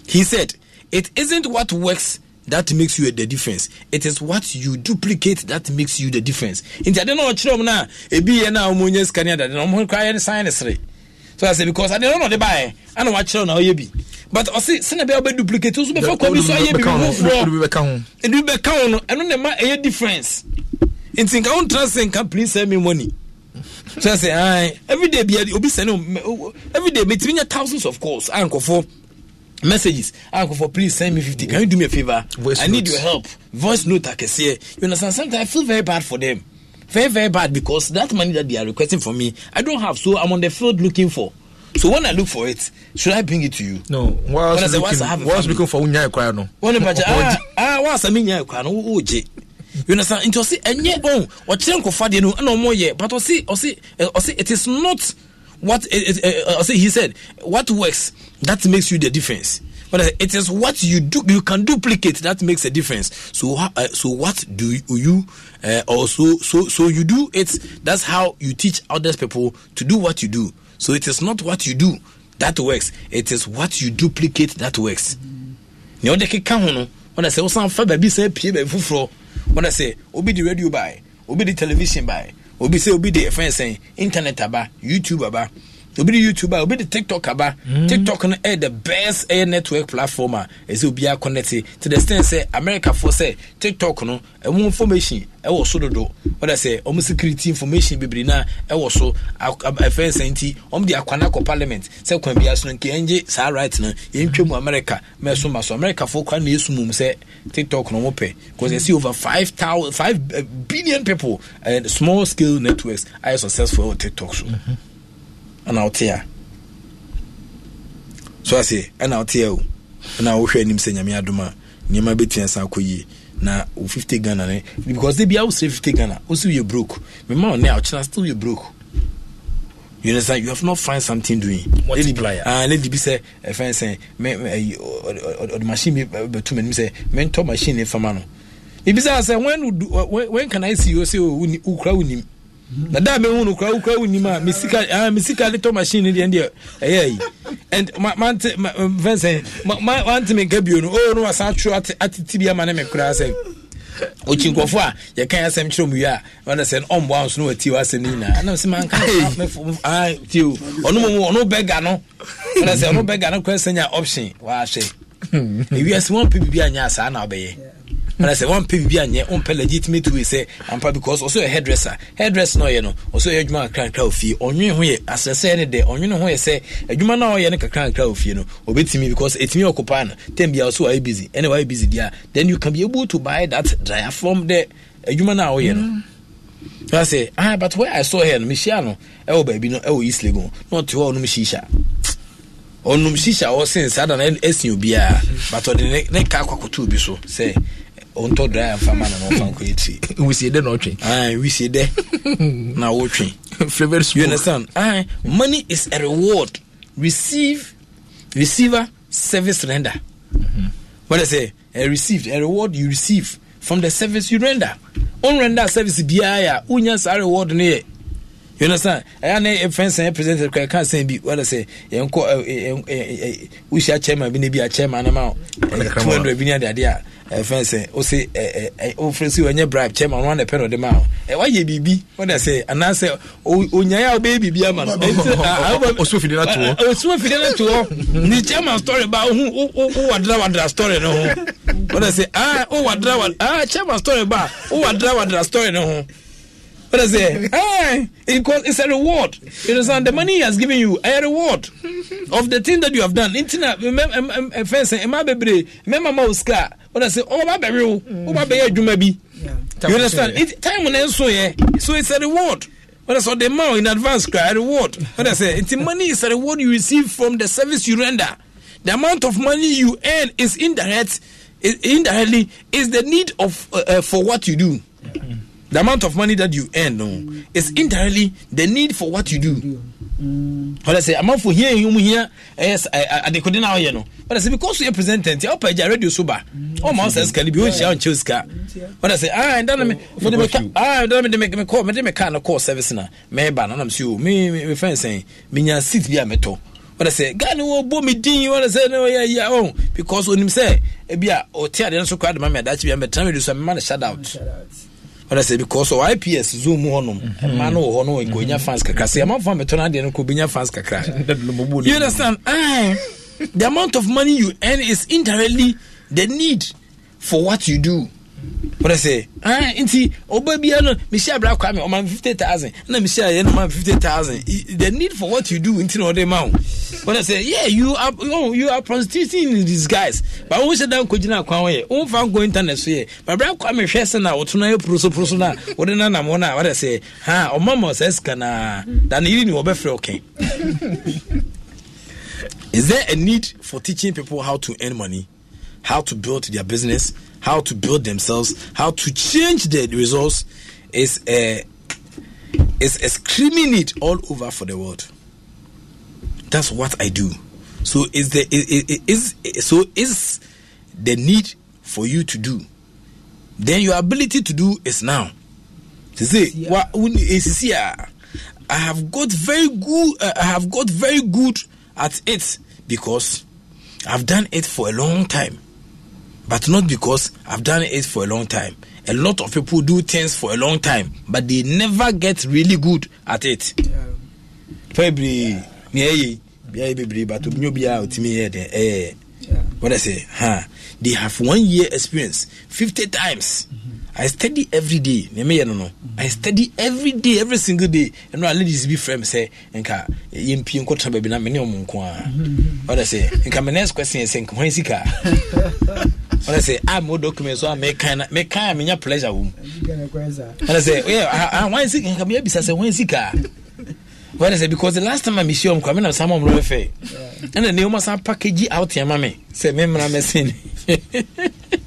he said it isn't what works that makes you the difference it is what you duplicate that makes you the difference nti ade na ɔkyerɛ mu na ebi yɛ na ɔmo nyɛ sika ne adade na ɔmo kora yɛ ne san ne sere so ase because ade na ɔde baayɛ ɛna wakyerɛ na ɔyɛ bi but ɔsi sani bɛyɛ ɔbɛ duplicate nso bɛfɛ kɔ so ayɛ bi foforɔ edu bɛka ho no ɛno na ɛma ɛyɛ difference nti nka ho n tra se nka please send me money. So sɛ sɛ ɛn everyday bi obi sɛ ne oh, everyday mi ti mi nya thousands of calls a for messages a for please send me fifty can you do me a favor? voice i note. need your help voice note I can say, you understand sometimes i feel very bad for them very very bad because that money that they are requesting from me i don't have so i'm on the field looking for. So when I look for it, should I bring it to you? No. Whilst looking, I say, once I have a whilst looking for unya ekwano. One ah ah, whilst I mean unya ekwano, oje yonasan nti ɔsi ɛnyɛ ɔn ɔkyerɛ nkɔfa deɛ no ɛna ɔmo yɛ but ɔsi ɔsi ɔsi it is not what ɔsi he said what works that makes you the difference but uh, it is what you do you can duplicate that makes a difference so uh, so what do you uh, or so so so you do it that's how you teach other people to do what you do so it is not what you do that works it is what you duplicate that works. Mm. nea ɔde keka ho no ɔna sɛ wosan fa baabi sɛ pie baabi foforɔ wɔn sɛ obi di radio by obi di television by obi sɛ obi di fɛn sɛn internet aba youtube aba obi de youtube a obi de tiktok aba mm. tiktok no ɛyɛ the best ɛyɛ network platform a ɛsɛ obiara connect to the extent sɛ america fo sɛ tiktok no ɛmu information ɛwɔ so dodo ɔda sɛ ɔmo security information bebree na ɛwɔ so ɛfɛn sɛ nti ɔmo akwana kɔ parliament sɛ kwan bi aso no nka yɛngye saa right no yɛntwa mu america mɛso ma so america fo kwan na esu mu sɛ tiktok no ɔmo pɛ because yɛsi over five thousand five eh, billion people uh, small scale networks ayɛ successful ɛwɔ tiktok so. Mm -hmm ana wote a so ase ana wote a o ana wohwɛ anim sɛ nyame adom a nneɛma bɛtua san kɔ yie na wo 50 ghana ne because de bia wo sɛ 50 ghana wo sɛ woyɛ broke mema wo ne a wokyena still yɛ broke you understand you have not find something doing What is multiplier ah lady bi sɛ ɛfɛn eh, sɛ me ɔde eh, machine bi eh, bɛtu m'anim sɛ mentɔ machine ne fama no ebisa sɛ ah, when when can i see you say oh, wo kura wo nim na da mehu ah, eh, oh, no kora wokora wonim a mesika de tɔ machine deɛ deɛ ɛyɛ yi and mfɛn sɛ wante menka bio no oo no wasa atwerɛ atete bi ama ne me sɛ ɔkyi nkurɔfoɔ a yɛka asɛm kyerɛ mu wie oh, a ɔne sɛ no ɔmboa wo no watie w'asɛm no nyinaa nam sɛ manka tio ɔno bɛga no ɔne sɛ ɔno bɛga no kora sɛ option waahwɛ ewiase hmm. wɔmpɛ biribi anyɛ saa na wobɛyɛ but I say one pay bibi anye on pay legitimate way say ampa because also a hairdresser hairdresser no ye no also ye adwuma kakra nkra ofie onwe ho ye asese ne de onwe no ho ye say adwuma na oyɛ ne kakra nkra ofie no obetimi because etimi occupy no tem bia also are busy and why busy there then you can be able to buy that dryer from the adwuma na oyɛ no mm-hmm. I say ah but where I saw her no mehyia no ɛwɔ baabi no oh east lagos na ɔte hɔ ɔnom shisha ɔnom shisha ɔsen saa da na ɛsi obiara but ɔde ne ne ka akɔkoto obi so sɛ ɔntɔ dry amfa ma na ɔmfa nkɔ ɛti wisie na ɔtwe wisie dɛ na wotwe flavored smoke you understand Aye. money is a reward receive receiver service render mm-hmm. what I say a received a reward you receive from the service you render on render service biaya unya sa reward ne you understand ɛyà ne fɛn sɛn president kɔ ɛka sɛn bi wala sɛ yɛn kɔ ɛ ɛ ɛ ɛ wusia chairman bi ne bi a chairman anam a two hundred bi ne adeade a ɛfɛn sɛ ɔsɛ ɛɛ ɛ ɔfiri si ɔnyɛ bribe chairman wọn na pɛ na ɔde ma ɛ wayɛ biribi wọn na sɛ anaasɛ onyaa a ɔbɛyɛ biribi ama no ɛnti a ɔbɛ ɔsùn fìdí na tó hɔ ɔsùn fìdí na tó hɔ ni chairman story ba ɔhun ɔwɔ wadra wadra story no ho wọn na sɛ aa ɔwɔ wadra wadra aa ah, chairman story ba ɔwɔ wadra wadra story no ho. What I say? Hey, it it's a reward. You understand? The money he has given you, a reward of the thing that you have done. Intina, remember, fence, ema bebre, remember my Oscar. What I say? Oh, my baby, oh, my baby, you You understand? It's time when so yeah, so it's a reward. What I saw the amount in advance, cry a reward. What I say? It's money is a reward you receive from the service you render. The amount of money you earn is indirect, is indirectly is the need of uh, uh, for what you do. Yeah the amount of money that you earn no, mm. is entirely the need for what you do. But I say, amount Ɔlɛ sɛ amanfo here, yes, I, hiɛ ɛyɛ adekode na ɔyɛ no I say because yɛ president nti ɔpɛ gya radio so ba ɔma ɔsɛ sika ni bi on ɔnkyɛw sika ɔlɛ sɛ aa ɛda na mi mede mi ka aa ɛda na mi de make me call, me kaa na call service na mɛɛba na nam si me mi mi oh, me sɛn mi eh, nya seat bi a mɛtɔ wɔde sɛ ghana wɔ bɔ You want to oh, oh. say no yɛ eh, yɛ ɔn because ah, onim sɛ ebi a ɔte they no so kɔ adama mi adakye be a mɛtena mi do some a mɛma no shout out ɔna sɛ because of ips zoom mu hɔnom mhm. ɛma no wɔ hɔ no nkɔnya fans kakra sɛ yɛmamfa metɔ adeɛ no kɔbɛnya fans kakra you understand the amount of money you earn is indirectly the need for what you do wọ́n sẹ́ ah, nti ọba biara no mehyia abira kwame ọma mi fifty thousand ẹna mehyia yẹn no, mi fifty thousand the need for what you do nti na ọdẹ ma o wọ́n yeah you are oh, you are prostituting in disguise But ba wọ́n hyẹ dan kogyina kwan yẹ wọ́n fa go internet so yẹ babira kwame hwẹ́ sẹ́ na ọtún náà yẹ puroso puroso náà ọdẹ náà nam wọn náà wọ́n sẹ́ ha ọma ma ọsẹ sika náà dani yìí ni wọ́n bẹ fẹ́ ọkẹ́. Is there a need for teaching people how to earn money? how to build their business, how to build themselves, how to change their results is a is a screaming it all over for the world. That's what I do. So is the is, is so is the need for you to do. Then your ability to do is now. To say what is here. I have got very good. Uh, I have got very good at it because I've done it for a long time. but not because I've done it for a long time. A lot of people do things for a long time, but they never get really good at it. February, yeah, eh, yeah, eh, but you be out me eh, here. What I say, huh? They have one year experience, fifty times. Mm-hmm i study every day na ɛmɛ yɛ no no mhm. i study every day every single day ɛnu a ladies bi frɛ mi sɛ nka yɛn pie nkɔ tena baabi na mɛ ne ɔmo nko ara mhm. ɔdɛ sɛ nka mɛ next question yɛ sɛ nka wɔn sika ɔdɛ sɛ a ah, mo document so a ah, mɛ kan na mɛ kan a mɛ nya pleasure wɔ mu ɔdɛ sɛ ɛ a wɔn sika nka mɛ yɛ bisa sɛ wɔn sika wɔdɛ sɛ because the last time i miss you ɔmo kɔ a mɛ na saa mo ɔmo lɔ fɛ ɛna ne ɔmo san package out yɛn ma mi sɛ mɛ mmeran mɛ sɛn ni so. Eh,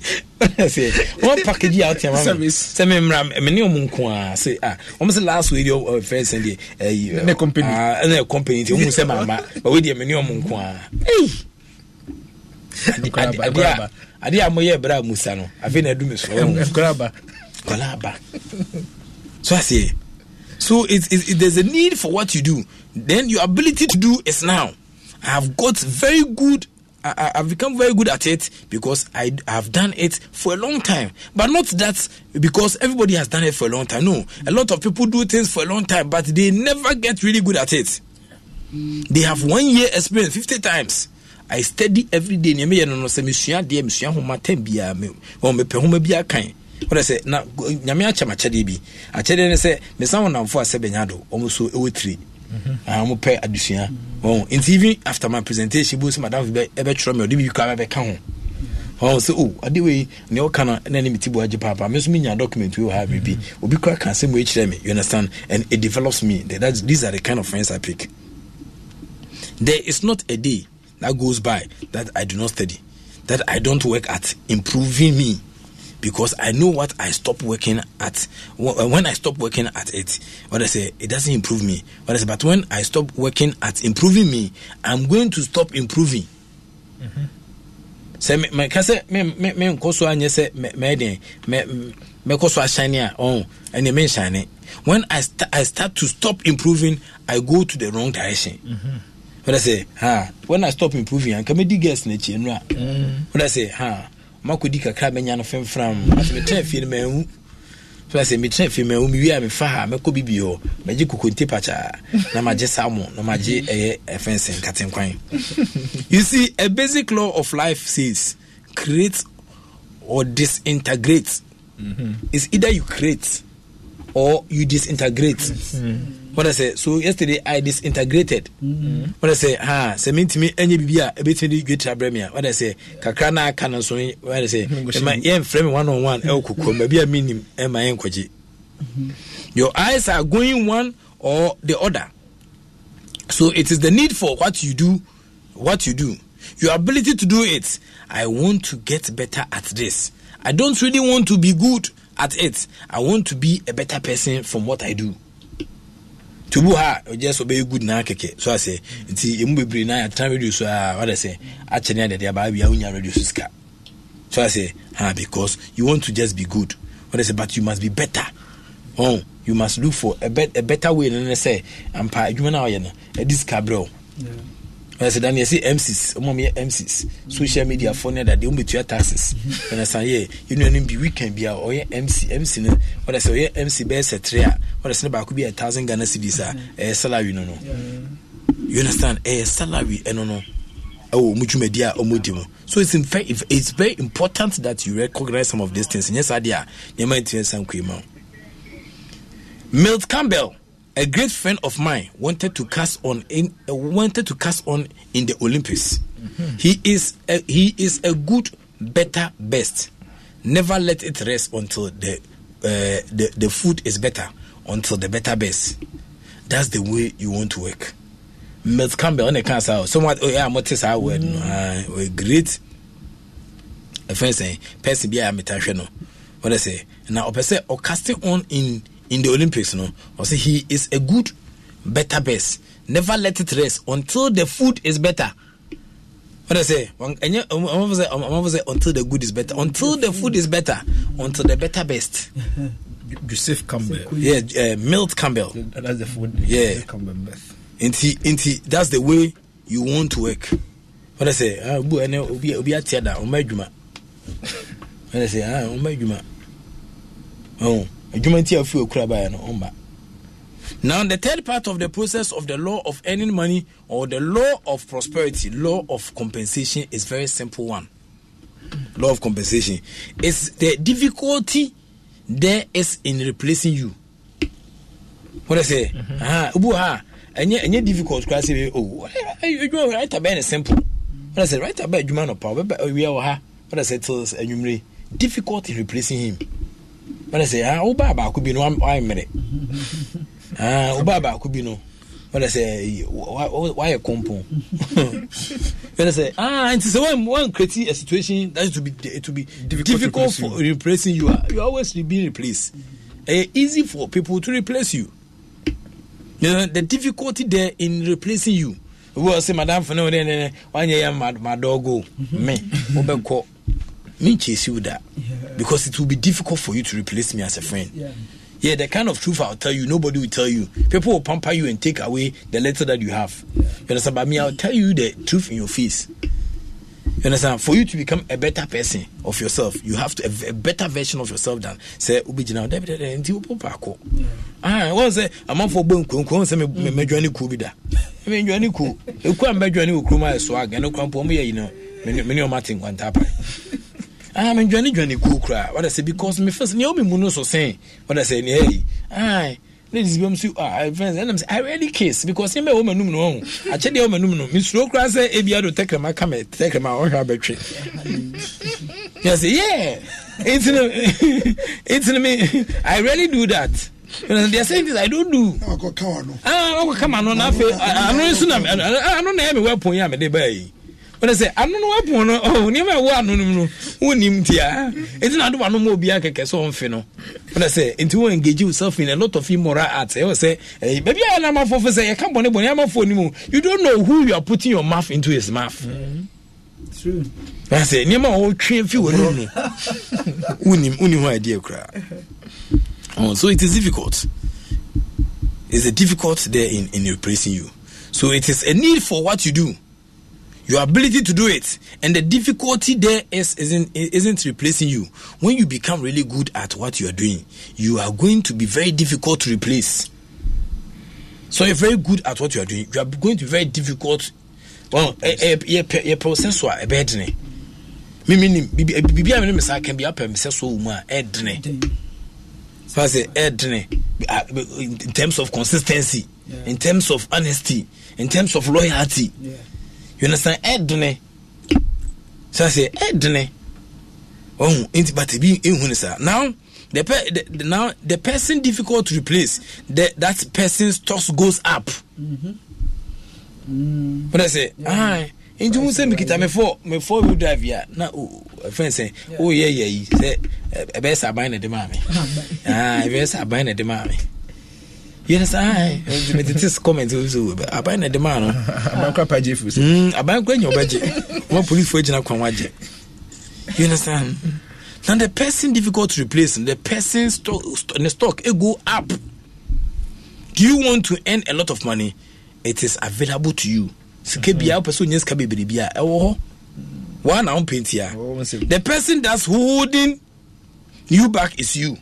there's a need for what you do. Then your ability to do is now. I have got very good I, have become very good at it because I have done it for a long time. But not that because everybody has done it for a long time. No, a lot of people do things for a long time, but they never get really good at it. They have one year experience 50 times. I study every day. Nyɛ meyɛ no no sɛ mesua deɛ mesua homa tɛm biara me wɔn mepɛ homa bi akan wɔn sɛ na nyame akyɛm akyɛdeɛ bi akyɛdeɛ ne sɛ mesan wɔn namfo asɛ bɛnya do wɔn nso ɛwɔ tire Mm-hmm. Ah, mopɛ adesua nti even after my presentation bo sɛ madam ɛbɛkyerɛ me ɔde biribi kora bɛbɛka ho ɔn sɛ o oh, ade wei ne ɔka no na ne metibu agye paapa me nso menya document wei ha biribi mm-hmm. obi kora ka asɛm wei kyerɛ me you understand and it develops me that, that these are the kind of friends i pick there is not a day that goes by that i do not study that i don't work at improving me because I know what I stop working at. Uh, when I stop working at it, what I say, it doesn't improve me. What I say, but when I stop working at improving me, I'm going to stop improving. Mm-hmm. sɛ mɛka sɛ menkɔ so anyɛ sɛ mɛden mɛkɔ so ahyɛne a ɔ ɛneɛ menhyɛne when I, st- i start to stop improving i go to the wrong direction mm-hmm. What I say, ha when i stop improving anka mɛdi gas no akyi no mm-hmm. What I say, ha makɔdi kakra mɛnya no femfram ase metena fie no mahu sɛ metena fie mahu mewie a mefa ha mɛkɔ bibi hɔ magye kokonte pakyaa na magye salmo na magye ɛyɛ ɛfɛnse nkatenkwan you see a basic law of life says create or disintegrate mm-hmm. it's either you create or you disintegrate mm-hmm what I say so yesterday I disintegrated mm-hmm. what I say ha sɛ mintimi ẹnyẹ biribi a ɛbɛtumi de dwetira brɛ me a what I say kakra na aka so what I say ɛma yɛmfrɛ me one on one ɛwɔ eh, kokoa baabi a menim ɛma yɛnkɔgye your eyes are going one or the other so it is the need for what you do what you do your ability to do it i want to get better at this i don't really want to be good at it i want to be a better person from what i do tubu ha ɔgye sɛ ɔbɛyɛ good naa kɛkɛ so asɛ nti ɛmu bebree na atena radio so a wada sɛ akyɛ ne adɛdeɛ abaa bia wonya radio so sika so asɛ ha because you want to just be good wada sɛ but you must be better oh you must look for a, bet, a better way no ne sɛ ampa adwuma no a ɔyɛ no ɛdi sika berɛ o ɛsɛ dan yɛsi mcs ɔmo mi yɛ mcs social media fo ne dade ɔmo etua taxes ɛna san yɛ union bi weekend bi a ɔyɛ mc mc ne ɔda sɛ ɔyɛ mc bɛyɛ sɛ three a ɔda sɛ ne baako bi yɛ thousand ghana cedis a ɛyɛ mm-hmm. salary no no you understand ɛyɛ salary ɛno no ɛwɔ ɔmo dwumadi a ɔmo di mu so it's in it's very important that you recognize some of these things nyɛ saa deɛ a nneɛma ntina san kwe ma milt campbell a great friend of mine wanted to cast on in uh, wanted to cast on in the Olympics. Mm-hmm. He is a, he is a good, better, best. Never let it rest until the uh, the the food is better until the better best. That's the way you want to work. Milt Campbell on the cancer. Someone oh yeah, I'm what is our word. Mm. We're great. A friend say "Person be a metahwe no." What I say? Now, a person or casting on in. in the Olympics. No, I say he is a good, better best. Never let it rest until the food is better. What I say? I'm over say until the good is better. Until the food is better. Until the better best. Joseph Campbell. Yeah, uh, Milt Campbell. That's the food. Yeah. Campbell Beth. that's the way you want to work. What I say? Ah, bu ene obi obi atiada, umejuma. What I say? Ah, umejuma. Oh. adwuma nti afi okura baeɛ no ɔmba Now, the third part of the process of the law of earning money or the law of prosperity, law of compensation, is very simple one. Law of compensation is the difficulty there is in replacing you. What I say? Mm-hmm. Ah, ubu ha. Ah, enye enye difficult kura se oh. Edwuma eh, right abɛ ne simple. What I say right abɛ edwuma no pa. Obɛ wi ha. What I say till enwumre. Difficult in replacing him mɛne sɛ woba baako bi no wammerɛ ah, woba baako bi no mɛne sɛ woayɛ kompon mɛne sɛ nti sɛ one create a situation that to be, to be difficult, difficult for replacing you, replacing you ah, are, always being replaced ɛyɛ eh, easy for people to replace you you know, the difficulty there in replacing you wɔ sɛ madam fene wo ne ne wanyɛ yɛ madɔgo me wobɛkɔ me chase you that because it will be difficult for you to replace me as a friend. Yeah. the kind of truth I'll tell you, nobody will tell you. People will pamper you and take away the letter that you have. You understand? But me, I'll tell you the truth in your face. You understand? For you to become a better person of yourself, you have to a, a better version of yourself than say ubi jina da da da nti upo pako. Ah, what say? Amanfo gbe nkun nkun say me me dwane ku bi da. Me dwane ku. Eku am be dwane ku ma so aga no kwampo mo ye yi no. Me me o Martin kwanta pa ah me dwane dwane kuo kura what i say because me first neo me mu no so say what i say ne hey ai ladies bi m si ah i friends and i'm say i really kiss because him be wo manum no ho ache de wo manum no me suro kura say e bia do tekrema ka me tekrema wo hwa betwe yes yeah it's no it's no me i really do that they are saying this I don't do. Ah, ọkọ kama no. Ah, ọkọ ah, kama no. N'afẹ, I know na anu na ya mi wẹ pon ya wọn sɛ ano no wapo no ɔ oh, nneɛma ɛwɔ ano no mu no wonnim tia nti na ado wanom obi akɛkɛ sɛ ɔmfe no wọn sɛ nti wɔn engage yourself in a lot of immoral art ɛwɔ sɛ ɛyi baabi a yɛn amafo fɛ sɛ yɛka bɔne bɔne amafo ni mu you don't know who you are putting your mouth into his mouth. That's it. Nneɛma a wɔtwe fi wɔ nom no wonim wonim ho adeɛ koraa. Oh, so it is difficult. It's a difficult there in, in replacing you. So it is a need for what you do your ability to do it and the difficulty there is isn't isn't replacing you when you become really good at what you are doing you are going to be very difficult to replace so you're very good at what you are doing you are going to be very difficult well eh, eh, yɛ pɛwosɛ eh, so a ɛbɛyɛ dene miminim biribi a mene me saa ka bi apɛ me sɛ so wɔ mu a ɛdene fa sɛ ɛdene in terms of consistency in terms of honesty in terms of loyalty yeah you understand ɛdene saa sɛ ɛdene ɔhu nti but ebi ehu ne saa now the pe the, the now the person difficult to replace the that person's stocks goes up. Mm-hmm. Mm. But I say, yeah. ah, nti mu sɛ mekita mefo mefo wheel drive a na ɛfɛn sɛ woyɛ yɛ yi sɛ ɛbɛyɛ sɛ aban na de maa me ɛbɛyɛ sɛ aban na de maa me yes i medete comment so aban na de ma no aban kra pagye fi so aban kra nya obagye one police for gina kwan you understand now the person difficult to replace the person stock the stock it go up do you want to earn a lot of money it is available to you sika bia wopɛ sɛ onya sika bebree bi a ɛwɔ hɔ wɔa na wompɛnti a the person that's holding you back is you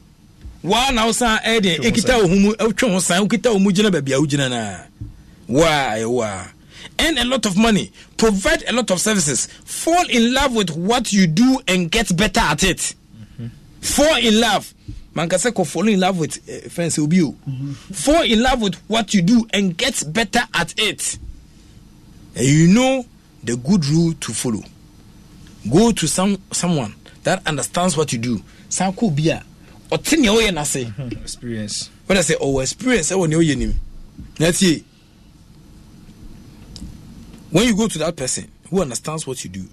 waa na wosan ɛdeɛ ho san eh, gyina baabi a waa eh, earn a lot of money provide a lot of services fall in love with what you do and get better at it mm-hmm. fall in love mankasa kɔ fall in love with uh, friends obi o mm-hmm. fall in love with what you do and get better at it and you know the good rule to follow go to some someone that understands what you do sanko bia. ɔte nea ɔyɛ n'ase experience wɔn sɛ ɔwɔ experience ɛwɔ nea ɔyɛ nim na when you go to that person who understands what you do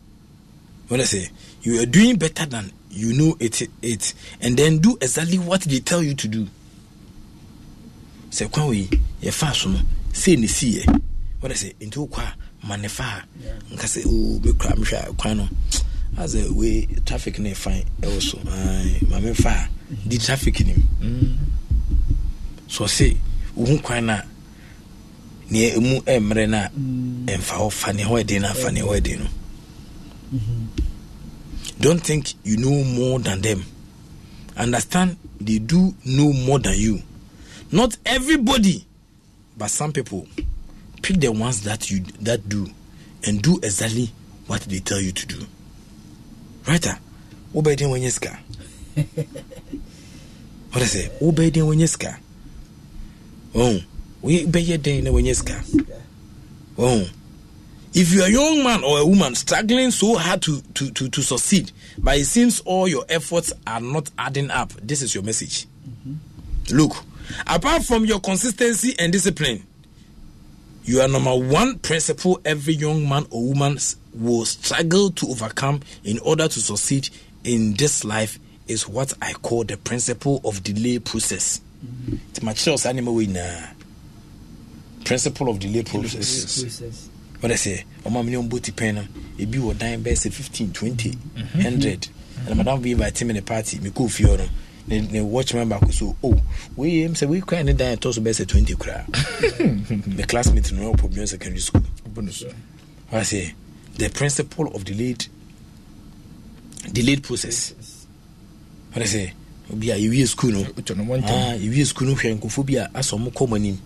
wɔn sɛ you are doing better than you know it it and then do exactly what they tell you to do sɛ kwan wei yɛfa so no sei ne si yɛ wɔn sɛ nti okɔ a ma ne fa a nka sɛ ooo oh, mekura mehwɛ kwan no. as a way traffic na fine also, my maame fa a di traffic nim so I say, kwan na not ɛmu ɛmmerɛ no a ɛmfa hɔ fa neɛ hɔ na no afa no don't think you know more than them understand they do know more than you not everybody but some people pick the ones that you that do and do exactly what they tell you to do rita wobɛɛ den wɔnyɛ sika wɔde sɛ wobɛɛ den wɔnyɛ sika ɔn bɛyɛ den na wɔnyɛ sika if you're a young man or a woman struggling so hard to, to, to, to succeed but it seems all your efforts are not adding up this is your message mm-hmm. look apart from your consistency and discipline you are number one principle every young man or woman will struggle to overcome in order to succeed in this life is what I call the principle of delay process. Mm-hmm. animal winner. Principle of delay process. What I say, Oma million booty pen, it mhm. mhm. be what nine best 15, 20, mm-hmm. 100. Mm-hmm. And Madame be by team in the party, me cool fiona. ne ne watchman baako so o oh, wei say we can't ne dan ɛtɔ so bɛsɛ twenty koraa me classmate no ɔpɔ biɔ secondary school What I say? the principle of delayed delayed process What I say? obi a yɛwie school no ah yɛwie school no hwɛ nkɔfo bi a asɔ mo kɔ mo anim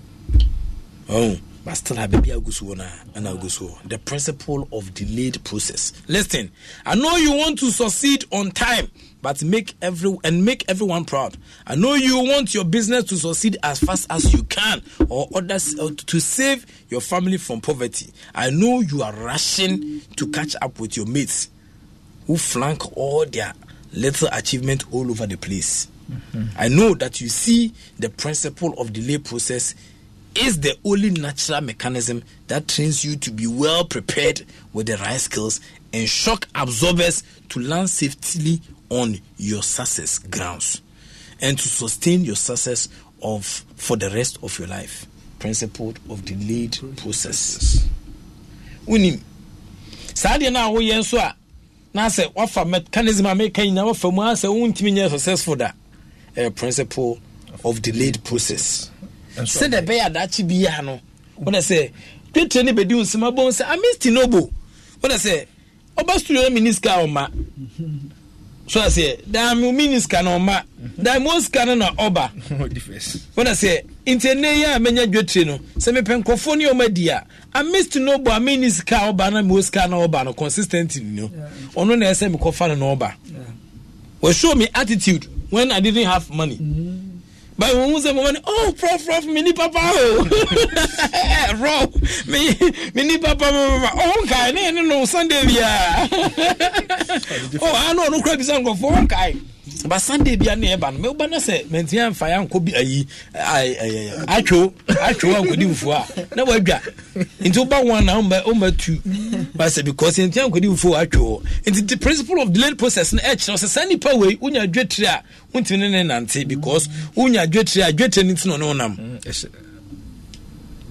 oh but still have baby ah, The principle of delayed process. Listen, I know you want to succeed on time, but make every and make everyone proud. I know you want your business to succeed as fast as you can, or others to save your family from poverty. I know you are rushing to catch up with your mates, who flank all their little achievement all over the place. Mm-hmm. I know that you see the principle of delay process is the only natural mechanism that trains you to be well prepared with the right skills and shock absorbers to land safely on your success grounds and to sustain your success of for the rest of your life. Principle of delayed processes. Unim. Saa na no na se wafa mechanism a meka wafa mu a sɛ successful da principle of delayed process sɛdeɛ ɛbɛyɛ adakye biaa no wona sɛ dwetire no bɛdi nsɛm abɔ sɛ amisti nobo wona sɛ ɔba studio no mini sika ɔma so aseɛ daa me mini sika no ɔma daa mo sika no na ɔba wona sɛ nti ɛnɛ yi a mɛnya dwetire no sɛ mepɛ nkɔfoɔ ne ɔma di a amisti nobo a mini sika ɔba no mo sika no ɔba no consistently no ɔno na ɛsɛ mekɔfa no na ɔba show me attitude when i didn't have money mm -hmm but wọn mu sẹ mo ma ni oh prof prof mi ni papa o prof mi mi ni papa mi ma ọ nkae ne ne no sunday bia ọ anu ọnu kura bi sẹ nkọfọ ọ nkae ba sunday bia ne ɛba no mɛwoba no sɛ mantia mfa yɛ ankɔ bi ayi atwo atwo ankɔdi fufuo a na woadwa nti woba wo na woma tu basɛ because ntia ankɔdi fufuo atwo nti the principle of delayed process no ɛkyerɛ sɛ saa nnipa wei wonya adwatiri a wontimi ne ne nante because wonya adwatiri a adwatiri no nti na ɔne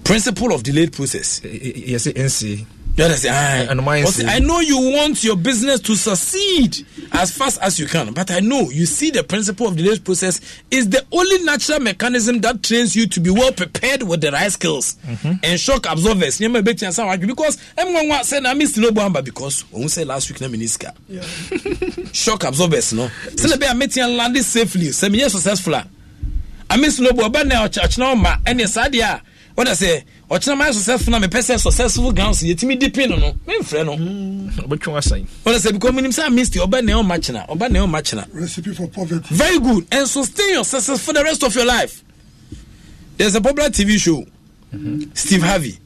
principle of delayed process yɛsɛ nsi You understand? Ah, I, and I know you want your business to succeed as fast as you can, but I know you see the principle of the today's process is the only natural mechanism that trains you to be well prepared with the right skills mm-hmm. and shock absorbers. Because everyone said I missed no bamba because we say last week, Naminiska yeah. shock absorbers. No, so I met you landed safely, semi successful. I miss no but now, church no ma, and yes, idea. What I say ɔkyerɛ maa successful na mepɛ sɛ successful gowns yɛtumi di pin no memfrɛ no ɔbɛtwe hmm, wasan ɔne sɛ because menim sɛ amist ɔba ne ɔma kyena ɔba ne ɔma kyena recipe for poverty very good and sustain your success for the rest of your life there's a popular tv show mm-hmm. steve harvey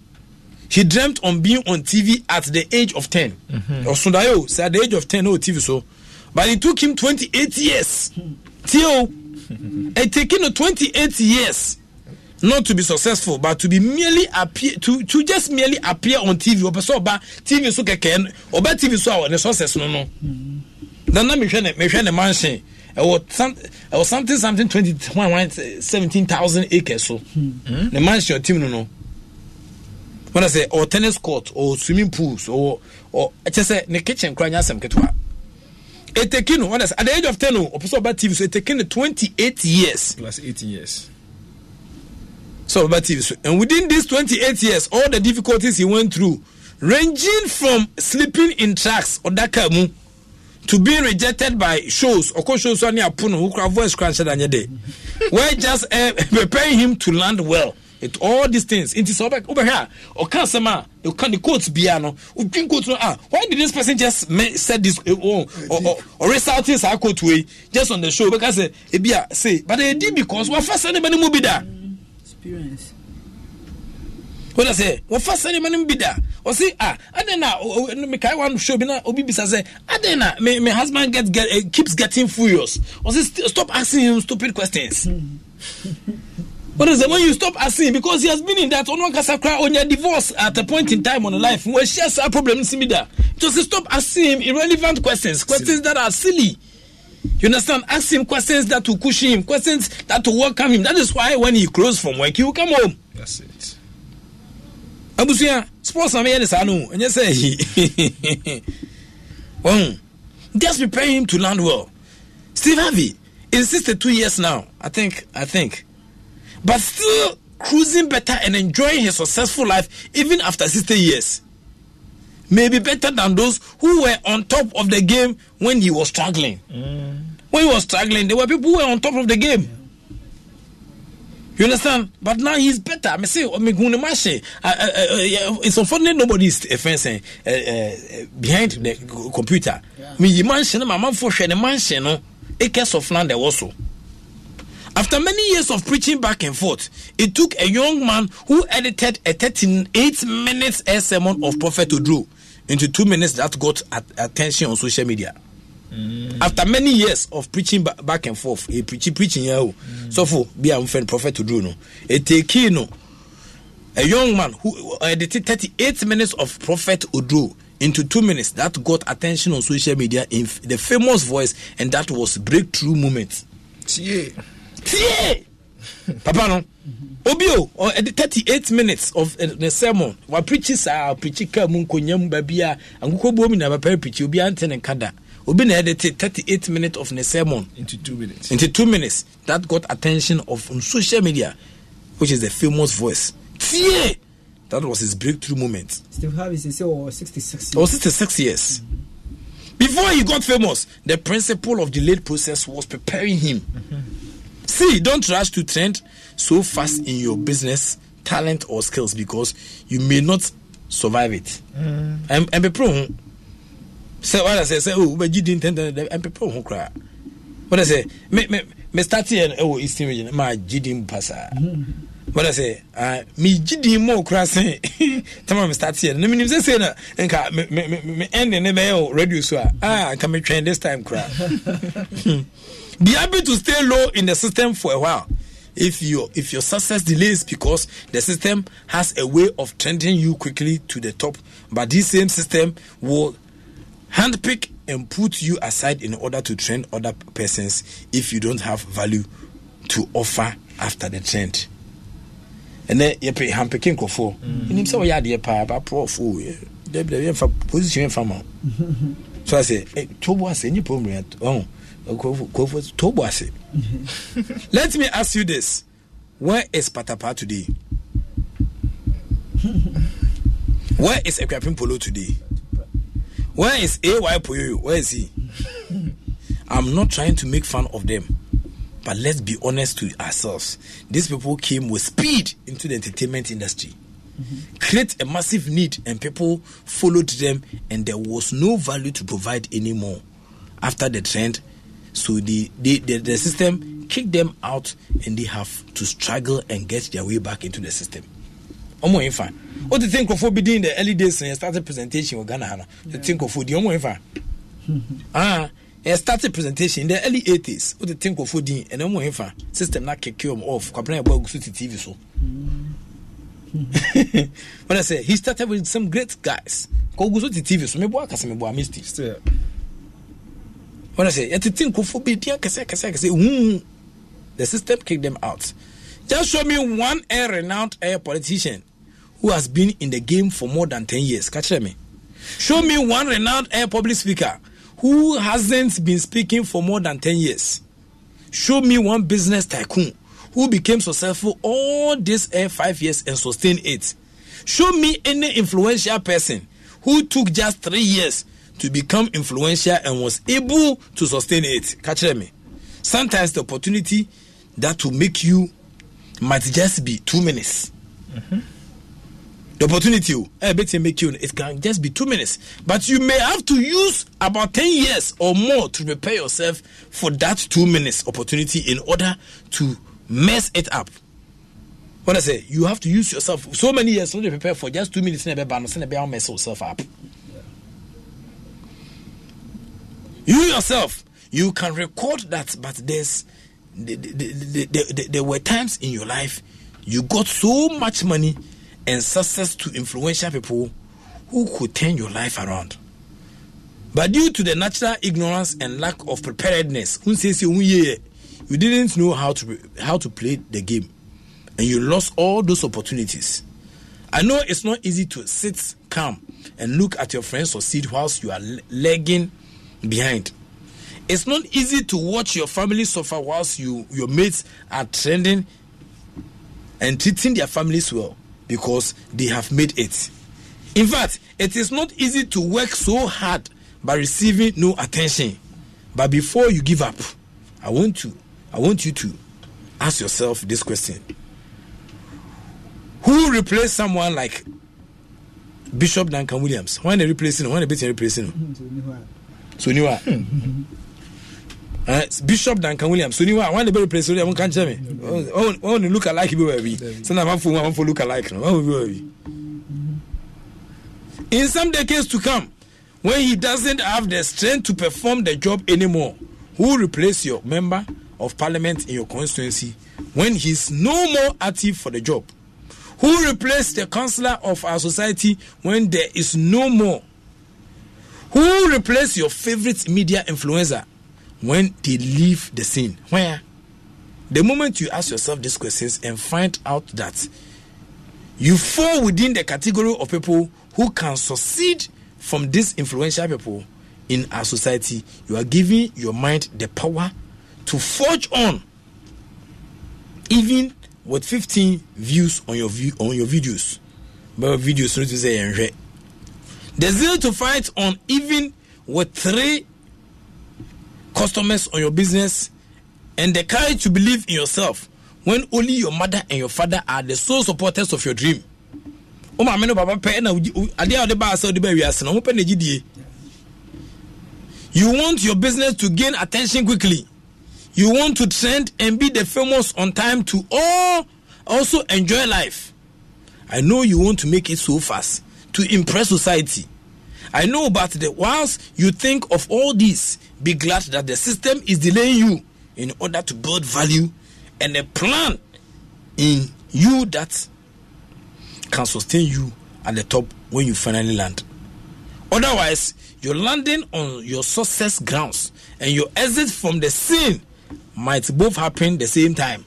he dreamt on being on tv at the age of ten. ɔsodaeɛ o sɛ at the age of ten, no oh, tv so but it took him 28 years till it taking no 28 years not to be successful but to be merely appear to to just merely appear on tv ọpẹ sọ ọba tv so kẹkẹ ọba tv so àwọn ẹ success no no nana mehwẹ ne mehwẹ ne mansion ɛwɔ some ɛwɔ something something twenty one one seventeen thousand acres so hmm. ne mansion team no no wọn sɛ ɔwɔ tennis court ɔwɔ swimming pools ɔwɔ ɔ ɛkyɛ sɛ ne kitchen kura nyasɛm ketewa eteki no wọn sɛ at the age of ten o ɔpɛ sɛ ɔba tv so eteki no twenty eight years. plus eight years. So, but and within these 28 years, all the difficulties he went through, ranging from sleeping in tracks or dakamu to being rejected by shows or shows on Apuno who crowd voice crunch day. We're just uh, preparing him to land well. It all these things. into is over here. Or can some the can the quotes be no? no. Ah, why did this person just said this uh, or or, or result this our ah, quote way just on the show because uh, eh, it be a say, but they did because we first anybody move be there experience wọ́n dà sẹ́ wọ́n fa sẹ́ni mẹ́ni bi da wọ́n sẹ́ ah adé na mikael wa show bi na obi bisa sẹ́ adé na my my husband get get uh, keeps getting furious wọ́n sẹ́ stop asking him stupid questions What dà sẹ́ when you stop asking because he has been in that on one ọ̀nà cry on your divorce at a point in time on life wọ́n ṣe ẹ̀ sá problem sí mi stop asking him irrelevant questions questions that are silly. You understand? Ask him questions that will push him, questions that will welcome him. That is why when he close from work, he will come home. That's it. Abusia, sports are here sanu. And you say, well, just prepare him to land well. Steve Harvey insisted two years now. I think, I think, but still cruising better and enjoying his successful life even after 60 years may be better than those who were on top of the game when he was struggling. Mm. When he was struggling, there were people who were on top of the game. You understand? But now he's better. I say, uh, uh, uh, it's unfortunate nobody's fencing uh, eh, uh, eh, eh, behind the computer. I mean, you mentioned my man for sure, the no, a case of land also. After many years of preaching back and forth, it took a young man who edited a 38 minutes sermon of Prophet Odro into two minutes that got at- attention on social media. Mm. After many years of preaching ba- back and forth, he preaching preaching yeah, oh. mm. so for be a friend prophet to do no, a take you know, a young man who uh, edited 38 minutes of prophet Odro into two minutes that got attention on social media in f- the famous voice and that was breakthrough moment. See, see. papa no obi eh, 38 minutes of eh, the sermon waprichi saa aprichi kaa mu nkonya mu baabi a ankokɔ buo mu na papa aprichi obi ante ne nka da obi na te thirty eight minutes of the sermon into two minutes into two minutes that got attention of on social media which is the famous voice tie that was his breakthrough moment. steve harvey say say or oh, sixty six oh, years years. Mm-hmm. Before he got famous, the principle of delayed process was preparing him. Mm-hmm. See, don't rush to trend so fast in your business, talent, or skills because you may not survive it. And mm. be pro. Say what I say, say, oh, but you didn't intend that. And be cry? What I say, me, me, me start here, eh, oh, Eastern region, my GD passa. What I say, uh, me GD more crassing. tomorrow me start here. No, me nimse say na, enka me me me end ne eh, me yo eh, oh, radio so ah, enka ah, me trend this time cra. Be able to stay low in the system for a while. If your if your success delays because the system has a way of trending you quickly to the top, but this same system will handpick and put you aside in order to train other persons if you don't have value to offer after the trend. And then ɛnɛ yɛpɛ hampeke nkurɔfoɔ ɛnim sɛ wɔyɛ adeɛ paa baporɔfoɔ dabidabi yɛmfa position yɛmfa ma wo so asɛ tobo asɛ nyɛ pɔ mmrɛ ɔho Let me ask you this. Where is Patapa today? Where is Ekwapin Polo today? Where is AY Poyo? Where is he? I'm not trying to make fun of them. But let's be honest to ourselves. These people came with speed into the entertainment industry. Mm-hmm. Create a massive need and people followed them and there was no value to provide anymore after the trend so the the the system kicked them out and they have to struggle and get their way back into the system. Omo infa. What do you think of what in the early days and started presentation with Ghana? Hana? The think of what the Ah, and started presentation in the early 80s. What do you think of what the and Omo infa? System not kick him off. Kaplan about to TV so. Mm. When I say he started with some great guys. Kogusu TV so me boy akasa me boy amesti. Still when I say yɛtete nkurɔfoɔ bɛdi the system kicked them out just show me one air renowned air politician who has been in the game for more than 10 years Catch me show me one renowned air public speaker who hasn't been speaking for more than 10 years show me one business tycoon who became successful all these air five years and sustained it show me any influential person who took just three years to become influential and was able to sustain it. Catch me. Sometimes the opportunity that will make you might just be two minutes. Mm-hmm. The opportunity I oh, eh, bet make you it can just be two minutes. But you may have to use about ten years or more to prepare yourself for that two minutes opportunity in order to mess it up. When I say you have to use yourself so many years to prepare for just two minutes, never balance, never mess yourself up. You yourself, you can record that, but there's there, there, there, there were times in your life you got so much money and success to influential people who could turn your life around. But due to the natural ignorance and lack of preparedness, oh, you didn't know how to how to play the game, and you lost all those opportunities. I know it's not easy to sit calm and look at your friends succeed whilst you are lagging behind. It's not easy to watch your family suffer whilst you your mates are trending and treating their families well because they have made it. In fact, it is not easy to work so hard by receiving no attention. But before you give up, I want to I want you to ask yourself this question. Who replaced someone like Bishop Duncan Williams? When they replacing him? When they replacing him? soniwa eh, bishop duncan williams soniwa wọn de bẹ replace soniwa wọn kàn kyerẹ mi wọn ni look alike bi wà bi sanni àwọn afọ wọn àwọn afọ look alike náà wọn bi wà bi. in some decades to come when he doesn't have the strength to perform the job anymore who replace your member of parliament in your constituency when he's no more active for the job who replace the councillor of our society when there is no more Who replace your favorite media influencer when they leave the scene? Where? The moment you ask yourself these questions and find out that you fall within the category of people who can succeed from these influential people in our society, you are giving your mind the power to forge on, even with 15 views on your view on your videos. But videos, so to say, The zeal to fight on even with three customers on your business and the courage to believe in yourself when only your mother and your father are the sole supporters of your dream. o maame no papa pɛ na adeɛ a ɔde baa sɛ ɔde baa wiase na ɔmo pɛ na gyidie you want your business to gain attention quickly you want to trend and be the famous on time to all also enjoy life i know you want to make it so fast to impress society I know, but the, whilst you think of all this, be glad that the system is delaying you in order to build value and a plan in you that can sustain you at the top when you finally land. Otherwise, your landing on your success grounds and your exit from the scene might both happen the same time.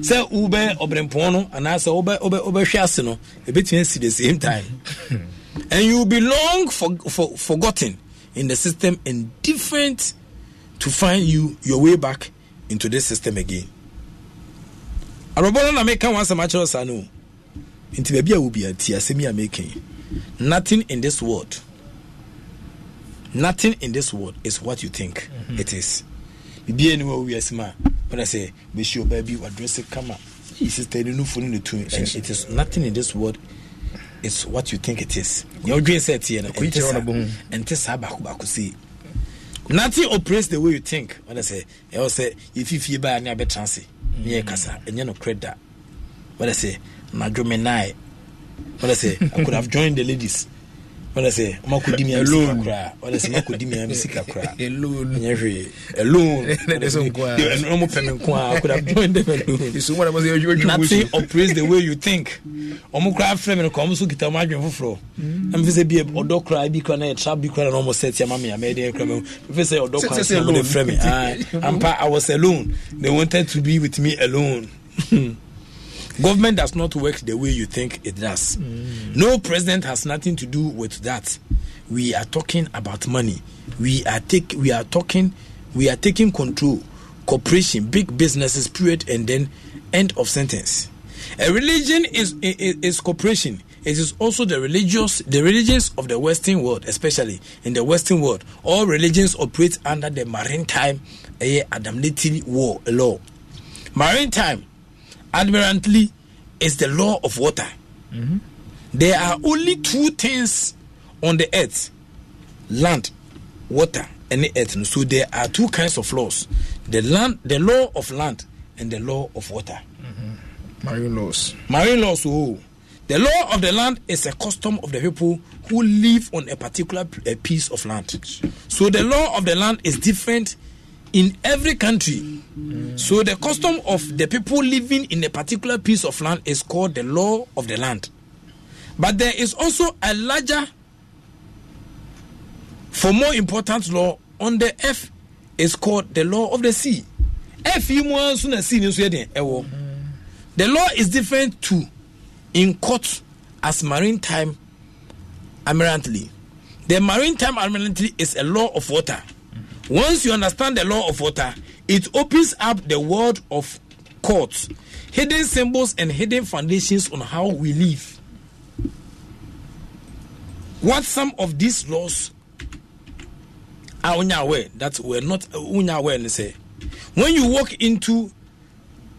sɛ wobɛ ɔbrɛmpɔn no anaasɛ wobɛhwɛ ase no ɛbɛtumi asi the same time and you'll be long for, for, forgotten in the system and different to find you your way back into this system again. arɔbɔ no na meka wasɛm akyerɛ saa no nti baabi a wo bia nothing in this world nothing in this world is what you think mm-hmm. it is bibia ni wawo wiase ma wona sɛ bɛhyia ɔbaa bi wadrɛ se kama sister no nufo no ne tu it is nothing in this world is what you think it is yɛ ɔdwen sɛ ɛteɛ no ɛnte saa baako baako see. nothing operates the way you think I ɔne sɛ ɛwɔ sɛ yɛfifie baa you abɛtra se ne yɛkasa ɛnyɛ nokorɛ da ɔne sɛ nadwome What I say, i could have joined the ladies wọn sɛ ɔma kɔ di miami sika koraa wọn sɛ ɔma kɔ di miami sika koraa nyɛ hwee ɛlon ɛnum pɛ mi a koraa join them alone nothing operates the way you think ɔmo koraa fɛn mi no kɔ ɔmo so kita ɔmo adwene foforɔ ɛmu fi sɛ bi ɔdɔ koraa bi koraa na yɛ trap bi koraa na ɔmo sɛ tia ma mi ama ɛdi ɛkura mi fi sɛ ɔdɔ koraa sɛ ɔmo de fɛ mi ah, I was alone they wanted to be with me alone. Government does not work the way you think it does. Mm. No president has nothing to do with that. We are talking about money. We are take we are talking we are taking control. Corporation, big businesses, period, and then end of sentence. A religion is is, is corporation. It is also the religious the religions of the Western world, especially in the Western world. All religions operate under the maritime eh, adamnity law. Maritime admirantly is the law of water. Mm-hmm. There are only two things on the earth land, water, and the earth. So there are two kinds of laws the land, the law of land, and the law of water. Mm-hmm. Marine laws. Marine laws. Oh. The law of the land is a custom of the people who live on a particular piece of land. So the law of the land is different in every country. So the custom of the people living in a particular piece of land is called the law of the land. But there is also a larger, for more important law on the earth is called the law of the sea. The law is different too in court as maritime admirantly. The maritime admirantly is a law of water. Once you understand the law of water, it opens up the world of courts, hidden symbols, and hidden foundations on how we live. What some of these laws are unaware that were not unaware. and say, When you walk into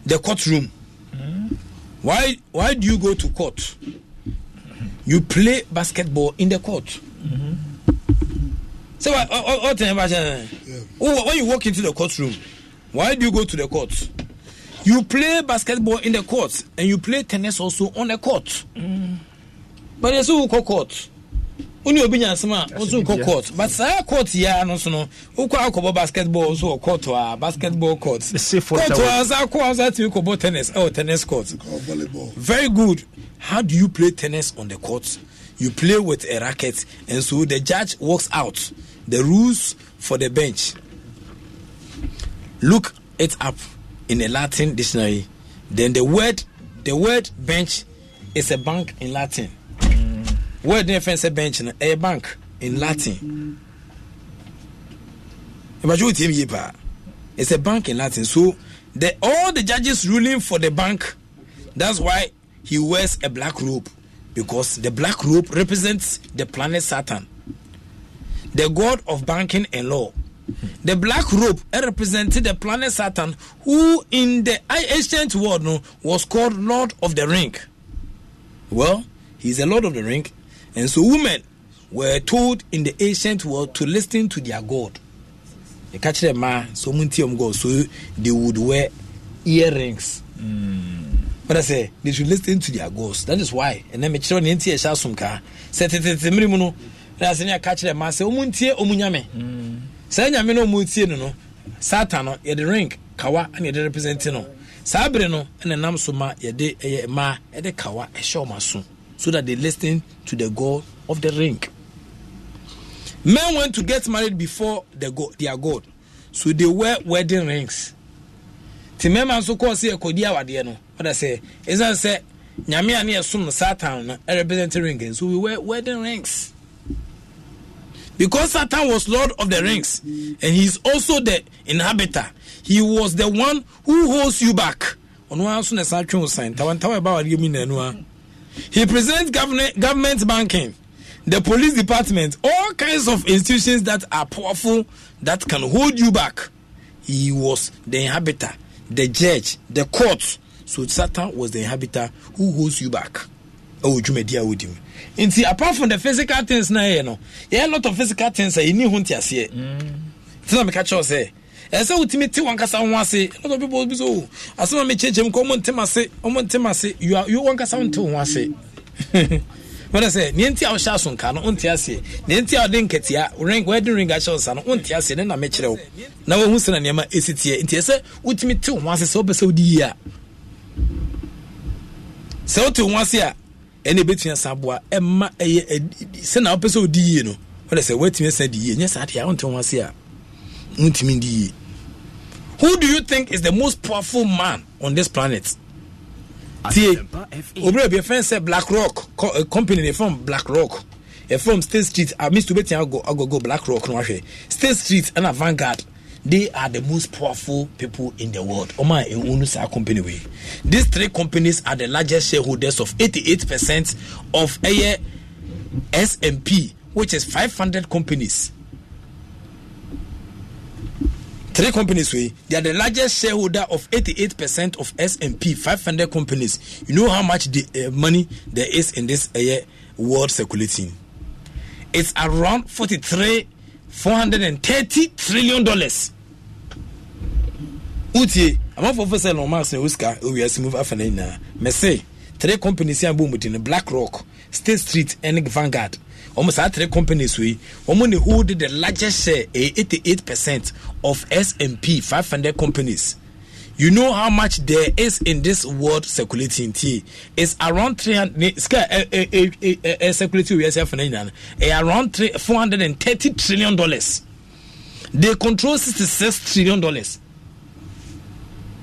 the courtroom, mm-hmm. why why do you go to court? You play basketball in the court. Mm-hmm. So what? What When you walk into the courtroom, why do you go to the court? You play basketball in the court, and you play tennis also on the court. Mm. But there's who call court. wone obi nyansɛm a wo so court but saa court here, no so no wokɔ akɔbɔ basketball so court or basketball court court or sa kɔ a sa tumi tennis Oh, tennis court very good how do you play tennis on the court you play with a racket and so the judge walks out the rules for the bench. Look it up in a Latin dictionary. Then the word the word bench is a bank in Latin. Word in offense bench a bank in Latin. It's a bank in Latin. So the all the judges ruling for the bank, that's why he wears a black robe. Because the black robe represents the planet Saturn. the god of banking and law. The black robe represented the planet Saturn, who in the ancient world no, was called Lord of the Ring. Well, he's a Lord of the Ring, and so women were told in the ancient world to listen to their god. They catch them man, so god, so they would wear earrings. Mm. But I say they should listen to their gods. That is why. And then me children, na sɛ ne ɛka kyerɛ ma sɛ ɔmu ntie ɔmu nyame saa nyame no ɔmu ntie no no satan no yɛde ring kawa ne yɛde represent no saa bere no ɛna nam so ma yɛde ɛyɛ mmaa yɛde kawa ɛhyɛ ɔma so so that they listen to the god of the ring men went to get married before the god, their god so they wear wedding rings ti mmarima nso kɔɔ sɛ yɛkɔdi awadeɛ no ɔda sɛ ɛsiane sɛ nyame a ne yɛsom no satan no ɛrepresent ring so we wear wedding rings because Satan was Lord of the Rings and he is also the inhabitor. He was the one who holds you back. He presents government, government banking, the police department, all kinds of institutions that are powerful that can hold you back. He was the inhabitor, the judge, the court. So Satan was the inhabitor who holds you back ɛwɔ dwumadi a wɔdi mu nti apart from the physical things na ɛyɛ no yɛyɛ lot of physical things a yɛni ho nteaseɛ nti na meka kyerɛw sɛ ɛsɛ wotumi te wankasa ho ase lot of people bi so o asɛm a mekyerɛkyerɛ mu kɔ ɔmo ntem ase ɔmo ntem ase you are you wankasa wonte ho ase wọ́n sẹ́ ní ẹntì àwọn ṣáàṣù nǹkan no ọ̀ntì àṣẹ ní ẹntì àwọn dẹ́nkẹ̀tìá ring wedding ring aṣọ ọ̀sán no ọ̀ntì àṣẹ ní nàmẹ́ kyerẹ́ o na wọ́n hu sẹ́nà nìyẹn ma èsì tiẹ̀ ntì ẹsẹ́ wọ́n ti mi tí wọ́n ase sẹ́ ọ́ bẹ́sẹ̀ ọ́ di yíyá sẹ́ ọ́ ti wọ́n ase a ɛna ebɛtumi asa aboa ɛma ɛyɛ ɛdi sɛna wopɛ sɛ odi yie no wɔde sɛ wɔatumi asa di yie nyɛ saa deɛ awonte ho ase a wontumi di yie who do you think is the most powerful man on this planet tie obìnrin bi efɛn sɛ black rock eh, company ne fɔm black rock ɛfɔm state street a ah, mr obetumi agɔ agɔgɔ black rock no ahwɛ state street ɛna vanguard they are the most powerful people in the world ọmọ ehunu saa company wey these three companies are the largest shareholders of 88 percent of ẹyẹ S&P which is 500 companies three companies wey they are the largest shareholder of 88 percent of S&P 500 companies you know how much the uh, money there is in this uh, world circulating it's around 43 430 trillion dollars wotie amanfoɔfo sɛ normas na osika owiase mu afa no nyinaa mese tre companies a bɔ mudi no black rock state street ne vanguard wɔn saa tre companies wei wɔn na hold the largest share a eh, 88 percent of S&P 500 companies you know how much there is in this world circulating tea it's around 300 sika eh, eh, circulating owiase afa nyinaa ɛyɛ around 430 trillion dollars they control 66 trillion dollars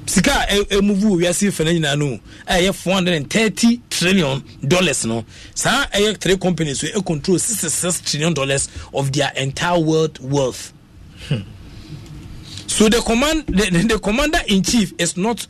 sika a ɛmuvu wiase fana nyinaa no ɛyɛ four hundred and thirty trillion dollars no saa ɛyɛ three companies wey control sixty six trillion dollars of their entire world wealth. Hmm. So the command the, the commander in chief is not